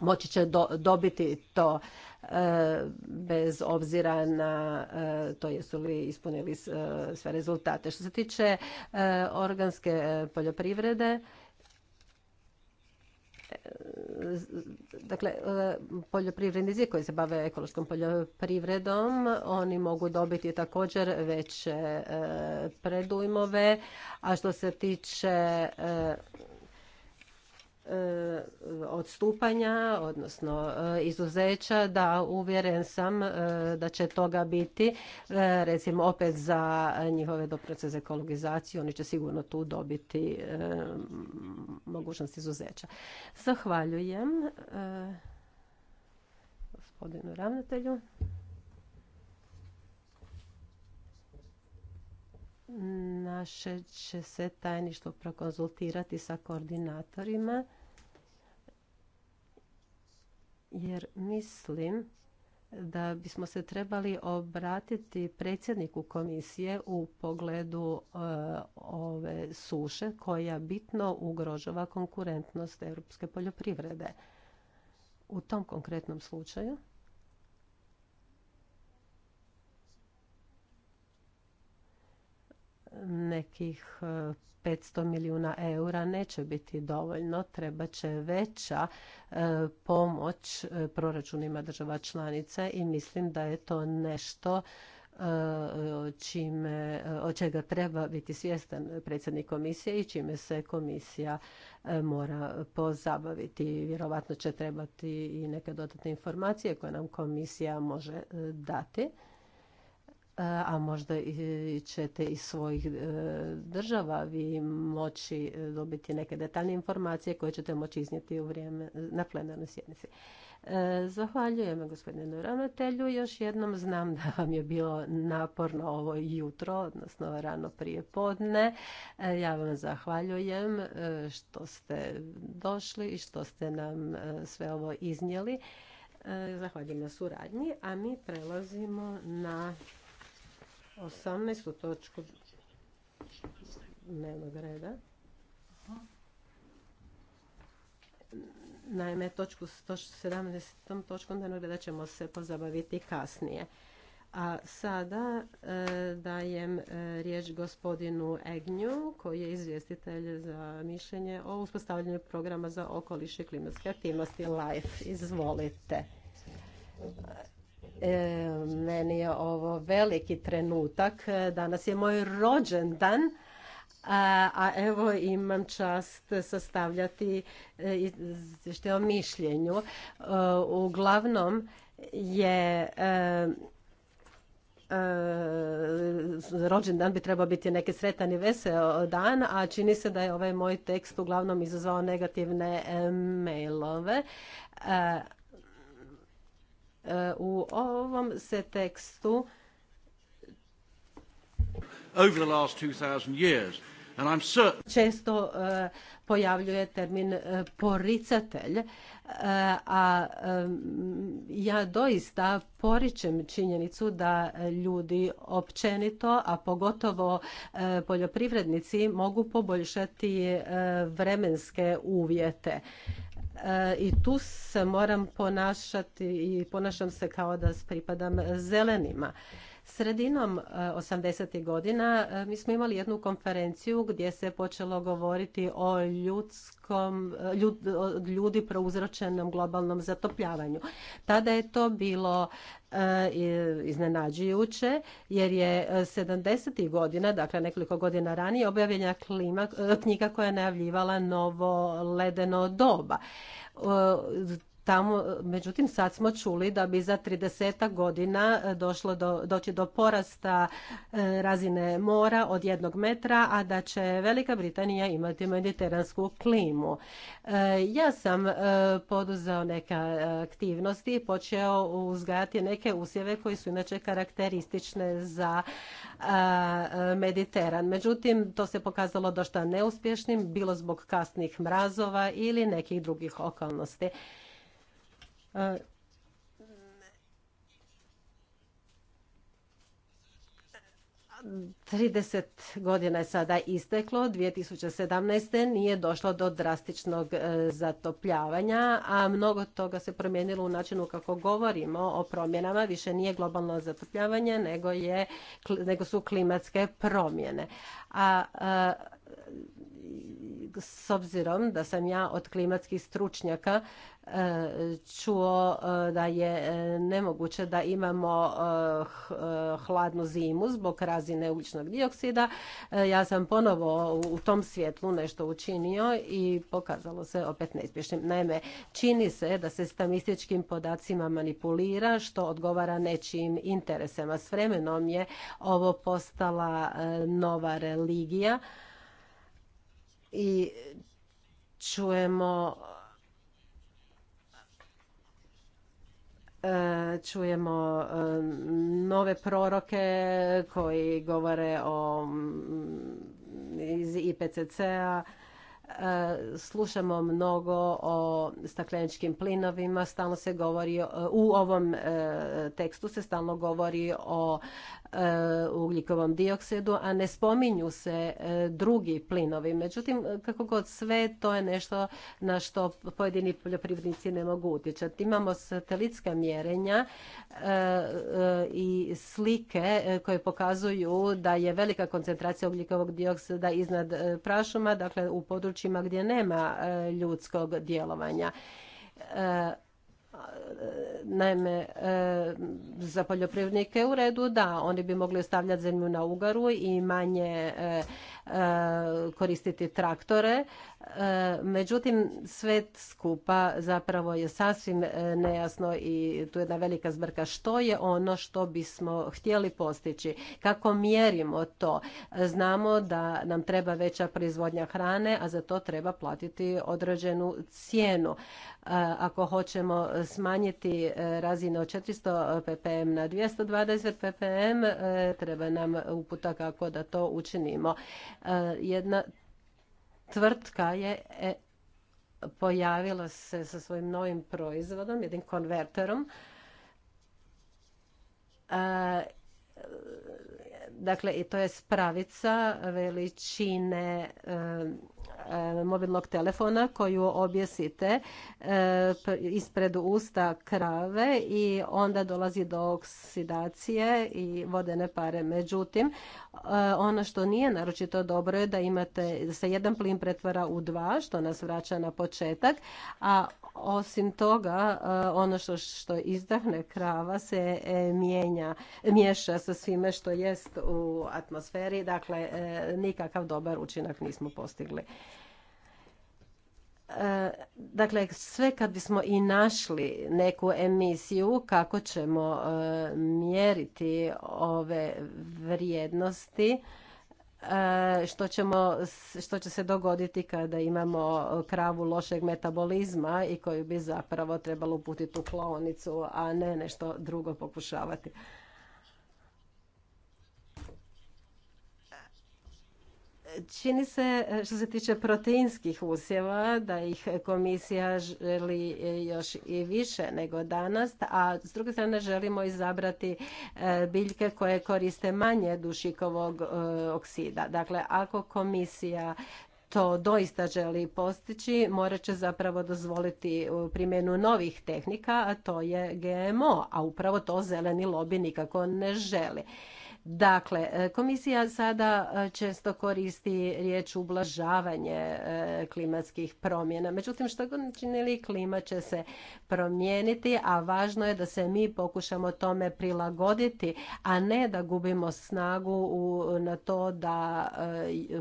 moći će dobiti to E, bez obzira na e, to jesu li ispunili e, sve rezultate. Što se tiče organske poljoprivrede, dakle poljoprivrednici koji se bave ekološkom poljoprivredom oni mogu dobiti također veće predujmove a što se tiče E, odstupanja, odnosno e, izuzeća, da uvjeren sam e, da će toga biti. Recimo opet za njihove doprece za ekologizaciju, oni će sigurno tu dobiti mogućnost izuzeća. Zahvaljujem gospodinu ravnatelju. Naše će se tajništvo prokonzultirati sa koordinatorima jer mislim da bismo se trebali obratiti predsjedniku komisije u pogledu e, ove suše koja bitno ugrožava konkurentnost europske poljoprivrede. U tom konkretnom slučaju nekih 500 e, milijuna eura neće biti dovoljno, treba će veća e, pomoć e, proračunima država članica i mislim da je to nešto čime, od čega treba biti svjestan predsjednik komisije i čime se komisija mora pozabaviti. Vjerovatno će trebati i neke dodatne informacije koje nam komisija može dati. E, a možda ćete iz svojih e, država vi moći e, dobiti neke detaljne informacije koje ćete moći iznijeti u vrijeme na plenarnoj sjednici. Zahvaljujem gospodinu ravnatelju. Još jednom znam da vam je bilo naporno ovo jutro, odnosno rano prije podne. Ja vam zahvaljujem što ste došli i što ste nam sve ovo iznijeli. Zahvaljujem na suradnji, a mi prelazimo na 18. točku dnevnog reda. Naime, točku 17. točkom dnevnog reda ćemo se pozabaviti kasnije. A sada e, dajem e, riječ gospodinu Egnju, koji je izvjestitelj za mišljenje o uspostavljanju programa za okoliš i klimatske aktivnosti LIFE. Izvolite. E, meni je ovo veliki trenutak. E, danas je moj rođendan, a, a evo imam čast sastavljati e, izvješte o mišljenju. Uglavnom je rođendan bi trebao biti neki sretan i vesel dan, a čini se da je ovaj moj tekst uglavnom izazvao negativne mailove. E, u ovom se tekstu over the last 2000 years često e, pojavljuje termin e, poricatelj a ja doista poričem činjenicu da ljudi općenito, a pogotovo poljoprivrednici mogu poboljšati vremenske uvjete. E, i tu se moram ponašati i ponašam se kao da pripadam zelenima. Sredinom 80. E, godina e, mi smo imali jednu konferenciju gdje se počelo govoriti o ljudskom, ljud, ljudi prouzročenom globalnom zatopljavanju. Tada je to bilo iznenađujuće jer je 70. E, godina, dakle nekoliko godina ranije, objavljena e, knjiga koja je najavljivala novo ledeno doba e, Tamo, e, međutim, sad smo čuli da bi za 30 godina e, došlo do, doći do porasta e, razine mora od jednog metra, a da će Velika Britanija imati mediteransku klimu. Ja sam poduzeo neke aktivnosti i počeo uzgajati neke usjeve koji su inače karakteristične za Mediteran. Međutim, to se pokazalo dosta neuspješnim, bilo zbog kasnih mrazova ili nekih drugih okolnosti. 30 godina je sada isteklo, 2017. nije došlo do drastičnog e, zatopljavanja, a mnogo toga se promijenilo u načinu kako govorimo o promjenama. Više nije globalno zatopljavanje, nego, je, nego su klimatske promjene. A, a e, s obzirom da sam ja od klimatskih stručnjaka čuo e, da je e, nemoguće da imamo e, hladnu zimu zbog razine ugljičnog dioksida. Ja sam ponovo u tom svjetlu nešto učinio i pokazalo se opet neuspješnim. Naime, čini se da se statističkim podacima manipulira što odgovara nečijim interesima. S vremenom je ovo postala nova religija i čujemo E, čujemo e, nove proroke koji govore o mm, iz IPCC-a e, slušamo mnogo o stakleničkim plinovima, stalno se govori u ovom tekstu se stalno govori o E, ugljikovom dioksidu, a ne spominju se e, drugi plinovi. Međutim, kako god sve, to je nešto na što pojedini poljoprivrednici ne mogu utječati. Imamo satelitska mjerenja e, i slike koje pokazuju da je velika koncentracija ugljikovog dioksida iznad prašuma, dakle u područjima gdje nema ljudskog djelovanja. E, naime, e, za poljoprivrednike u redu da, oni bi mogli ostavljati zemlju na ugaru i manje e, koristiti traktore. E, međutim, sve skupa zapravo je sasvim e, nejasno i tu je jedna velika zbrka. Što je ono što bismo htjeli postići? Kako mjerimo to? Znamo da nam treba veća proizvodnja hrane, a za to treba platiti određenu cijenu. E, ako hoćemo smanjiti razine od 400 ppm na 220 ppm, treba nam uputa kako da to učinimo. E, jedna tvrtka je e, pojavila se sa svojim novim proizvodom, jednim konverterom. E, dakle, i to je spravica veličine E, mobilnog telefona koju objesite e, ispred usta krave i onda dolazi do oksidacije i vodene pare. Međutim, e, ono što nije naročito dobro je da imate, da se jedan plin pretvara u dva, što nas vraća na početak, a osim toga, ono što, što izdahne krava se mijenja, miješa sa svime što jest u atmosferi. Dakle, nikakav dobar učinak nismo postigli. Dakle, sve kad bismo i našli neku emisiju kako ćemo e, mjeriti ove vrijednosti, e, što, ćemo, što će se dogoditi kada imamo kravu lošeg metabolizma i koju bi zapravo trebalo uputiti u klonicu a ne nešto drugo pokušavati. Čini se e, što se tiče proteinskih usjeva da ih komisija želi e, još i više nego danas, a s druge strane želimo izabrati e, biljke koje koriste manje dušikovog oksida. Dakle, ako komisija to doista želi postići, morat će zapravo dozvoliti primjenu novih tehnika, a to je GMO, a upravo to zeleni lobby nikako ne želi. Dakle, e, komisija sada e, često koristi riječ ublažavanje e, klimatskih promjena. Međutim, što god činili, klima će se promijeniti, a važno je da se mi pokušamo tome prilagoditi, a ne da gubimo snagu na to da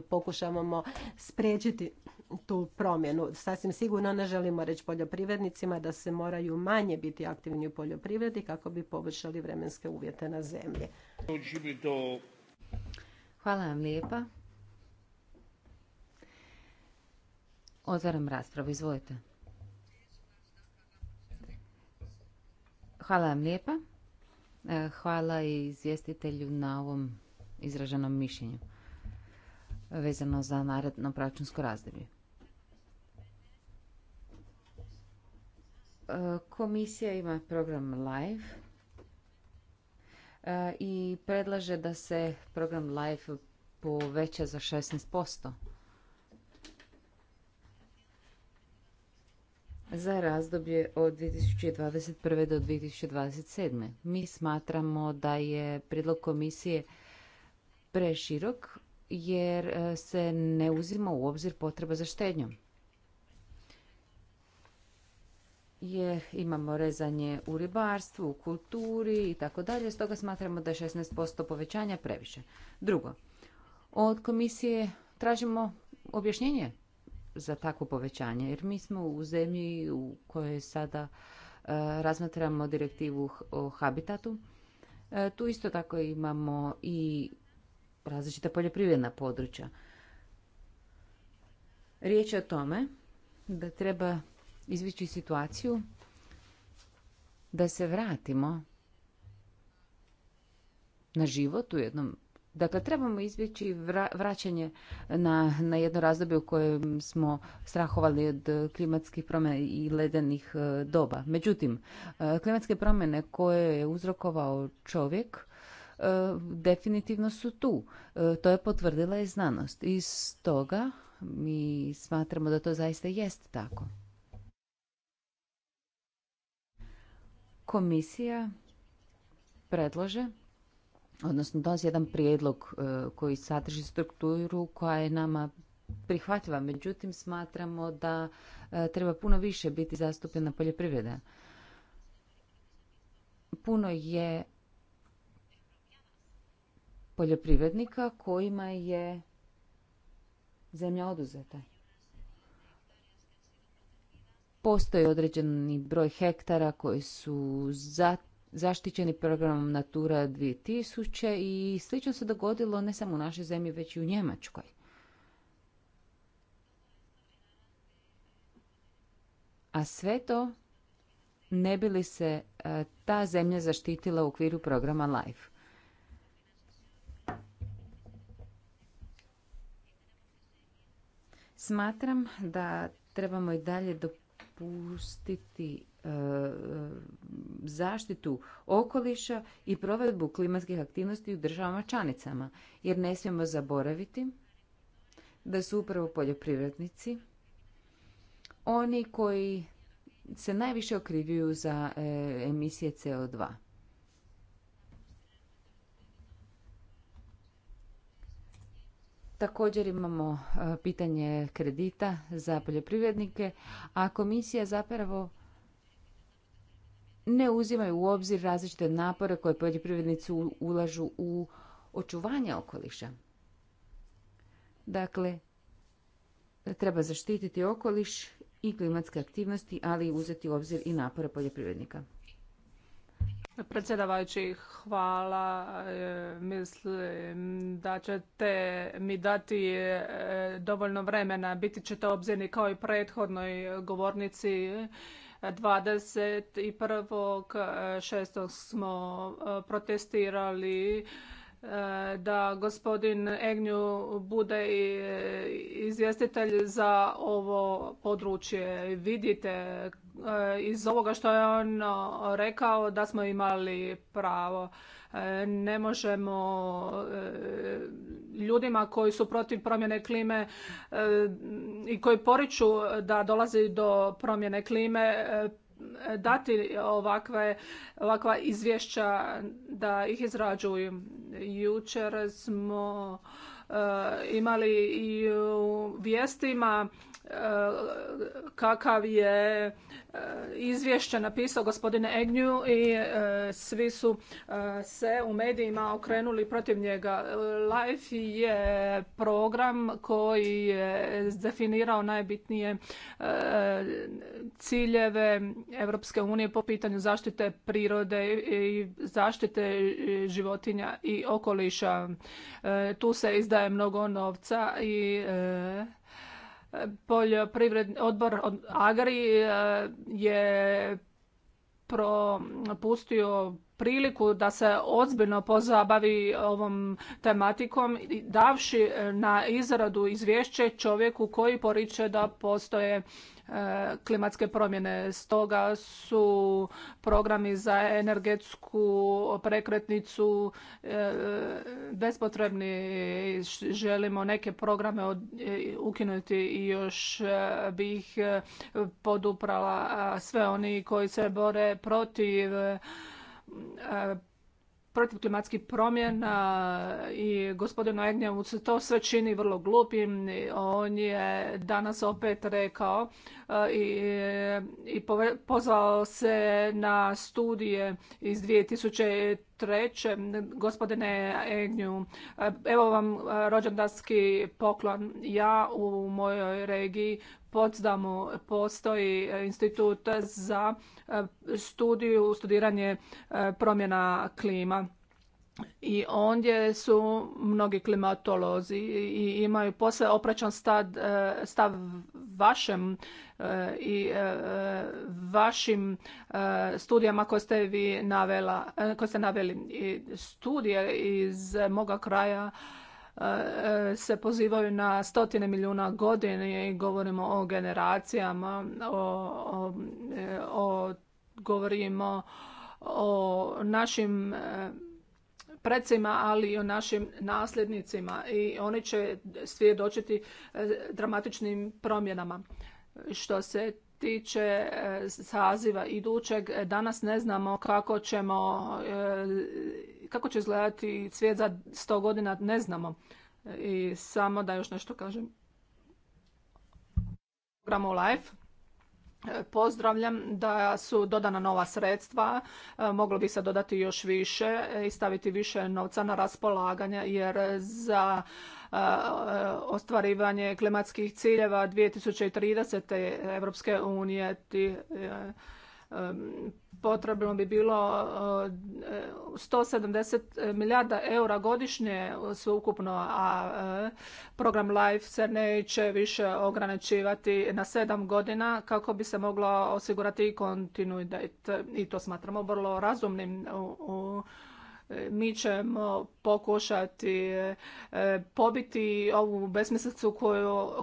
pokušavamo spriječiti tu promjenu. Sasvim sigurno ne želimo reći poljoprivrednicima da se moraju manje biti aktivni u poljoprivredi kako bi poboljšali vremenske uvjete na zemlji. Hvala vam lijepa. Otvaram raspravu, izvolite. Hvala vam lijepa. E, hvala i izvjestitelju na ovom izraženom mišljenju vezano za naredno proračunsko razdoblje. E, komisija ima program live E, i predlaže da se program LIFE poveća za 16%. za razdoblje od 2021. do 2027. Mi smatramo da je prijedlog komisije preširok jer e, se ne uzima u obzir potreba za štednjom. je imamo rezanje u ribarstvu, u kulturi i tako dalje, stoga smatramo da je 16% povećanja previše. Drugo, od komisije tražimo objašnjenje za takvo povećanje, jer mi smo u zemlji u kojoj sada e, razmatramo direktivu o habitatu. E, tu isto tako imamo i različita poljoprivredna područja. Riječ je o tome da treba izvići situaciju da se vratimo na život u jednom Dakle, trebamo izbjeći vraćanje na, na jedno razdoblje u kojem smo strahovali od klimatskih promjena i ledenih e, doba. Međutim, e, klimatske promjene koje je uzrokovao čovjek e, definitivno su tu. To je potvrdila i znanost. I stoga mi smatramo da to zaista jest tako. komisija predlože, odnosno donosi jedan prijedlog e, koji sadrži strukturu koja je nama prihvatljiva. Međutim, smatramo da e, treba puno više biti zastupljena poljoprivreda. Puno je poljoprivrednika kojima je zemlja oduzeta. Postoji određeni broj hektara koji su zaštićeni programom Natura 2000 i slično se dogodilo ne samo u našoj zemlji, već i u Njemačkoj. A sve to ne bi li se e, ta zemlja zaštitila u okviru programa LIFE. Smatram da trebamo i dalje do Pustiti e, e, zaštitu okoliša i provedbu klimatskih aktivnosti u državama članicama jer ne smijemo zaboraviti da su upravo poljoprivrednici oni koji se najviše okrivljuju za e, emisije CO2 Također imamo e, pitanje kredita za poljoprivrednike, a komisija zapravo ne uzimaju u obzir različite napore koje poljoprivrednici ulažu u očuvanje okoliša. Dakle, treba zaštititi okoliš i klimatske aktivnosti, ali uzeti u obzir i napore poljoprivrednika. Predsjedavajući, hvala. E, mislim da ćete mi dati e, dovoljno vremena. Biti ćete obzirni kao i prethodnoj govornici. 21.6. E, smo protestirali da gospodin Egnju bude e, izvjestitelj za ovo područje. Vidite e, iz ovoga što je on rekao da smo imali pravo. E, ne možemo ljudima koji su protiv promjene klime i koji poriču da dolazi do promjene klime dati ovakve, ovakva izvješća da ih izrađuju. Jučer smo eh, imali i u vijestima kakav je eh, izvješće napisao gospodine Egnju i eh, svi su eh, se u medijima okrenuli protiv njega. LIFE je program koji je definirao najbitnije ciljeve Europske unije po pitanju zaštite prirode i zaštite životinja i okoliša. Tu se izdaje mnogo novca i Poljoprivredni odbor od Agri e, je propustio priliku da se ozbiljno pozabavi ovom tematikom davši na izradu izvješće čovjeku koji poriče da postoje klimatske promjene. Stoga su programi za energetsku prekretnicu e, bespotrebni. Želimo neke programe e, ukinuti i još e, bih poduprala sve oni koji se bore protiv protiv klimatskih promjena i gospodinu Egnjevu se to sve čini vrlo glupim. On je danas opet rekao e, i, i pozvao se na studije iz 2000 treće, gospodine Egnju, evo vam e, rođendanski poklon. Ja u mojoj regiji Podzdamu postoji institut za e, studiju, studiranje e, promjena klima i ondje su mnogi klimatolozi i imaju posve oprečan stav, e, stav vašem e, i e, vašim studijama koje ste vi navela, koje ste naveli. I studije iz moga kraja se pozivaju na stotine milijuna godina i govorimo o generacijama, o, o, o govorimo o našim predsima, ali i o našim nasljednicima i oni će svjedočiti e, dramatičnim promjenama. Što se tiče e, saziva idućeg, e, danas ne znamo kako ćemo, kako će izgledati svijet za sto godina, ne znamo. I samo da još nešto kažem. Programu Life Pozdravljam da su dodana nova sredstva, e, moglo bi se dodati još više i staviti više novca na raspolaganje jer za e, ostvarivanje klimatskih ciljeva 2030. Europske unije e, potrebno bi bilo 170 e, milijarda eura godišnje sveukupno, a e, program LIFE se neće više ograničivati na sedam godina kako bi se moglo osigurati i kontinuitet. I to smatramo vrlo razumnim u E, mi ćemo pokušati e, e, pobiti ovu besmislicu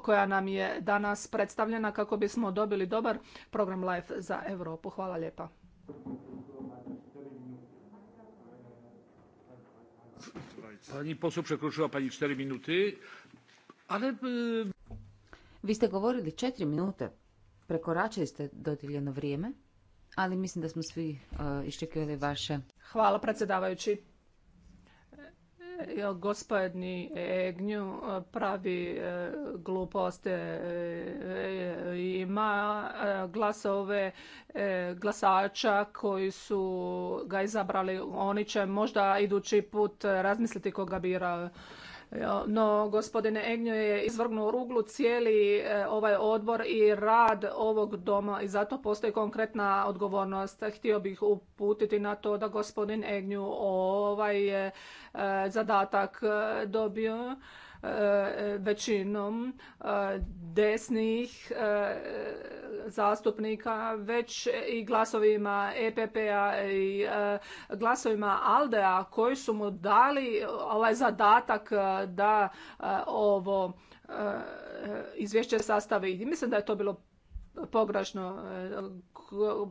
koja nam je danas predstavljena kako bismo dobili dobar program Life za Europu. Hvala lijepa. Pani posao przekroczyła pani Vi ste govorili četiri minute. Prekoračili ste dodijeljeno vrijeme ali mislim da smo svi uh, iščekivali vaše. Hvala predsjedavajući. E, Gospodni Egnju e, pravi glupost ima glasove glasača koji su ga izabrali. Oni će možda idući put razmisliti koga bira no, gospodine Egnjo je izvrgnuo ruglu cijeli e, ovaj odbor i rad ovog doma i zato postoji konkretna odgovornost. Htio bih uputiti na to da gospodin Egnju ovaj e, zadatak e, dobio E, većinom e, desnih e, zastupnika, već i glasovima EPP-a i glasovima ALDE-a koji su mu dali ovaj zadatak da ovo izvješće sastavi. I mislim da je to bilo pogrešno e,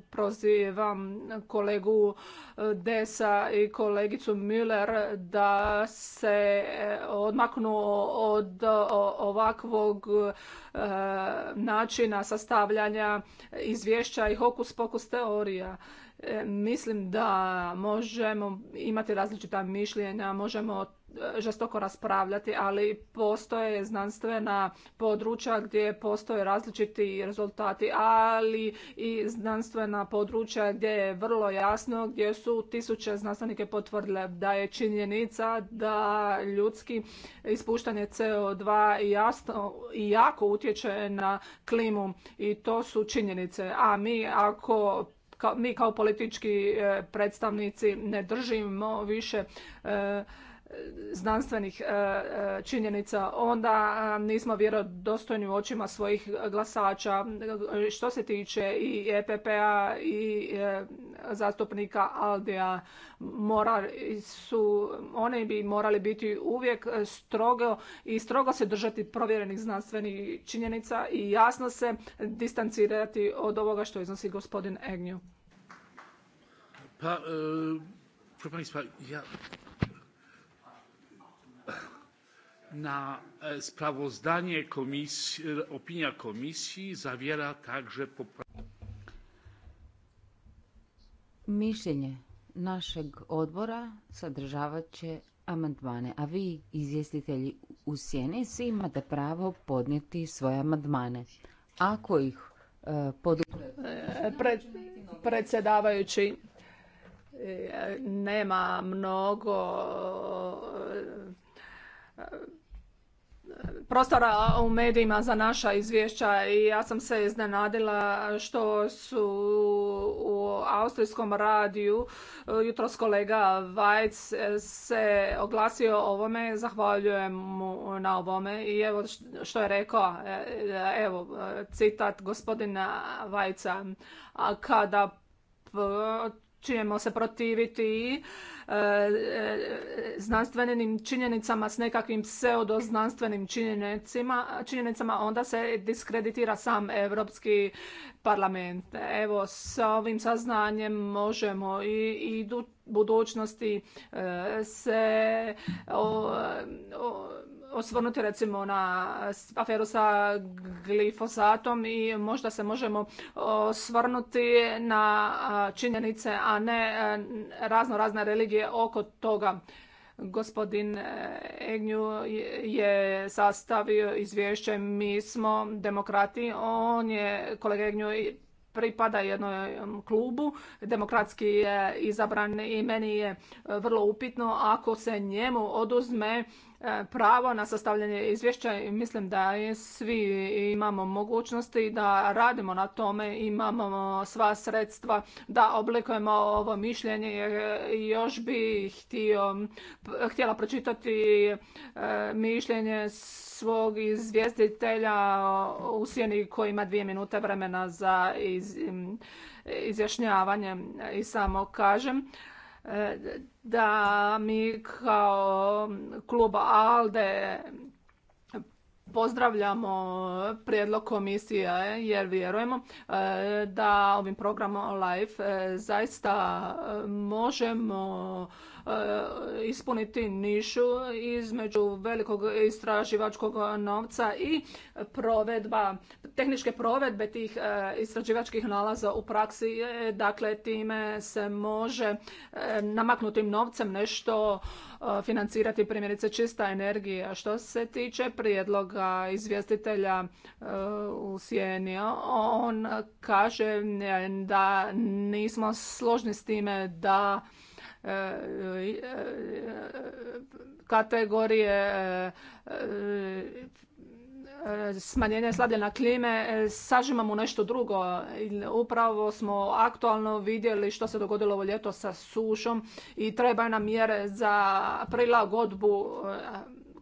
prozivam kolegu e, Desa i kolegicu Müller da se e, odmaknu od ovakvog načina sastavljanja izvješća i hokus pokus teorija. Mislim da možemo imati različita mišljenja, možemo žestoko raspravljati, ali postoje znanstvena područja gdje postoje različiti rezultati, ali i znanstvena područja gdje je vrlo jasno, gdje su tisuće znanstvenike potvrdile da je činjenica da ljudski ispuštanje CO2 jasno i jako utječe na klimu i to su činjenice. A mi ako mi kao politički e, predstavnici ne držimo više e, znanstvenih e, e, činjenica, onda nismo vjerodostojni u očima svojih glasača. Što se tiče i EPP-a i e, zastupnika Aldea, morali su, oni bi morali biti uvijek strogo i strogo se držati provjerenih znanstvenih činjenica i jasno se distancirati od ovoga što iznosi gospodin Egnju. Pa, na e, sprawozdanie komisji, e, opinia komisji zawiera także Mišljenje našeg odbora sadržavat će amandmane, a vi, izvjestitelji u sjeni, svi imate pravo podnijeti svoje amandmane. Ako ih e, predsjedavajući, nema mnogo prostora u medijima za naša izvješća i ja sam se iznenadila što su u austrijskom radiju e, jutros kolega Vajc e, se oglasio ovome, zahvaljujem mu na ovome i evo što je rekao, e, evo citat gospodina Vajca, kada čijemo se protiviti E, e, znanstvenim činjenicama s nekakvim pseudoznanstvenim činjenicama, onda se diskreditira sam Europski parlament. Evo, s ovim saznanjem možemo i, i budućnosti e, se o, osvrnuti recimo na aferu sa glifosatom i možda se možemo osvrnuti na činjenice, a ne razno razne religije oko toga. Gospodin e, Egnju je sastavio izvješće Mi smo demokrati. On je, kolega Egnju, pripada jednom um, klubu, demokratski je izabran i meni je e, vrlo upitno ako se njemu oduzme pravo na sastavljanje izvješća i mislim da je svi imamo mogućnosti da radimo na tome, imamo sva sredstva da oblikujemo ovo mišljenje. Još bi htio, htjela pročitati e, mišljenje svog izvjestitelja u sjeni koji ima dvije minute vremena za izjašnjavanje i samo kažem da mi kao kluba ALDE pozdravljamo prijedlog komisije jer vjerujemo e, da ovim programom LIFE e, zaista možemo E, ispuniti nišu između velikog istraživačkog novca i provedba, tehničke provedbe tih e, istraživačkih nalaza u praksi. E, dakle, time se može namaknutim novcem nešto financirati primjerice čista energija. Što se tiče prijedloga izvjestitelja u Sijeni, on kaže da nismo složni s time da kategorije smanjenja slabljena klime sažimamo nešto drugo. Upravo smo aktualno vidjeli što se dogodilo ovo ljeto sa sušom i trebaju nam mjere za prilagodbu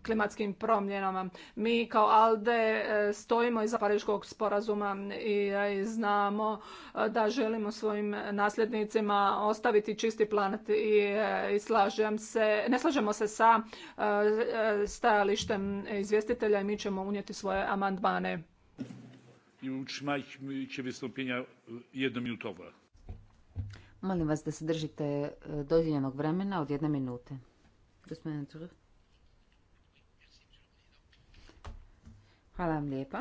klimatskim promjenama. Mi kao ALDE e, stojimo iza Pariškog sporazuma i e, znamo e, da želimo svojim nasljednicima ostaviti čisti planet i, se, ne slažemo se sa stajalištem izvjestitelja i mi ćemo unijeti svoje amandmane. Molim vas da se držite dodijeljenog vremena od jedne minute. Gospodine Hvala vam lijepa.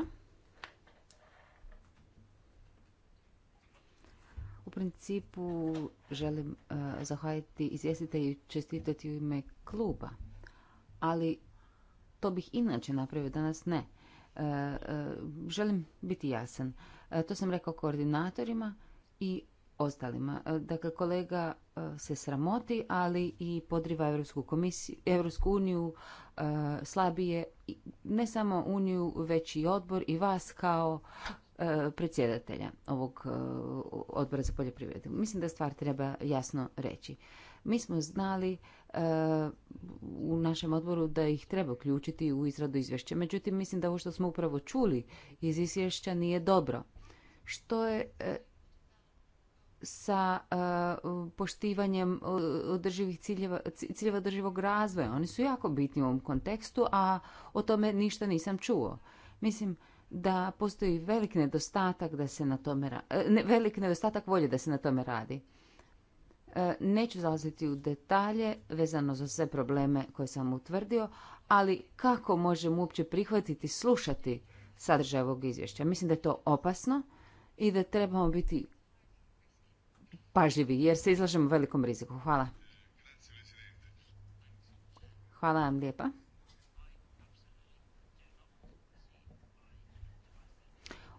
U principu želim e, zahvaliti i čestitati u ime kluba, ali to bih inače napravio, danas ne. E, e, želim biti jasan. To sam rekao koordinatorima i ostalima. Dakle, kolega se sramoti, ali i podriva Europsku komisiju, Europsku uniju, E, slabije ne samo Uniju, već i odbor i vas kao e, predsjedatelja ovog e, odbora za poljoprivredu. Mislim da stvar treba jasno reći. Mi smo znali u našem odboru da ih treba uključiti u izradu izvješća. Međutim, mislim da ovo što smo upravo čuli iz izvješća nije dobro. Što je sa e, poštivanjem e, održivih ciljeva, održivog razvoja. Oni su jako bitni u ovom kontekstu, a o tome ništa nisam čuo. Mislim da postoji velik nedostatak da se na tome e, velik nedostatak volje da se na tome radi. Neću zalaziti u detalje vezano za sve probleme koje sam utvrdio, ali kako možemo uopće prihvatiti, slušati sadržaj ovog izvješća? Mislim da je to opasno i da trebamo biti pažljivi jer se izlažemo velikom riziku. Hvala. Hvala vam lijepa.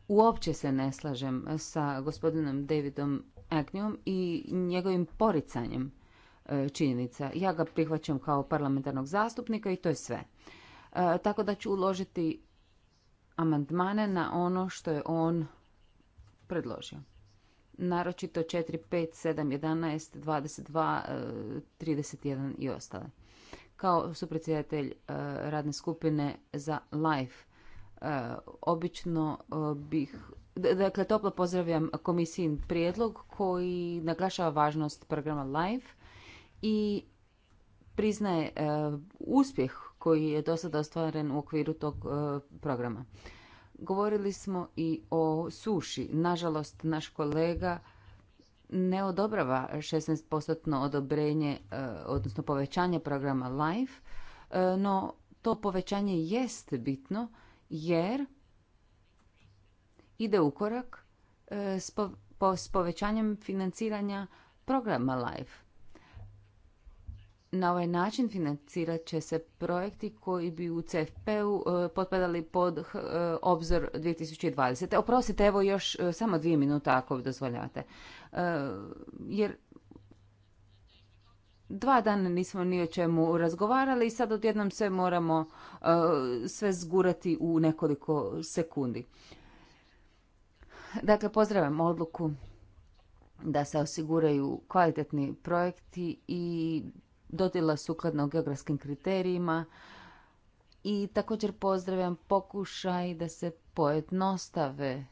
Uopće se ne slažem sa gospodinom Davidom Agnjom i njegovim poricanjem e, činjenica. Ja ga prihvaćam kao parlamentarnog zastupnika i to je sve. E, tako da ću uložiti amandmane na ono što je on predložio naročito 4, 5, 7, 11, 22, 31 i ostale. Kao supredsjedatelj e, radne skupine za LIFE, e, obično e, bih Dakle, toplo pozdravljam komisijin prijedlog koji naglašava važnost programa LIFE i priznaje uspjeh koji je do sada ostvaren u okviru tog programa. Govorili smo i o suši. Nažalost, naš kolega ne odobrava 16% odobrenje, e, odnosno povećanje programa LIFE, e, no to povećanje jest bitno jer ide u korak e, s povećanjem financiranja programa LIFE na ovaj način financirat će se projekti koji bi u CFP-u e, potpadali pod e, obzor 2020. Oprostite, evo još e, samo dvije minuta ako dozvoljate. Jer dva dana nismo ni o čemu razgovarali i sad odjednom sve moramo sve zgurati u nekoliko sekundi. Dakle, pozdravljam odluku da se osiguraju kvalitetni projekti i dodjela sukladno geografskim kriterijima i također pozdravljam pokušaj da se pojednostave e,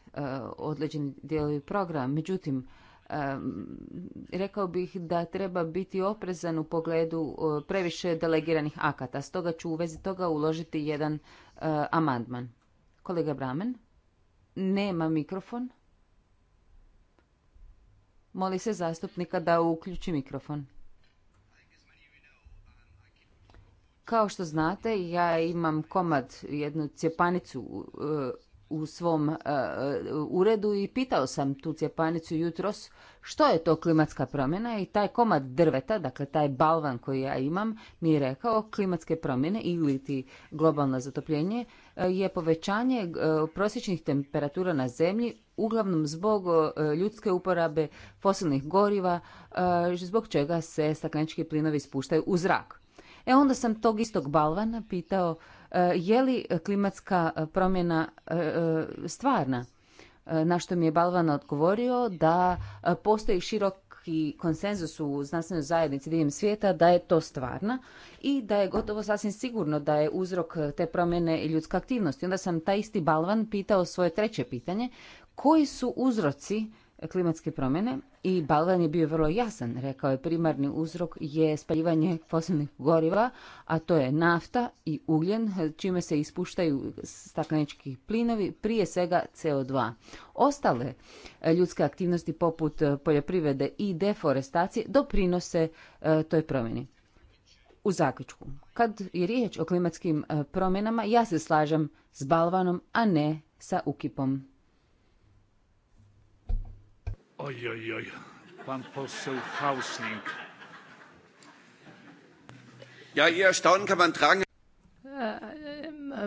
određeni dijelovi programa. Međutim, e, rekao bih da treba biti oprezan u pogledu e, previše delegiranih akata. Stoga ću u vezi toga uložiti jedan amandman. Kolega Bramen, nema mikrofon. Moli se zastupnika da uključi mikrofon. Kao što znate, ja imam komad, jednu cjepanicu u e, svom e, uredu i pitao sam tu cjepanicu jutros što je to klimatska promjena i taj komad drveta, dakle taj balvan koji ja imam, mi je rekao klimatske promjene ili ti globalno zatopljenje e, je povećanje prosječnih temperatura na zemlji uglavnom zbog ljudske uporabe fosilnih goriva, zbog čega se staklenički plinovi spuštaju u zrak. E onda sam tog istog Balvana pitao e, je li klimatska e, promjena e, stvarna. Na što mi je Balvan odgovorio da postoji široki konsenzus u znanstvenoj zajednici diljem svijeta da je to stvarna i da je gotovo sasvim sigurno da je uzrok te promjene i ljudska aktivnost. I onda sam taj isti Balvan pitao svoje treće pitanje, koji su uzroci klimatske promjene i Balvan je bio vrlo jasan. Rekao je primarni uzrok je spaljivanje fosilnih goriva, a to je nafta i ugljen, čime se ispuštaju staklenički plinovi, prije svega CO2. Ostale e, ljudske aktivnosti poput e, poljoprivrede i deforestacije doprinose e, toj promjeni. U zaključku, kad je riječ o klimatskim promjenama, ja se slažem s Balvanom, a ne sa Ukipom. Oj, oj, oj. Pan poseł Hausling. Ja, ihr Staunen kann man tragen.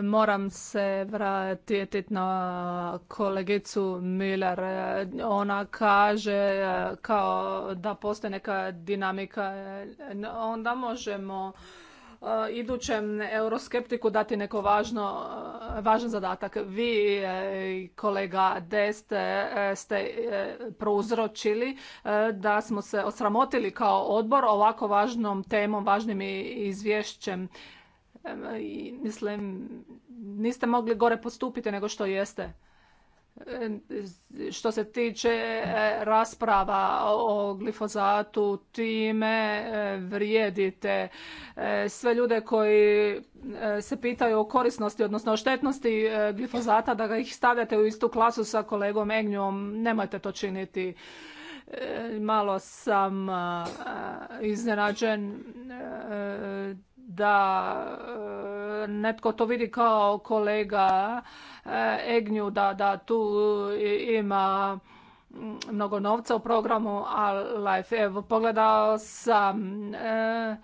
Moram se vratiti na kolegicu Miller. Ona kaže e, kao da postoje neka dinamika. E, onda možemo E, idućem euroskeptiku dati neko važno, e, važan zadatak. Vi, e, kolega De, ste, ste prouzročili da smo se osramotili kao odbor ovako važnom temom, važnim izvješćem. Mislim, niste mogli gore postupiti nego što jeste. E, što se tiče e, rasprava o glifozatu, time e, vrijedite sve ljude koji se pitaju o korisnosti, odnosno o štetnosti glifozata, da ga ih stavljate u istu klasu sa kolegom Egnjom, nemojte to činiti. Malo sam iznenađen da e, netko to vidi kao kolega e, Egnju, da, da tu ima mnogo novca u programu Life. Evo, pogledao sam e,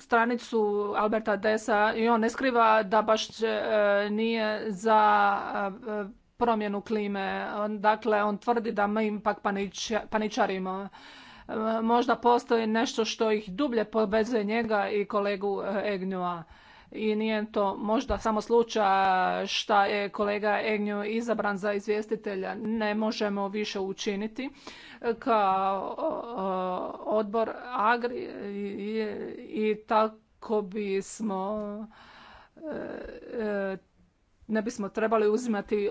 stranicu Alberta Desa i on ne skriva da baš nije za promjenu klime. Dakle, on tvrdi da mi ipak paničarimo. Možda postoji nešto što ih dublje povezuje njega i kolegu e, Egnua. I nije to možda samo slučaj šta je kolega Egnju izabran za izvjestitelja. Ne možemo više učiniti kao odbor Agri i tako bismo e, e, ne bismo trebali uzimati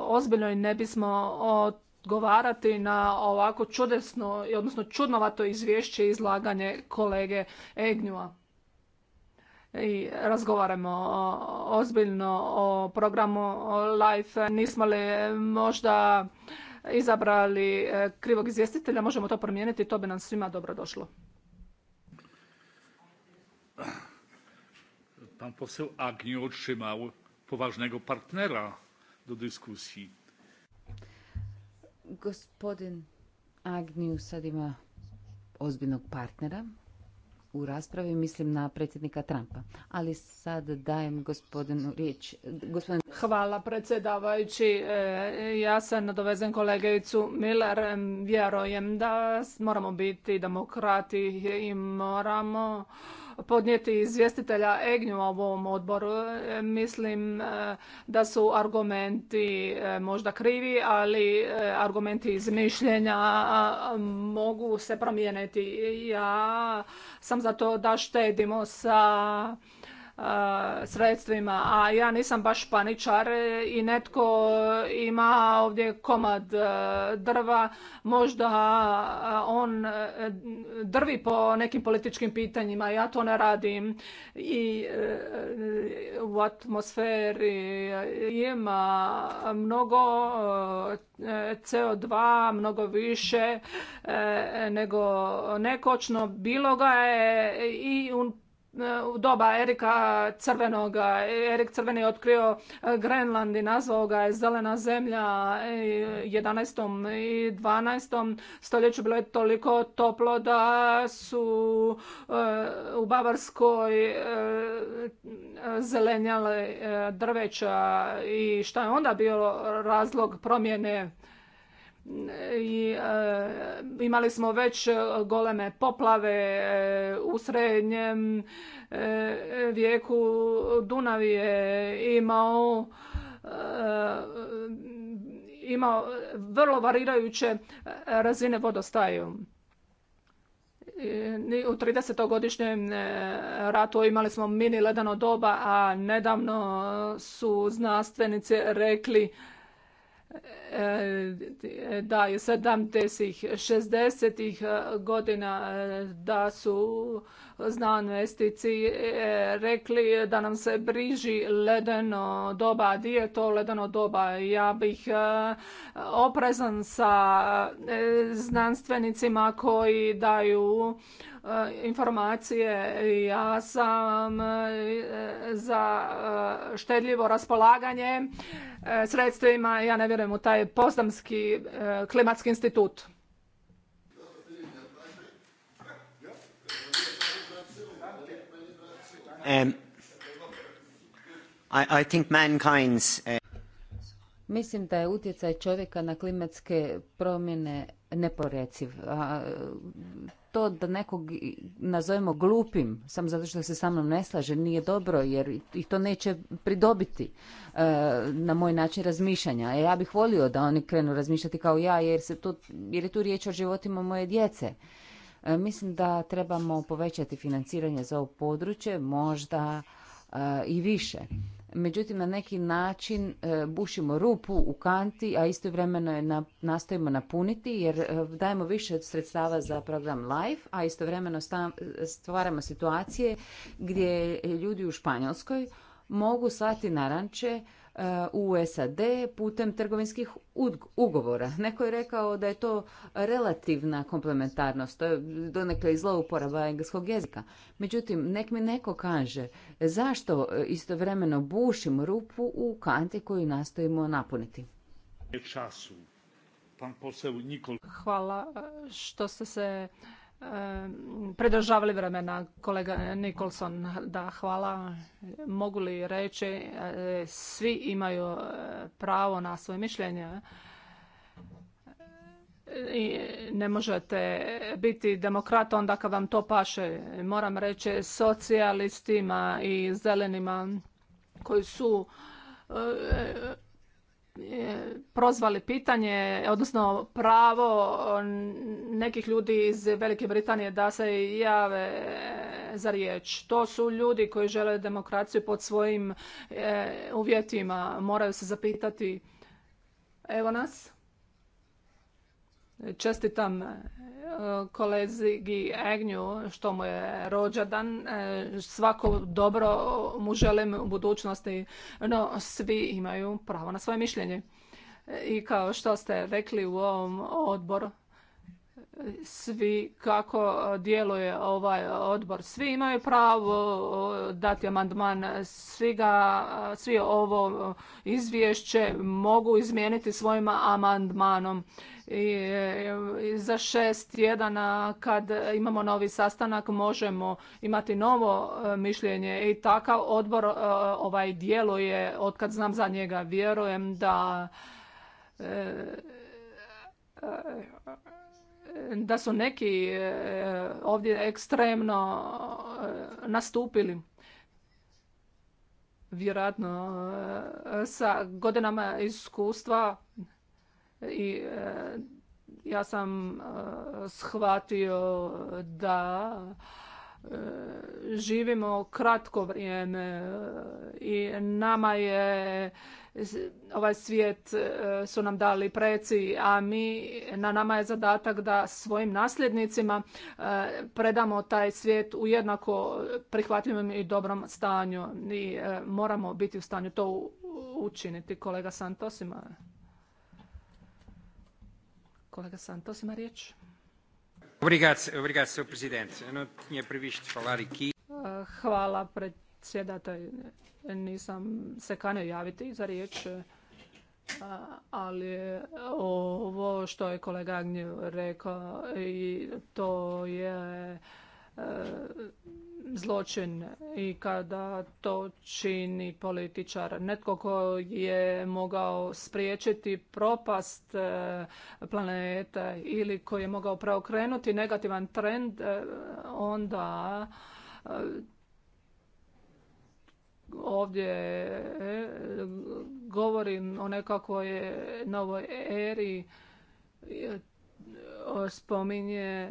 ozbiljno i ne bismo o odgovarati na ovako čudesno, odnosno čudnovato izvješće i izlaganje kolege Egnjua. I razgovaramo ozbiljno o programu Life. Nismo li možda izabrali e, krivog izvjestitelja, možemo to promijeniti, to bi nam svima dobro došlo. Pan poseł Agnio otrzymał poważnego partnera do dyskusji. Gospodin Agniju sad ima ozbiljnog partnera u raspravi, mislim na predsjednika Trumpa. Ali sad dajem gospodinu riječ. Gospodin... Hvala predsjedavajući. E, ja se nadovezem kolegicu Miller. Vjerujem da moramo biti demokrati i moramo podnijeti izvjestitelja Egnju ovom odboru. E, mislim e, da su argumenti e, možda krivi, ali argumenti iz mišljenja mogu se promijeniti. Ja sam za to da štedimo sa sredstvima, a ja nisam baš paničar i netko ima ovdje komad e, drva, možda on e, drvi po nekim političkim pitanjima, ja to ne radim i e, u atmosferi ima mnogo CO2, mnogo više nego nekočno, bilo ga je i u doba Erika Crvenoga. Erik Crveni je otkrio e, Grenland i nazvao ga je zelena zemlja 11. E, i 12. stoljeću bilo je toliko toplo da su e, u Bavarskoj zelenjale drveća i šta je onda bio razlog promjene i e, imali smo već e, goleme poplave e, u srednjem vijeku Dunav je imao imao vrlo varirajuće razine vodostaju. U 30-godišnjem ratu imali smo mini ledano doba, a nedavno su znanstvenici rekli E, da je 70-ih, e, godina e, da su znanstvenici rekli da nam se briži ledeno doba. Di je to ledeno doba? Ja bih oprezan sa znanstvenicima koji daju informacije. Ja sam za štedljivo raspolaganje sredstvima. Ja ne vjerujem u taj ovaj klimatski institut. Um, uh, Mislim da je utjecaj čovjeka na klimatske promjene neporeciv. A, to da nekog nazovemo glupim, samo zato što se sa mnom ne slaže, nije dobro jer ih to neće pridobiti e, na moj način razmišljanja. ja bih volio da oni krenu razmišljati kao ja jer, se jer je tu riječ o životima moje djece. E, mislim da trebamo povećati financiranje za ovo područje, možda e, i više međutim na neki način e, bušimo rupu u kanti, a istovremeno je na, nastojimo napuniti jer e, dajemo više sredstava za program Life, a istovremeno stvaramo situacije gdje ljudi u Španjolskoj mogu slati naranče u SAD putem trgovinskih ugovora. Neko je rekao da je to relativna komplementarnost, to je donekle i zlouporaba engleskog jezika. Međutim, nek mi neko kaže zašto e, istovremeno bušim rupu u kanti koju nastojimo napuniti. Hvala e, što ste se Predržavali vremena, kolega Nikolson, da hvala. Mogu li reći, e, svi imaju e, pravo na svoje mišljenje. E, I ne možete biti demokrat onda kad vam to paše. Moram reći socijalistima i zelenima koji su E, prozvali pitanje, odnosno pravo nekih ljudi iz Velike Britanije da se jave za riječ. To su ljudi koji žele demokraciju pod svojim e, uvjetima. Moraju se zapitati, evo nas, Čestitam e, kolegi Egnju što mu je rođadan. E, svako dobro mu želim u budućnosti, no svi imaju pravo na svoje mišljenje. E, I kao što ste rekli u ovom odboru, svi kako djeluje ovaj odbor. Svi imaju pravo dati amandman, svi, svi ovo izvješće mogu izmijeniti svojim amandmanom E, za šest tjedana kad imamo novi sastanak možemo imati novo e, mišljenje i takav odbor e, ovaj djeluje od kad znam za njega vjerujem da da su neki ovdje ekstremno nastupili vjerojatno sa godinama iskustva i e, ja sam e, shvatio da e, živimo kratko vrijeme i nama je ovaj svijet su nam dali preci, a mi, na nama je zadatak da svojim nasljednicima predamo taj svijet u jednako prihvatljivom i dobrom stanju i moramo biti u stanju to učiniti. Kolega Santos ima Kolega Santos ima riječ. Hvala predsjedatelj. Nisam se kanio javiti za riječ, eh, ali ovo što je kolega Agnju rekao, to je zločin i kada to čini političar. Netko ko je mogao spriječiti propast e, planeta ili koji je mogao preokrenuti negativan trend, e, onda e, ovdje govorim o nekakvoj novoj eri spominje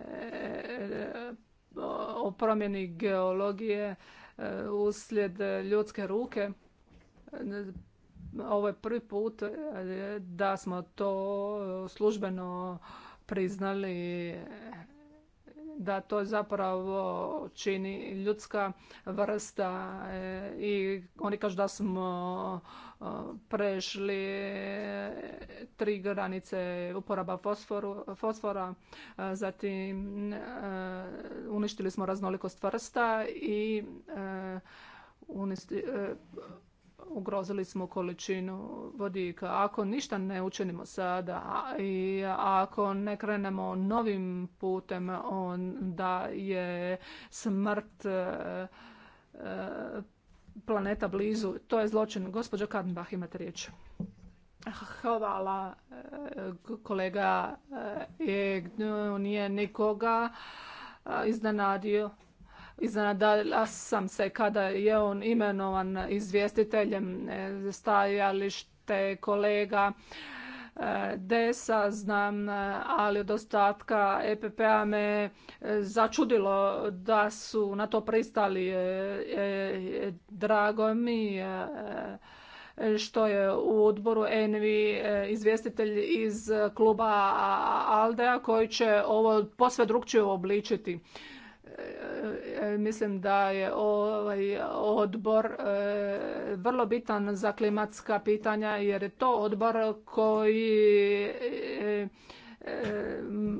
o promjeni geologije e, uslijed ljudske ruke. Ovo je prvi put e, da smo to službeno priznali da to zapravo čini ljudska vrsta e, i oni kažu da smo e, prešli tri granice uporaba fosfora, zatim e, uništili smo raznolikost vrsta i ugrozili smo količinu vodika. Ako ništa ne učinimo sada i ako ne krenemo novim putem, onda je smrt e, e, planeta blizu. To je zločin. Gospođo Kadenbach, imate riječ. Hvala e, kolega. Nije nikoga iznenadio iznenadala sam se kada je on imenovan izvjestiteljem e, stajalište kolega e, DES-a, znam, e, ali od ostatka EPP-a me začudilo da su na to pristali. Drago mi što je u odboru Envi izvjestitelj iz kluba Aldea koji će ovo posve drugčije uobličiti. E, e, mislim da je ovaj odbor e, vrlo bitan za klimatska pitanja jer je to odbor koji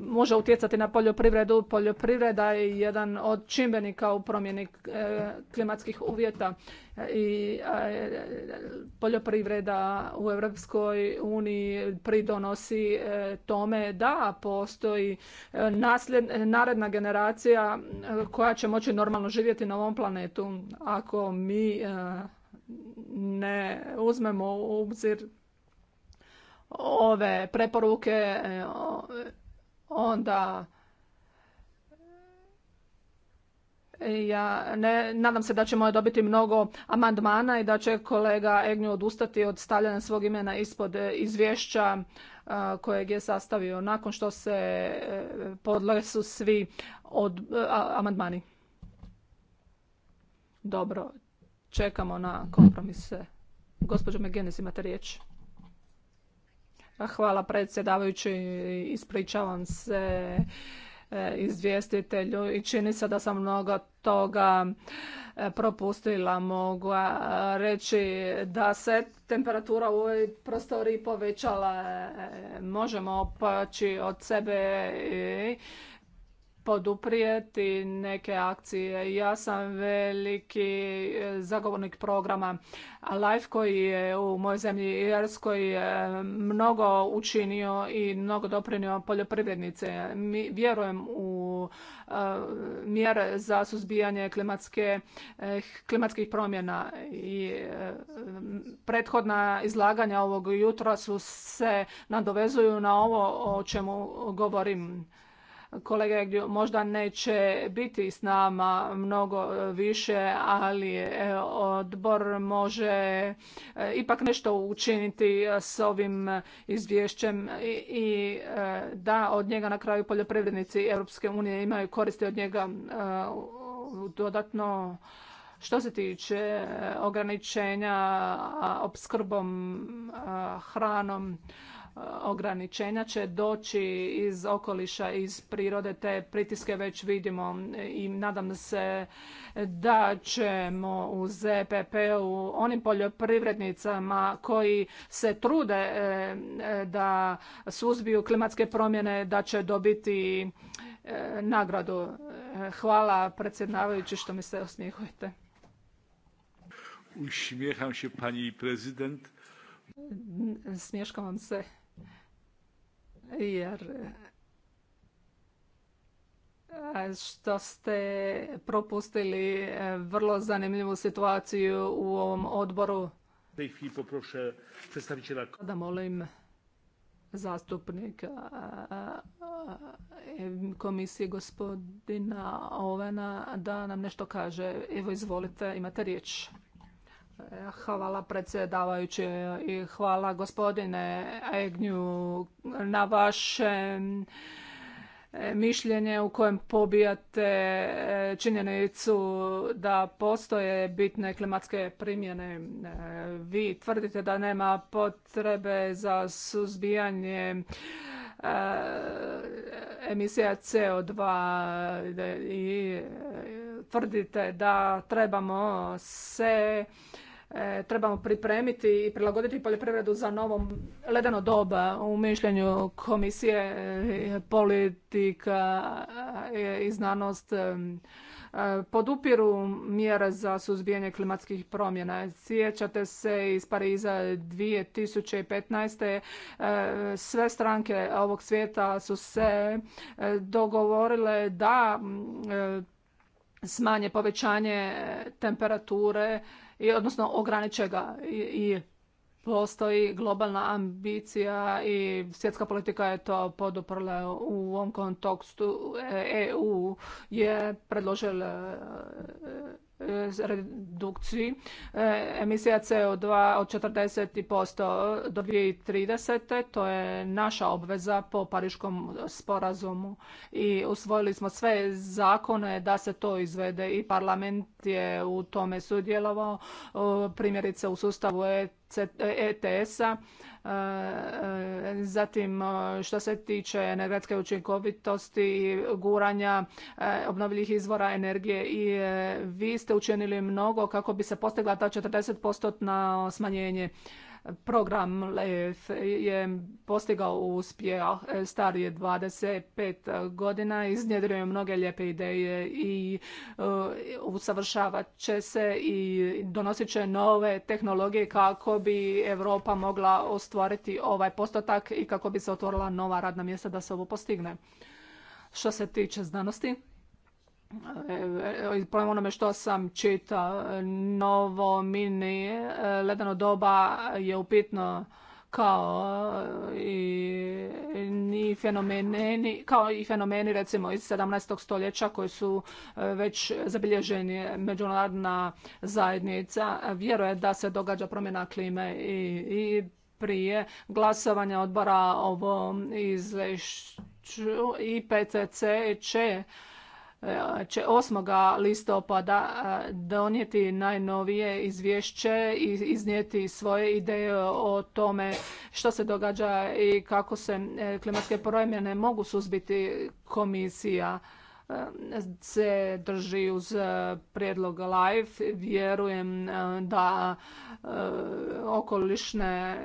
može utjecati na poljoprivredu. Poljoprivreda je jedan od čimbenika u promjeni e, klimatskih uvjeta e, i e, poljoprivreda u Europskoj uniji pridonosi tome da postoji naredna generacija koja će moći normalno živjeti na ovom planetu ako mi ne uzmemo u obzir ove preporuke e, onda e, ja nadam se da ćemo dobiti mnogo amandmana i da će kolega Egnju odustati od stavljanja svog imena ispod e, izvješća kojeg je sastavio nakon što se su svi od, amandmani. Dobro, čekamo na kompromise. Gospođo McGinnis, imate riječ. Hvala predsjedavajući, ispričavam se e, izvjestitelju i čini se da sam mnogo toga e, propustila. Mogu reći da se temperatura u ovoj prostoriji povećala. E, možemo poći od sebe i poduprijeti neke akcije. Ja sam veliki eh, zagovornik programa Life koji je u mojoj zemlji Irskoj eh, mnogo učinio i mnogo doprinio poljoprivrednice. Mi vjerujem u eh, mjere za suzbijanje klimatske, klimatskih promjena i prethodna izlaganja ovog jutra su se nadovezuju na ovo o čemu govorim kolega možda neće biti s nama mnogo e, više, ali e, odbor može e, ipak nešto učiniti s ovim izvješćem i da od njega na kraju poljoprivrednici Europske unije imaju koristi od njega dodatno što se tiče ograničenja opskrbom hranom ograničenja će doći iz okoliša, iz prirode. Te pritiske već vidimo i nadam se da ćemo u ZPP-u onim poljoprivrednicama koji se trude e, e, da suzbiju klimatske promjene, da će dobiti e, nagradu. Hvala predsjedavajući što mi se osmijehujete. se pani prezident. Smješkavam se jer e, što ste propustili e, vrlo zanimljivu situaciju u ovom odboru. Da molim zastupnika e, komisije gospodina Ovena da nam nešto kaže. Evo izvolite, imate riječ. Hvala predsjedavajući i hvala gospodine Egnju na vaše e, mišljenje u kojem pobijate e, činjenicu da postoje bitne klimatske primjene. E, vi tvrdite da nema potrebe za suzbijanje emisija CO2 i tvrdite da trebamo se E, trebamo pripremiti i prilagoditi poljoprivredu za novom ledeno doba u mišljenju komisije e, politika e, i znanost podupiru mjere za suzbijanje klimatskih promjena. Sjećate se iz Pariza 2015. sve stranke ovog svijeta su se dogovorile da smanje povećanje temperature i odnosno ograniče ga i, postoji globalna ambicija i svjetska politika je to poduprla u ovom kontekstu. EU e je predložila E, redukciji e, emisija CO2 od 40% do 2030. To je naša obveza po Pariškom sporazumu i usvojili smo sve zakone da se to izvede i parlament je u tome sudjelovao, primjerice u sustavu ETS-a E, e, zatim e, što se tiče energetske učinkovitosti, guranja obnovljivih izvora energije i vi ste učinili mnogo kako bi se postigla ta 40% smanjenje Program LEF je postigao uspjeh, e, starije je 25 godina, iznjedrio mnoge lijepe ideje i e, usavršavat će se i donosit će nove tehnologije kako bi Europa mogla ostvariti ovaj postotak i kako bi se otvorila nova radna mjesta da se ovo postigne. Što se tiče znanosti, E, e, po onome što sam čitao, novo mini e, ledeno doba je upitno kao i, i fenomeni, kao i fenomeni recimo iz 17. stoljeća koji su već zabilježeni međunarodna zajednica vjeruje da se događa promjena klime i, i prije glasovanja odbora ovo iz i PCC će 8. listopada donijeti najnovije izvješće i iznijeti svoje ideje o tome što se događa i kako se e, klimatske promjene mogu suzbiti komisija e, se drži uz e, prijedlog live. Vjerujem da okolišne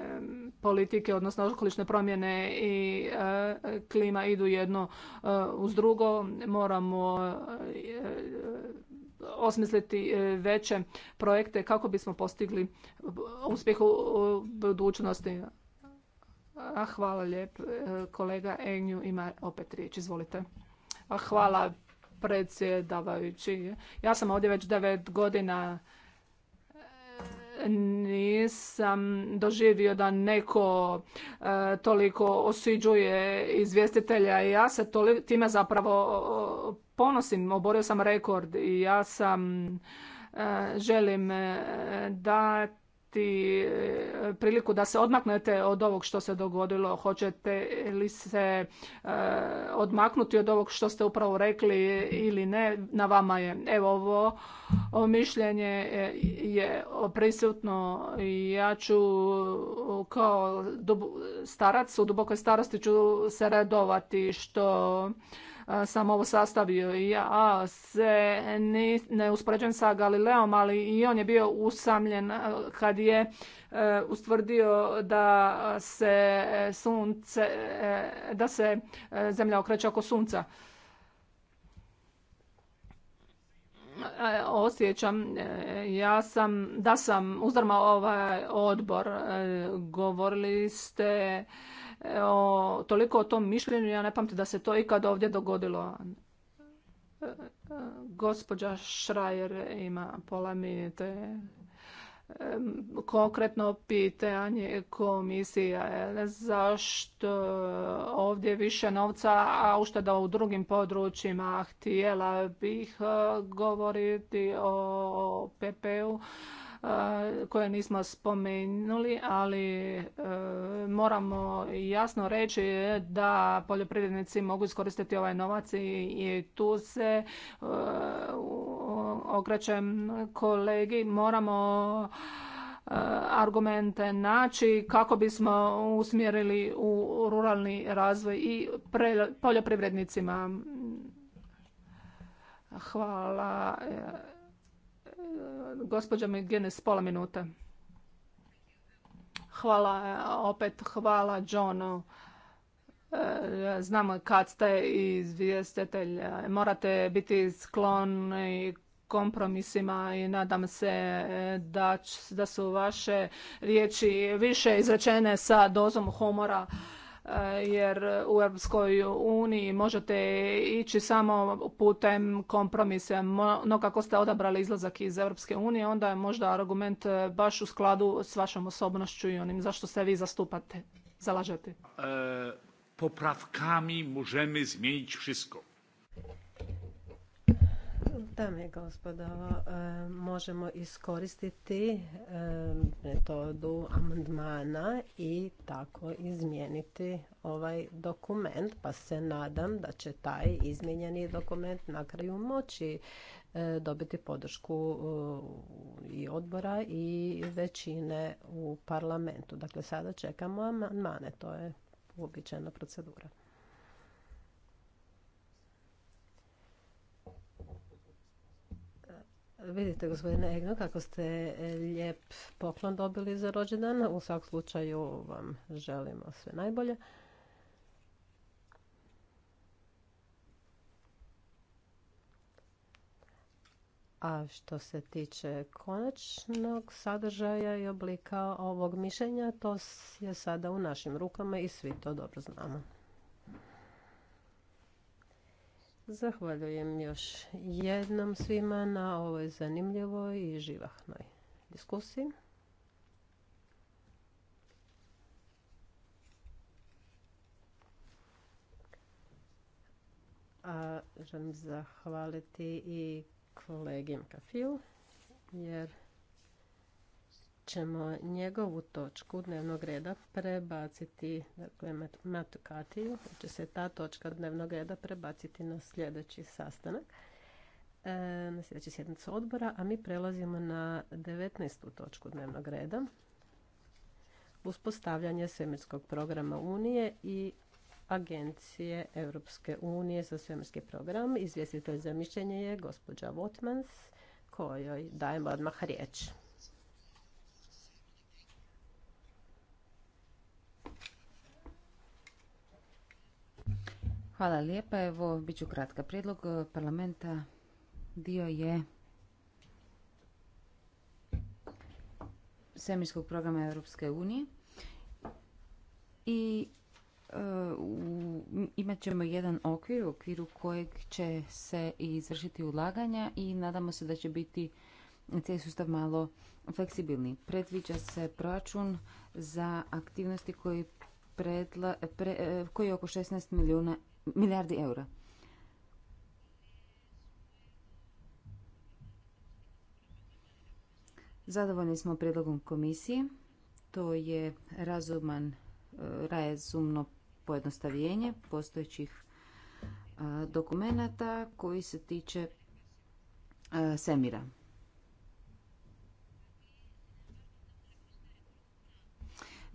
politike, odnosno okolišne promjene i e, klima idu jedno e, uz drugo. Moramo e, osmisliti veće projekte kako bismo postigli uspjeh u budućnosti. A hvala lijep. Kolega Enju ima opet riječ. Izvolite. A hvala predsjedavajući. Ja sam ovdje već devet godina nisam doživio da neko e, toliko osuđuje izvjestitelja i ja se time zapravo ponosim. Oborio sam rekord i ja sam e, želim e, da E, priliku da se odmaknete od ovog što se dogodilo? Hoćete li se e, odmaknuti od ovog što ste upravo rekli ili ne? Na vama je. Evo ovo mišljenje e, je prisutno i ja ću kao starac u dubokoj starosti ću se redovati što sam ovo sastavio. Ja se ni, ne uspoređujem sa Galileom, ali i on je bio usamljen kad je e, ustvrdio da se e, sunce, e, da se zemlja okreće oko sunca. osjećam ja sam da sam uzdrmao ovaj odbor govorili ste E, o, toliko o tom mišljenju, ja ne pamtim da se to ikad ovdje dogodilo. E, e, gospođa Šrajer ima pola minute. Konkretno pitanje komisija zašto ovdje više novca, a ušteda u drugim područjima. Htjela bih govoriti o ppu u E, koje nismo spomenuli, ali e, moramo jasno reći da poljoprivrednici mogu iskoristiti ovaj novac i tu se e, okrećem kolegi. Moramo argumente naći kako bismo usmjerili u ruralni razvoj i poljoprivrednicima. Hvala Gospođa McGinnis, pola minuta. Hvala, opet hvala Johnu. E, Znam kad ste izvijestitelj, morate biti skloni kompromisima i nadam se e, da, da su vaše riječi više izrečene sa dozom humora jer u Europskoj uniji možete ići samo putem kompromisa. No kako ste odabrali izlazak iz Europske unije, onda je možda argument e, baš u skladu s vašom osobnošću i onim zašto se vi zastupate, zalažete. E, popravkami možemo izmijeniti wszystko. Dame i gospodo, e, možemo iskoristiti e, metodu amandmana i tako izmijeniti ovaj dokument, pa se nadam da će taj izmijenjeni dokument na kraju moći e, dobiti podršku i odbora i većine u parlamentu. Dakle, sada čekamo amandmane, to je uobičajena procedura. Vidite, gospodine Egno, kako ste e, lijep poklon dobili za rođendan. U svakom slučaju vam želimo sve najbolje. A što se tiče konačnog sadržaja i oblika ovog mišljenja, to je sada u našim rukama i svi to dobro znamo. Zahvaljujem još jednom svima na ovoj zanimljivoj i živahnoj diskusiji. A želim zahvaliti i kolegijem Kafiju, jer ćemo njegovu točku dnevnog reda prebaciti, dakle da će se ta točka dnevnog reda prebaciti na sljedeći sastanak, e, na sljedeću sjednicu odbora, a mi prelazimo na 19. točku dnevnog reda, uspostavljanje svemirskog programa Unije i Agencije Europske unije za svemirski program. Izvjestitelj za mišljenje je gospođa Votmans, kojoj dajemo odmah riječ. Hvala lijepa. Evo, bit ću kratka. Prijedlog e, parlamenta dio je semirskog programa Europske unije i e, imat ćemo jedan okvir u okviru kojeg će se izvršiti ulaganja i nadamo se da će biti cijeli sustav malo fleksibilni. Predviđa se proračun za aktivnosti koji, e, koji je oko 16 milijuna milijardi eura. Zadovoljni smo prijedlogom komisije. To je razuman, e, razumno pojednostavljenje postojećih e, dokumenata koji se tiče e, semira.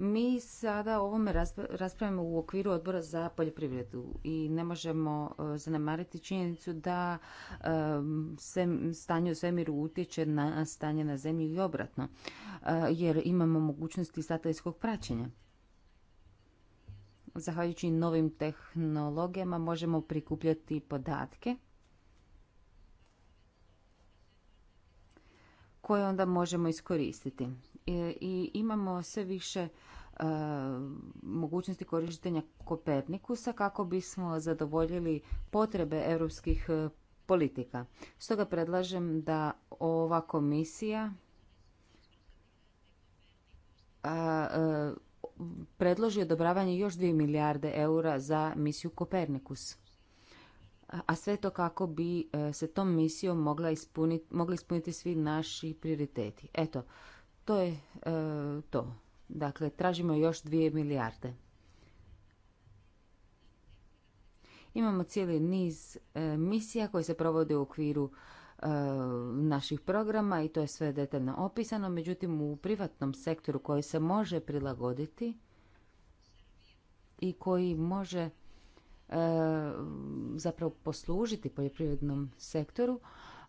Mi sada o ovome raspravljamo u okviru odbora za poljoprivredu i ne možemo e, zanemariti činjenicu da e, se stanje u svemiru utječe na stanje na zemlji i obratno, e, jer imamo mogućnosti satelitskog praćenja zahvaljujući novim tehnologijama možemo prikupljati podatke koje onda možemo iskoristiti. E, i imamo sve više e, mogućnosti korištenja Kopernikusa kako bismo zadovoljili potrebe europskih e, politika. Stoga predlažem da ova komisija predloži odobravanje još 2 milijarde eura za misiju Kopernikus. A sve to kako bi se tom misijom mogla mogli ispuniti svi naši prioriteti. Eto, to je e, to. Dakle, tražimo još dvije milijarde. Imamo cijeli niz e, misija koje se provode u okviru e, naših programa i to je sve detaljno opisano. Međutim, u privatnom sektoru koji se može prilagoditi i koji može zapravo poslužiti poljoprivrednom sektoru,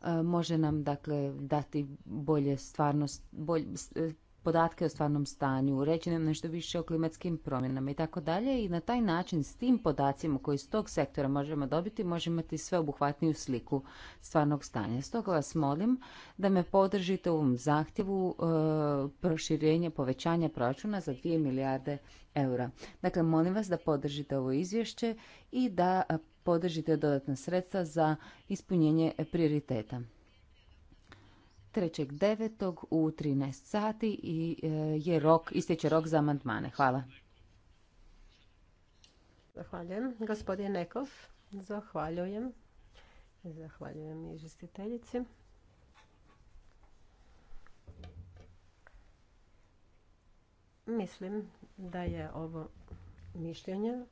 E, može nam dakle dati bolje stvarnost, e, podatke o stvarnom stanju, reći nam nešto više o klimatskim promjenama i tako dalje i na taj način s tim podacima koji iz tog sektora možemo dobiti možemo imati sveobuhvatniju sliku stvarnog stanja. Stoga vas molim da me podržite u ovom zahtjevu e, proširenja povećanja proračuna za 2 milijarde eura. Dakle, molim vas da podržite ovo izvješće i da podržite dodatna sredstva za ispunjenje prioriteta. 3.9. u 13 sati i e, je rok, istječe rok za amandmane. Hvala. Zahvaljujem. Gospodin Nekov, zahvaljujem. Zahvaljujem i žestiteljici. Mislim da je ovo mišljenje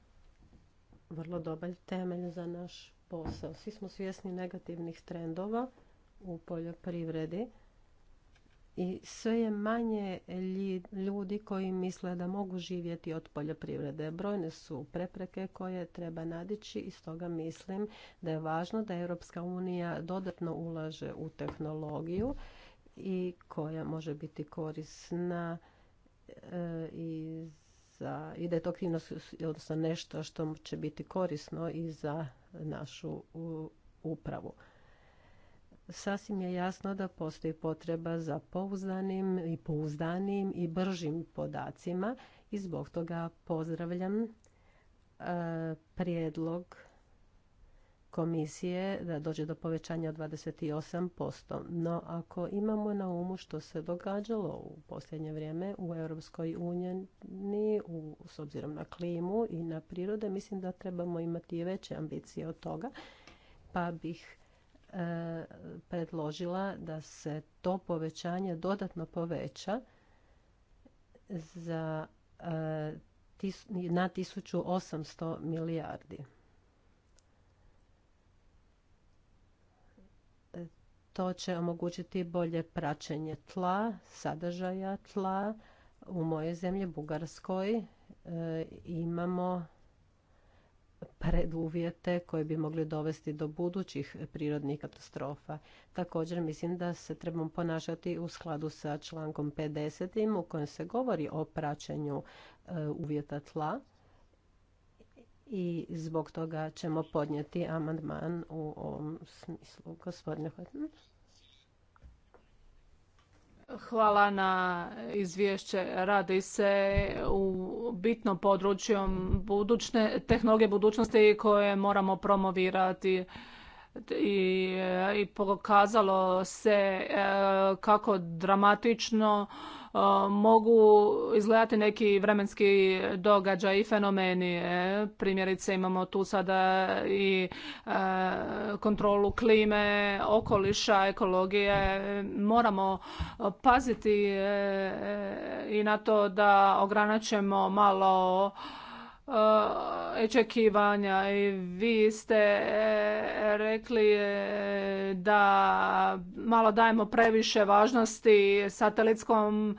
vrlo dobar temelj za naš posao. Svi smo svjesni negativnih trendova u poljoprivredi i sve je manje ljudi koji misle da mogu živjeti od poljoprivrede. Brojne su prepreke koje treba nadići i stoga mislim da je važno da Europska unija dodatno ulaže u tehnologiju i koja može biti korisna e, iz za, i da je to aktivnost, odnosno nešto što će biti korisno i za našu upravu. Sasvim je jasno da postoji potreba za pouzdanim i pouzdanim i bržim podacima i zbog toga pozdravljam e, prijedlog komisije da dođe do povećanja od 28%. No ako imamo na umu što se događalo u posljednje vrijeme u Europskoj uniji u, s obzirom na klimu i na prirode, mislim da trebamo imati i veće ambicije od toga. Pa bih e, predložila da se to povećanje dodatno poveća za e, na 1800 milijardi. To će omogućiti bolje praćenje tla, sadržaja tla. U mojoj zemlji, Bugarskoj, e, imamo preduvjete koji bi mogli dovesti do budućih prirodnih katastrofa. Također mislim da se trebamo ponašati u skladu sa člankom 50. u kojem se govori o praćenju e, uvjeta tla i zbog toga ćemo podnijeti amandman u ovom smislu. Gospodine Hotan. Hvala na izvješće. Radi se u bitnom području budućne, tehnologije budućnosti koje moramo promovirati i, i pokazalo se e, kako dramatično e, mogu izgledati neki vremenski događaj i fenomeni. E, primjerice imamo tu sada i kontrolu klime, okoliša, ekologije. Moramo paziti i na to da ograničemo malo Eh, očekivanja i vi ste eh, rekli eh, da malo dajemo previše važnosti satelitskom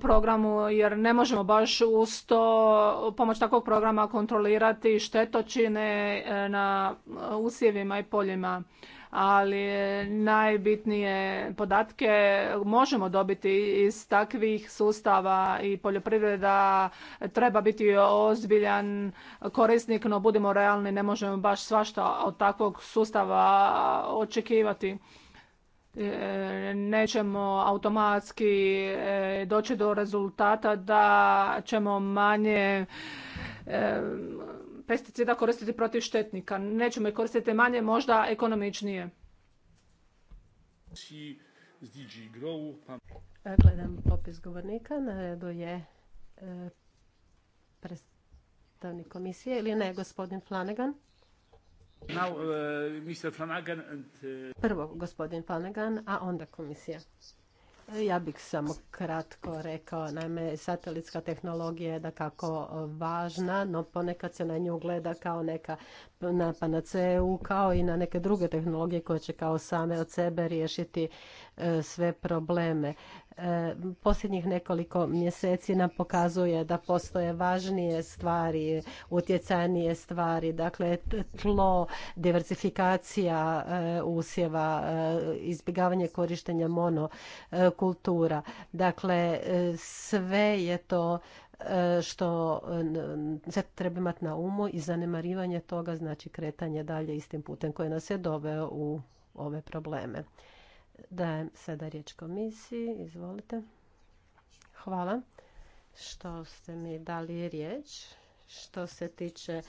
programu jer ne možemo baš uz to pomoć takvog programa kontrolirati štetočine na usjevima i poljima ali e, najbitnije podatke možemo dobiti iz takvih sustava i poljoprivreda treba biti ozbiljan korisnik, no budimo realni, ne možemo baš svašta od takvog sustava očekivati e, nećemo automatski e, doći do rezultata da ćemo manje pesticida koristiti protiv štetnika. Nećemo ih koristiti manje, možda ekonomičnije. Pa- e, gledam popis govornika. Na redu je e, predstavnik komisije ili ne, gospodin Flanagan. E, Prvo gospodin Flanagan, a onda komisija. Ja bih samo kratko rekao, naime, satelitska tehnologija je da kako važna, no ponekad se na nju gleda kao neka na panaceu, kao i na neke druge tehnologije koje će kao same od sebe riješiti e, sve probleme posljednjih nekoliko mjeseci nam pokazuje da postoje važnije stvari, utjecajnije stvari, dakle tlo, diversifikacija e, usjeva, e, izbjegavanje korištenja monokultura. E, dakle, sve je to što se treba imati na umu i zanemarivanje toga znači kretanje dalje istim putem koje nas je doveo u ove probleme. Dajem sada riječ komisiji. Izvolite. Hvala što ste mi dali riječ. Što se tiče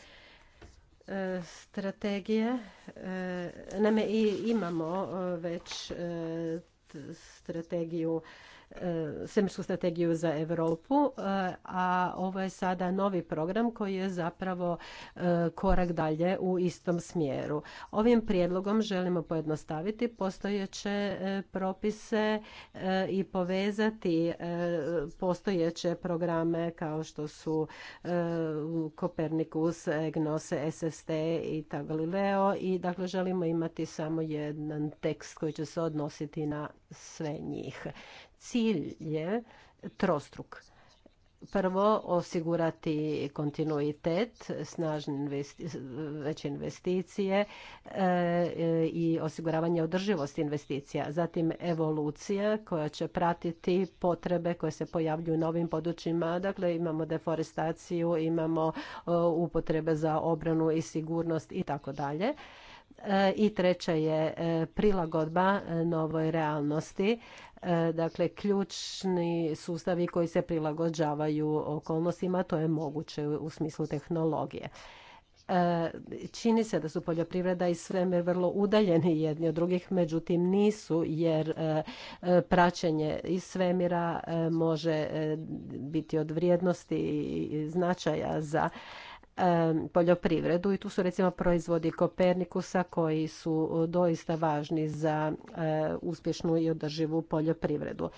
e, strategije, e, naime i imamo e, već strategiju E, svemirsku strategiju za Europu, e, a ovo je sada novi program koji je zapravo e, korak dalje u istom smjeru. Ovim prijedlogom želimo pojednostaviti postojeće propise i povezati postojeće programe kao što su Kopernikus, Gnose, SST i Galileo i dakle želimo imati samo jedan tekst koji će se odnositi na sve njih cilj je trostruk. Prvo, osigurati kontinuitet, snažne investi veće investicije e, i osiguravanje održivosti investicija. Zatim evolucija koja će pratiti potrebe koje se pojavljuju u novim područjima. Dakle, imamo deforestaciju, imamo e, upotrebe za obranu i sigurnost i tako dalje e, i treća je prilagodba novoj realnosti E, dakle, ključni sustavi koji se prilagođavaju okolnostima, to je moguće u smislu tehnologije. E, čini se da su poljoprivreda i svemir vrlo udaljeni jedni od drugih, međutim nisu jer e, praćenje iz svemira može biti od vrijednosti i značaja za poljoprivredu i tu su recimo proizvodi Kopernikusa koji su e, doista važni za e, uspješnu i održivu poljoprivredu.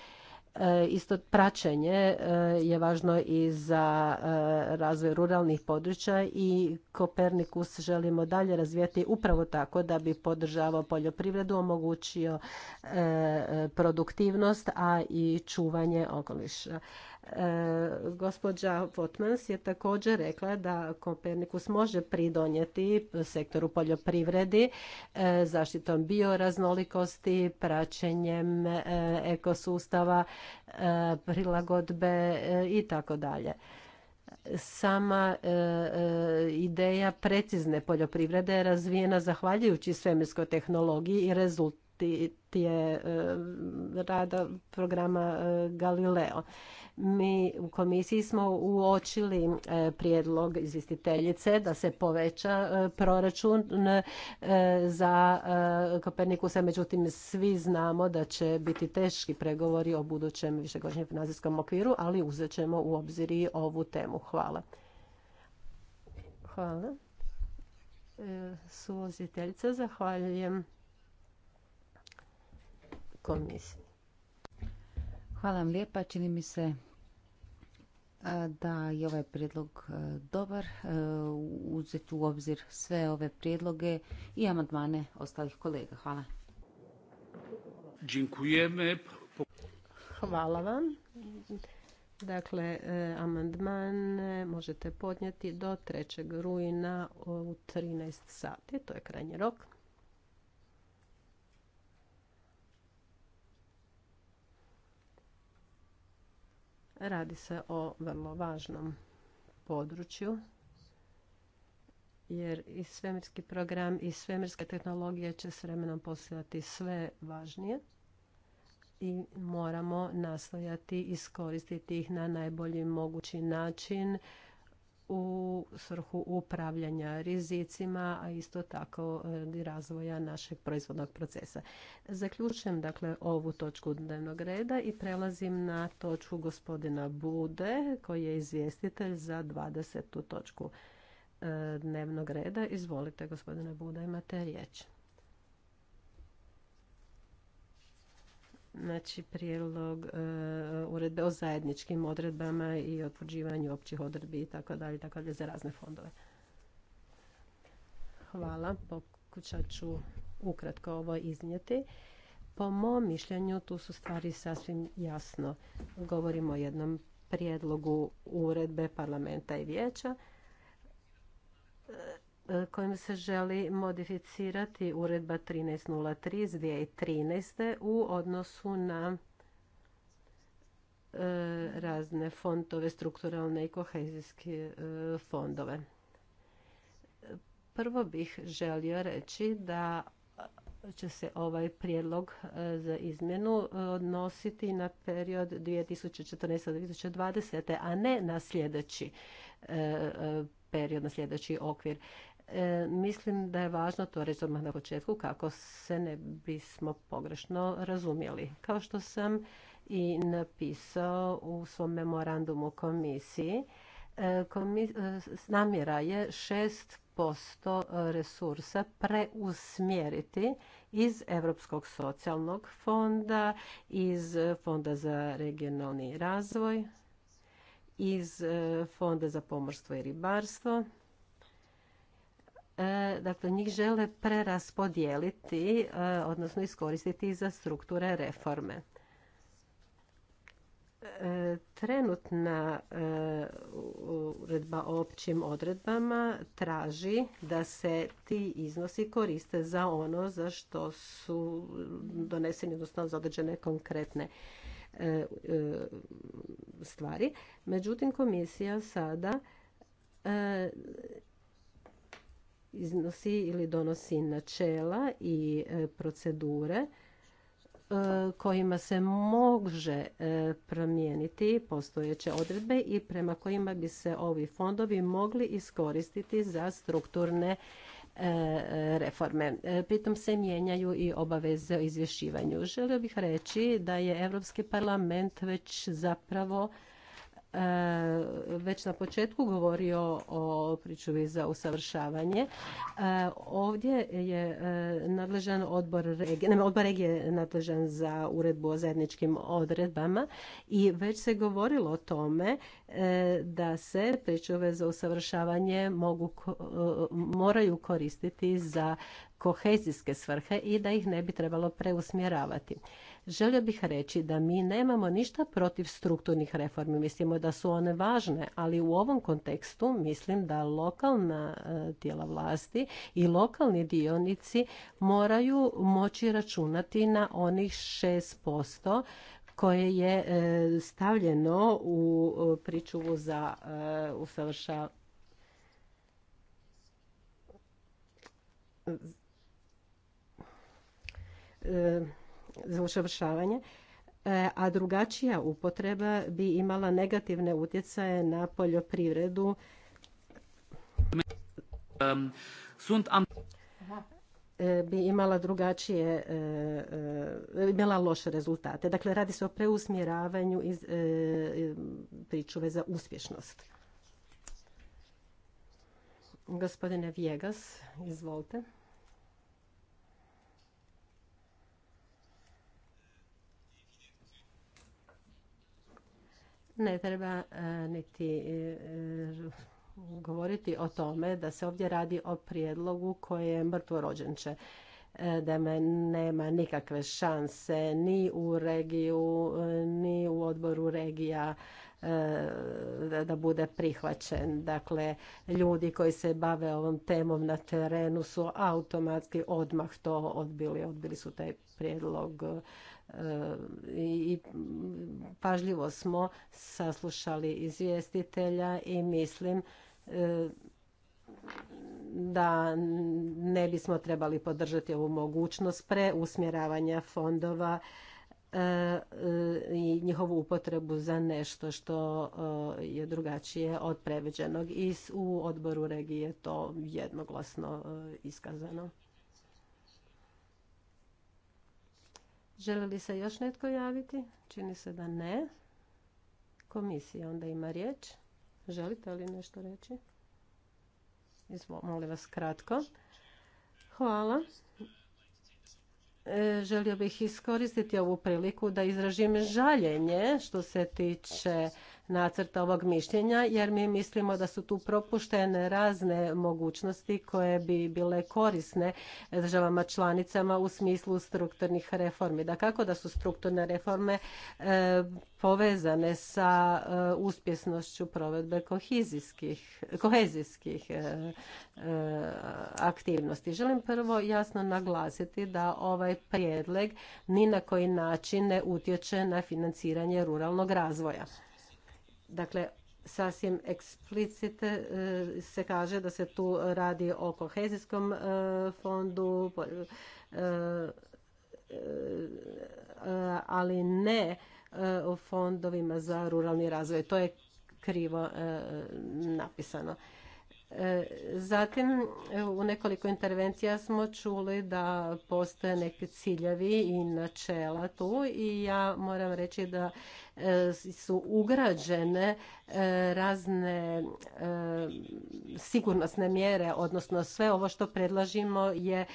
E, isto praćenje je važno i za razvoj ruralnih područja i Kopernikus želimo dalje razvijati upravo tako da bi podržavao poljoprivredu, omogućio produktivnost, a i čuvanje okoliša. Gospođa Votmans je također rekla da Kopernikus može pridonijeti sektoru poljoprivredi e, zaštitom bioraznolikosti, praćenjem e, ekosustava, e, prilagodbe i tako dalje sama ideja precizne poljoprivrede je razvijena zahvaljujući svemirskoj tehnologiji i rezultat je e, rada programa e, Galileo. Mi u komisiji smo uočili e, prijedlog izvjestiteljice da se poveća proračun za Kopernikusa. međutim svi znamo da će biti teški pregovori o budućem višegodišnjem financijskom okviru, ali uzet ćemo u obzir i ovu temu. Hvala. Hvala. Suvoziteljica, zahvaljujem komisiji. Hvala vam lijepa. Čini mi se e, da je ovaj prijedlog e, dobar. E, uzeti u obzir sve ove prijedloge i amandmane ostalih kolega. Hvala. Hvala vam. Dakle, amandman možete podnijeti do 3. rujna u 13 sati. To je krajnji rok. Radi se o vrlo važnom području jer i svemirski program i svemirska tehnologija će s vremenom postojati sve važnije i moramo nastojati iskoristiti ih na najbolji mogući način u svrhu upravljanja rizicima, a isto tako e, i razvoja našeg proizvodnog procesa. Zaključujem dakle ovu točku dnevnog reda i prelazim na točku gospodina Bude koji je izvjestitelj za 20. točku e, dnevnog reda. Izvolite gospodine Bude, imate riječ. znači prijedlog e, uredbe o zajedničkim odredbama i otvrđivanju općih odredbi i tako dalje, tako dalje za razne fondove. Hvala, pokušat ću ukratko ovo iznijeti. Po mom mišljenju tu su stvari sasvim jasno. Govorimo o jednom prijedlogu uredbe parlamenta i vijeća kojim se želi modificirati uredba 1303 iz 2013. u odnosu na e, razne fondove, strukturalne i kohezijske e, fondove. Prvo bih želio reći da će se ovaj prijedlog e, za izmjenu odnositi na period 2014-2020, a ne na sljedeći period, na sljedeći okvir. E, mislim da je važno to reći odmah na početku kako se ne bismo pogrešno razumjeli. Kao što sam i napisao u svom memorandumu komisiji, e, e, namjera je 6% resursa preusmjeriti iz Europskog socijalnog fonda, iz Fonda za regionalni razvoj, iz Fonda za pomorstvo i ribarstvo E, dakle njih žele preraspodijeliti, e, odnosno iskoristiti za strukture reforme. E, trenutna uredba o općim odredbama traži da se ti iznosi koriste za ono za što su doneseni, odnosno za određene konkretne stvari. Međutim, komisija sada iznosi ili donosi načela i e, procedure e, kojima se može e, promijeniti postojeće odredbe i prema kojima bi se ovi fondovi mogli iskoristiti za strukturne reforme. Pritom se mijenjaju i obaveze o izvješćivanju. Želio bih reći da je Europski parlament već zapravo E, već na početku govorio o pričuvi za usavršavanje. E, ovdje je e, nadležan odbor regije, ne, odbor regije je nadležan za uredbu o zajedničkim odredbama i već se govorilo o tome da se pričuve za usavršavanje mogu, moraju koristiti za kohezijske svrhe i da ih ne bi trebalo preusmjeravati. Želio bih reći da mi nemamo ništa protiv strukturnih reformi. Mislimo da su one važne, ali u ovom kontekstu mislim da lokalna e, tijela vlasti i lokalni dionici moraju moći računati na onih 6% koje je e, stavljeno u e, pričuvu za usavršavanje za usavršavanje, e, a drugačija upotreba bi imala negativne utjecaje na poljoprivredu. Um, e, bi imala drugačije, e, imala loše rezultate. Dakle, radi se o preusmjeravanju iz pričuve za uspješnost. Gospodine Vjegas, izvolite. Ne treba e, niti e, govoriti o tome da se ovdje radi o prijedlogu koje je mrtvo rođenče e, da me nema nikakve šanse ni u regiju, ni u odboru regija da bude prihvaćen. Dakle, ljudi koji se bave ovom temom na terenu su automatski odmah to odbili. Odbili su taj prijedlog E, i pažljivo smo saslušali izvjestitelja i mislim e, da ne bismo trebali podržati ovu mogućnost preusmjeravanja fondova e, i njihovu upotrebu za nešto što je drugačije od previđenog. I u odboru regije to jednoglasno iskazano. Želi li se još netko javiti? Čini se da ne. Komisija onda ima riječ. Želite li nešto reći? Izvo, molim vas kratko. Hvala. E, želio bih iskoristiti ovu priliku da izražim žaljenje što se tiče nacrta ovog mišljenja jer mi mislimo da su tu propuštene razne mogućnosti koje bi bile korisne državama članicama u smislu strukturnih reformi. Da kako da su strukturne reforme e, povezane sa e, uspjesnošću provedbe kohezijskih, kohezijskih e, aktivnosti. Želim prvo jasno naglasiti da ovaj prijedlog ni na koji način ne utječe na financiranje ruralnog razvoja. Dakle, sasvim eksplicite e, se kaže da se tu radi o kohezijskom e, fondu, e, ali ne o fondovima za ruralni razvoj. To je krivo napisano. Zatim u nekoliko intervencija smo čuli da postoje neki ciljevi i načela tu i ja moram reći da E, su ugrađene e, razne e, sigurnosne mjere, odnosno sve ovo što predlažimo je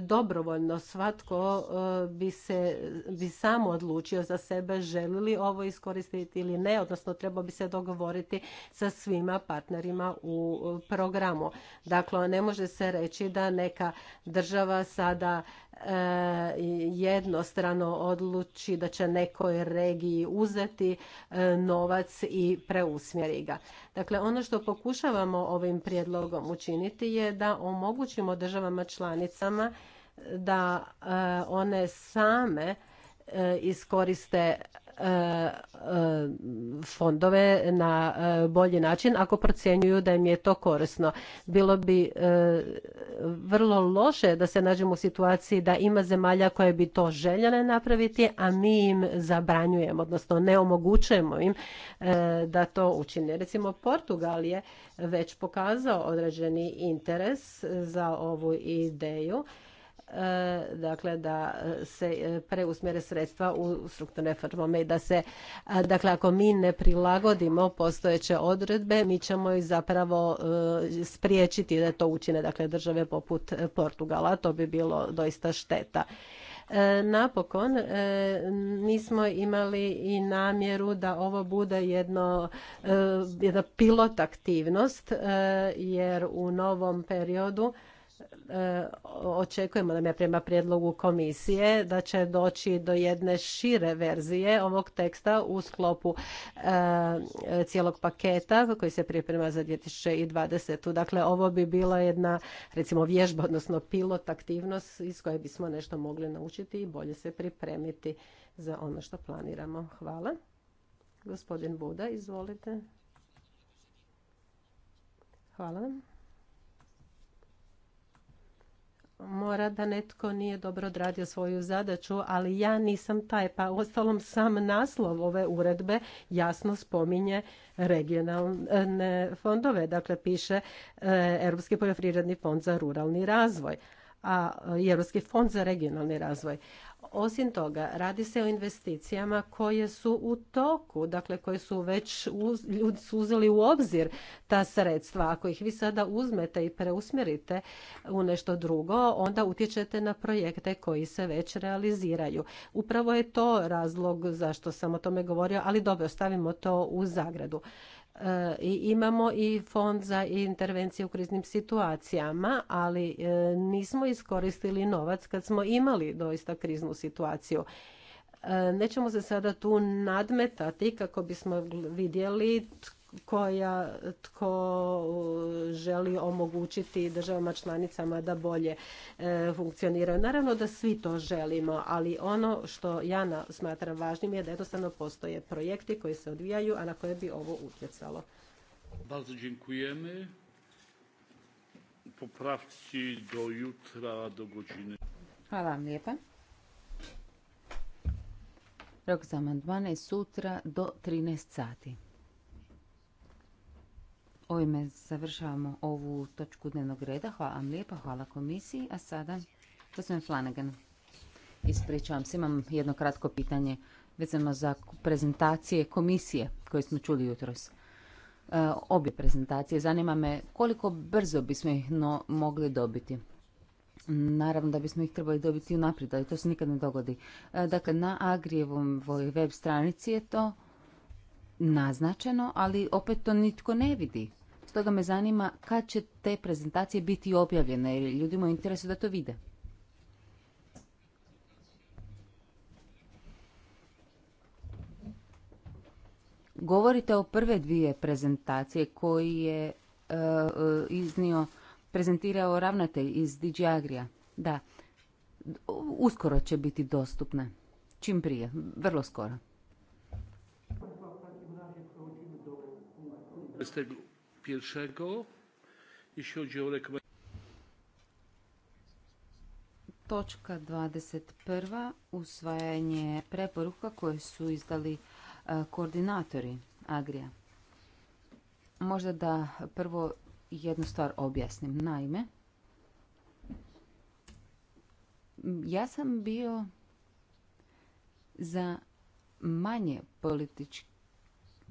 dobrovoljno. Svatko bi se bi sam odlučio za sebe želi li ovo iskoristiti ili ne, odnosno treba bi se dogovoriti sa svima partnerima u programu. Dakle, ne može se reći da neka država sada E, jednostrano odluči da će nekoj regiji uzeti e, novac i preusmjeri ga. Dakle, ono što pokušavamo ovim prijedlogom učiniti je da omogućimo državama članicama da e, one same iskoriste E, e, fondove na e, bolji način ako procjenjuju da im je to korisno. Bilo bi vrlo loše da se nađemo u situaciji da ima zemalja koje bi to željele napraviti, a mi im zabranjujemo, odnosno ne omogućujemo im da to učine. Recimo Portugal je već pokazao određeni interes za ovu ideju E, dakle da se e, preusmjere sredstva u strukturne reforme i da se dakle ako mi ne prilagodimo postojeće odredbe mi ćemo i zapravo e, spriječiti da to učine dakle države poput Portugala to bi bilo doista šteta napokon mi smo imali i namjeru da ovo bude jedno, jedna pilot aktivnost jer u novom periodu E, očekujemo nam je prema prijedlogu komisije da će doći do jedne šire verzije ovog teksta u sklopu e, cijelog paketa koji se priprema za 2020. Dakle, ovo bi bila jedna recimo vježba, odnosno pilot aktivnost iz koje bismo nešto mogli naučiti i bolje se pripremiti za ono što planiramo. Hvala. Gospodin Buda, izvolite. Hvala vam mora da netko nije dobro odradio svoju zadaću, ali ja nisam taj. Pa ostalom sam naslov ove uredbe jasno spominje regionalne fondove. Dakle, piše e, Europski poljoprivredni fond za ruralni razvoj a Europski fond za regionalni razvoj. Osim toga, radi se o investicijama koje su u toku, dakle koje su već ljudi su uzeli u obzir ta sredstva. Ako ih vi sada uzmete i preusmjerite u nešto drugo, onda utječete na projekte koji se već realiziraju. Upravo je to razlog zašto sam o tome govorio, ali dobro, stavimo to u zagradu. E, I imamo i fond za intervencije u kriznim situacijama, ali e, nismo iskoristili novac kad smo imali doista kriznu situaciju. E, nećemo se sada tu nadmetati kako bismo vidjeli koja tko želi omogućiti državama članicama da bolje e, funkcioniraju. Naravno da svi to želimo, ali ono što ja smatram važnim je da jednostavno postoje projekti koji se odvijaju, a na koje bi ovo utjecalo. dziękujemy. do jutra, do Hvala vam lijepa. Rok za amandmane sutra do 13 sati. Ovime završavamo ovu točku dnevnog reda. Hvala vam lijepa, hvala komisiji. A sada, gospodin Flanagan, ispričavam se, imam jedno kratko pitanje vezano za prezentacije komisije koje smo čuli jutros. E, obje prezentacije. Zanima me koliko brzo bismo ih no, mogli dobiti. Naravno da bismo ih trebali dobiti unaprijed, ali to se nikad ne dogodi. E, dakle, na Agrijevom web stranici je to naznačeno, ali opet to nitko ne vidi. Stoga me zanima kad će te prezentacije biti objavljene, jer ljudima je interesu da to vide. Govorite o prve dvije prezentacije koji je e, e, iznio, prezentirao ravnatelj iz DJ Agrija. Da, uskoro će biti dostupne. Čim prije, vrlo skoro. Točka 21. Usvajanje preporuka koje su izdali e, koordinatori Agrija. Možda da prvo jednu stvar objasnim. Naime, ja sam bio za manje politički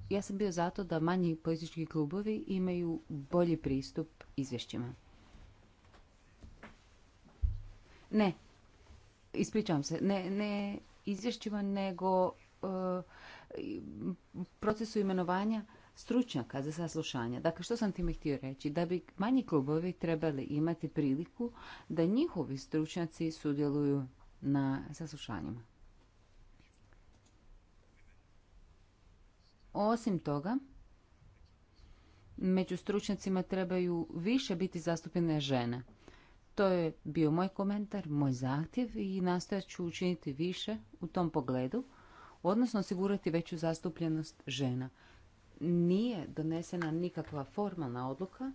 ja sam bio zato da manji politički klubovi imaju bolji pristup izvješćima. Ne, ispričavam se, ne, ne izvješćima, nego e, procesu imenovanja stručnjaka za saslušanje. Dakle, što sam time htio reći? Da bi manji klubovi trebali imati priliku da njihovi stručnjaci sudjeluju na saslušanjima. Osim toga, među stručnjacima trebaju više biti zastupljene žene. To je bio moj komentar, moj zahtjev i nastojat ću učiniti više u tom pogledu, odnosno osigurati veću zastupljenost žena. Nije donesena nikakva formalna odluka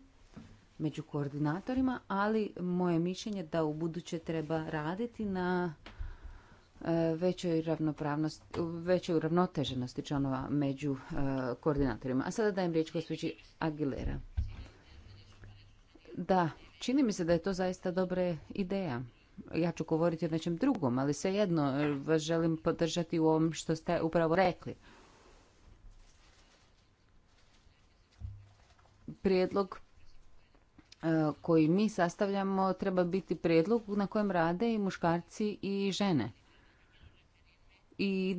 među koordinatorima, ali moje mišljenje da u buduće treba raditi na E, većoj ravnopravnosti, većoj uravnoteženosti članova među e, koordinatorima. A sada dajem riječ gospođi Aguilera. Da, čini mi se da je to zaista dobra ideja. Ja ću govoriti o nečem drugom, ali svejedno e, vas želim podržati u ovom što ste upravo rekli. Prijedlog koji mi sastavljamo treba biti prijedlog na kojem rade i muškarci i žene i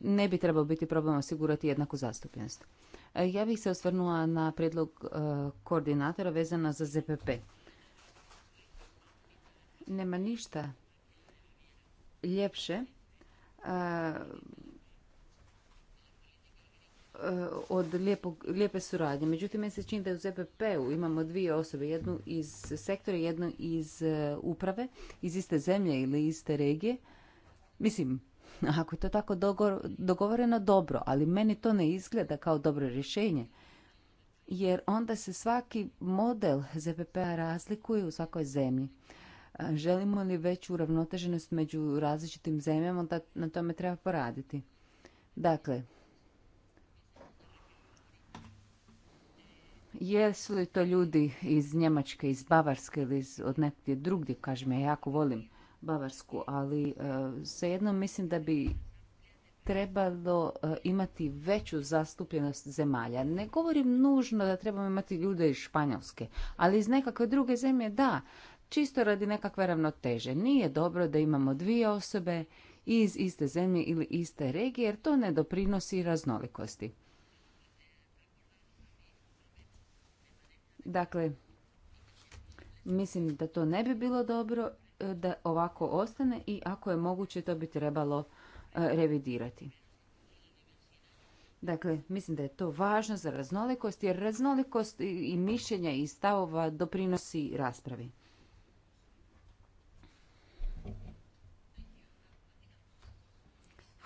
ne bi trebao biti problem osigurati jednaku zastupljenost. E, ja bih se osvrnula na prijedlog e, koordinatora vezana za ZPP. Nema ništa ljepše e, od lijepe suradnje. Međutim, meni se čini da u ZPP-u imamo dvije osobe, jednu iz sektora, jednu iz uprave, iz iste zemlje ili iste regije. Mislim, *laughs* Ako je to tako dogovoreno, dobro, ali meni to ne izgleda kao dobro rješenje. Jer onda se svaki model ZPP-a razlikuje u svakoj zemlji. Želimo li veću uravnoteženost među različitim zemljama, onda na tome treba poraditi. Dakle, jesu li to ljudi iz Njemačke, iz Bavarske ili od nekdje drugdje, kažem, ja jako volim Bavarsku, ali e, svejedno mislim da bi trebalo e, imati veću zastupljenost zemalja. Ne govorim nužno da trebamo imati ljude iz Španjolske, ali iz nekakve druge zemlje da, čisto radi nekakve ravnoteže. Nije dobro da imamo dvije osobe iz iste zemlje ili iste regije, jer to ne doprinosi raznolikosti. Dakle, mislim da to ne bi bilo dobro da ovako ostane i ako je moguće to bi trebalo e, revidirati. Dakle, mislim da je to važno za raznolikost jer raznolikost i mišljenja i stavova doprinosi raspravi.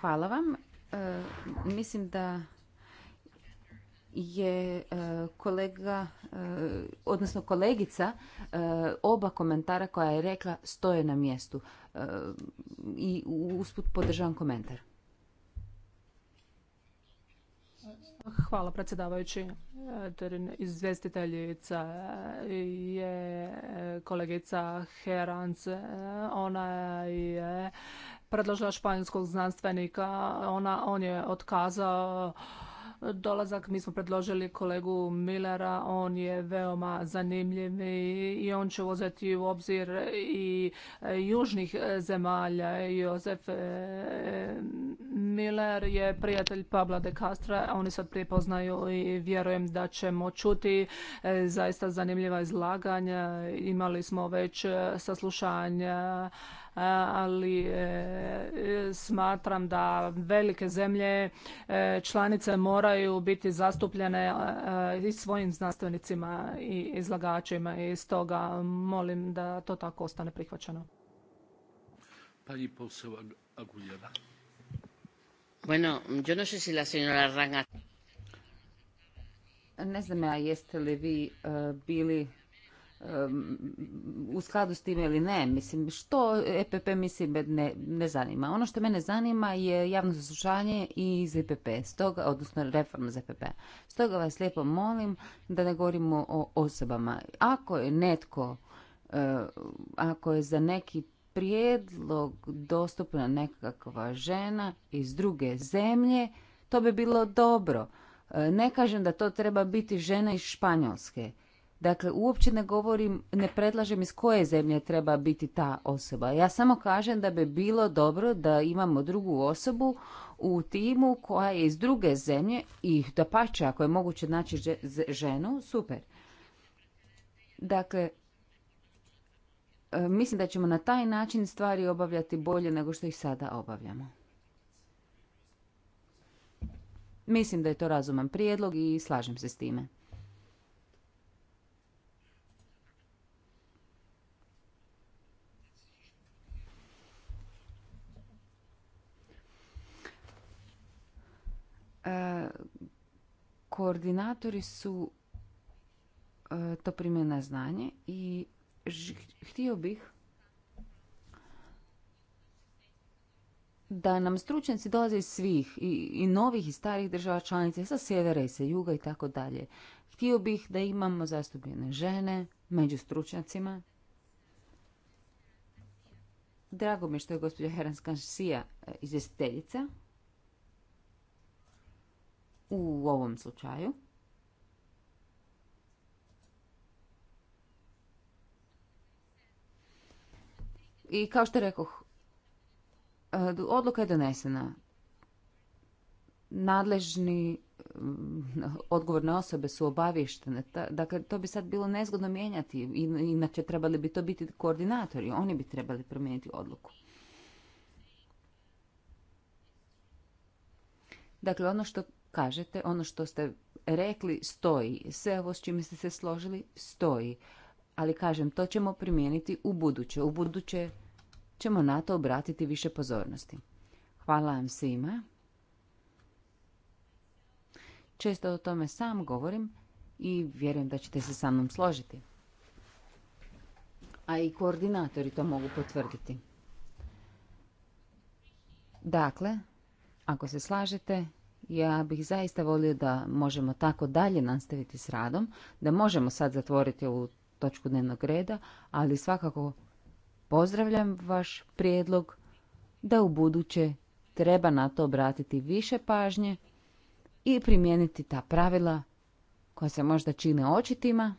Hvala vam. E, mislim da je e, kolega, e, odnosno kolegica, e, oba komentara koja je rekla stoje na mjestu. I usput podržavam komentar. Hvala predsjedavajući. Izvjestiteljica je kolegica Herance. Ona je predložila španjolskog znanstvenika. Ona, on je otkazao dolazak. Mi smo predložili kolegu Millera, on je veoma zanimljiv i on će uzeti u obzir i e, južnih e, zemalja. Jozef e, Miller je prijatelj Pabla de Castra, oni sad pripoznaju i vjerujem da ćemo čuti zaista zanimljiva izlaganja. Imali smo već saslušanja ali e, e, smatram da velike zemlje e, članice moraju biti zastupljene i svojim znanstvenicima i izlagačima i stoga molim da to tako ostane prihvaćeno. Ne znam ja jeste li vi bili u skladu s tim ili ne. Mislim, što EPP mislim ne, ne zanima. Ono što mene zanima je javno zaslušanje iz EPP, stoga, odnosno reforma za EPP. Stoga vas lijepo molim da ne govorimo o osobama. Ako je netko, eh, ako je za neki prijedlog dostupna nekakva žena iz druge zemlje, to bi bilo dobro. Eh, ne kažem da to treba biti žena iz Španjolske Dakle, uopće ne govorim, ne predlažem iz koje zemlje treba biti ta osoba. Ja samo kažem da bi bilo dobro da imamo drugu osobu u timu koja je iz druge zemlje i da pače, ako je moguće naći ženu, super. Dakle, e, mislim da ćemo na taj način stvari obavljati bolje nego što ih sada obavljamo. Mislim da je to razuman prijedlog i slažem se s time. koordinatori su e, to prime na znanje i htio bih da nam stručnjaci dolaze iz svih i, novih i starih država članica sa sjevera i sa juga i tako dalje. Htio bih da imamo zastupljene žene među stručnjacima. Drago mi je što je gospođa Heranska Sija e, izvjestiteljica u ovom slučaju. I kao što rekoh, e, odluka je donesena. Nadležni mm, odgovorne osobe su obavještene. Dakle, to bi sad bilo nezgodno mijenjati. Inače, trebali bi to biti koordinatori. Oni bi trebali promijeniti odluku. Dakle, ono što kažete, ono što ste rekli stoji. Sve ovo s čime ste se složili stoji. Ali kažem, to ćemo primijeniti u buduće. U buduće ćemo na to obratiti više pozornosti. Hvala vam svima. Često o tome sam govorim i vjerujem da ćete se sa mnom složiti. A i koordinatori to mogu potvrditi. Dakle, ako se slažete, ja bih zaista volio da možemo tako dalje nastaviti s radom, da možemo sad zatvoriti ovu točku dnevnog reda, ali svakako pozdravljam vaš prijedlog da u buduće treba na to obratiti više pažnje i primijeniti ta pravila koja se možda čine očitima.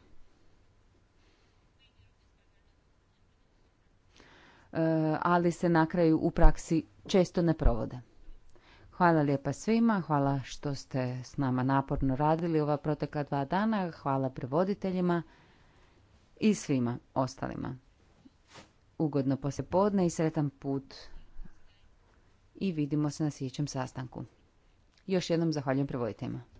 E, ali se na kraju u praksi često ne provode. Hvala lijepa svima, hvala što ste s nama naporno radili ova protekla dva dana, hvala prevoditeljima i svima ostalima. Ugodno podne i sretan put i vidimo se na sljedećem sastanku. Još jednom zahvaljujem prevoditeljima.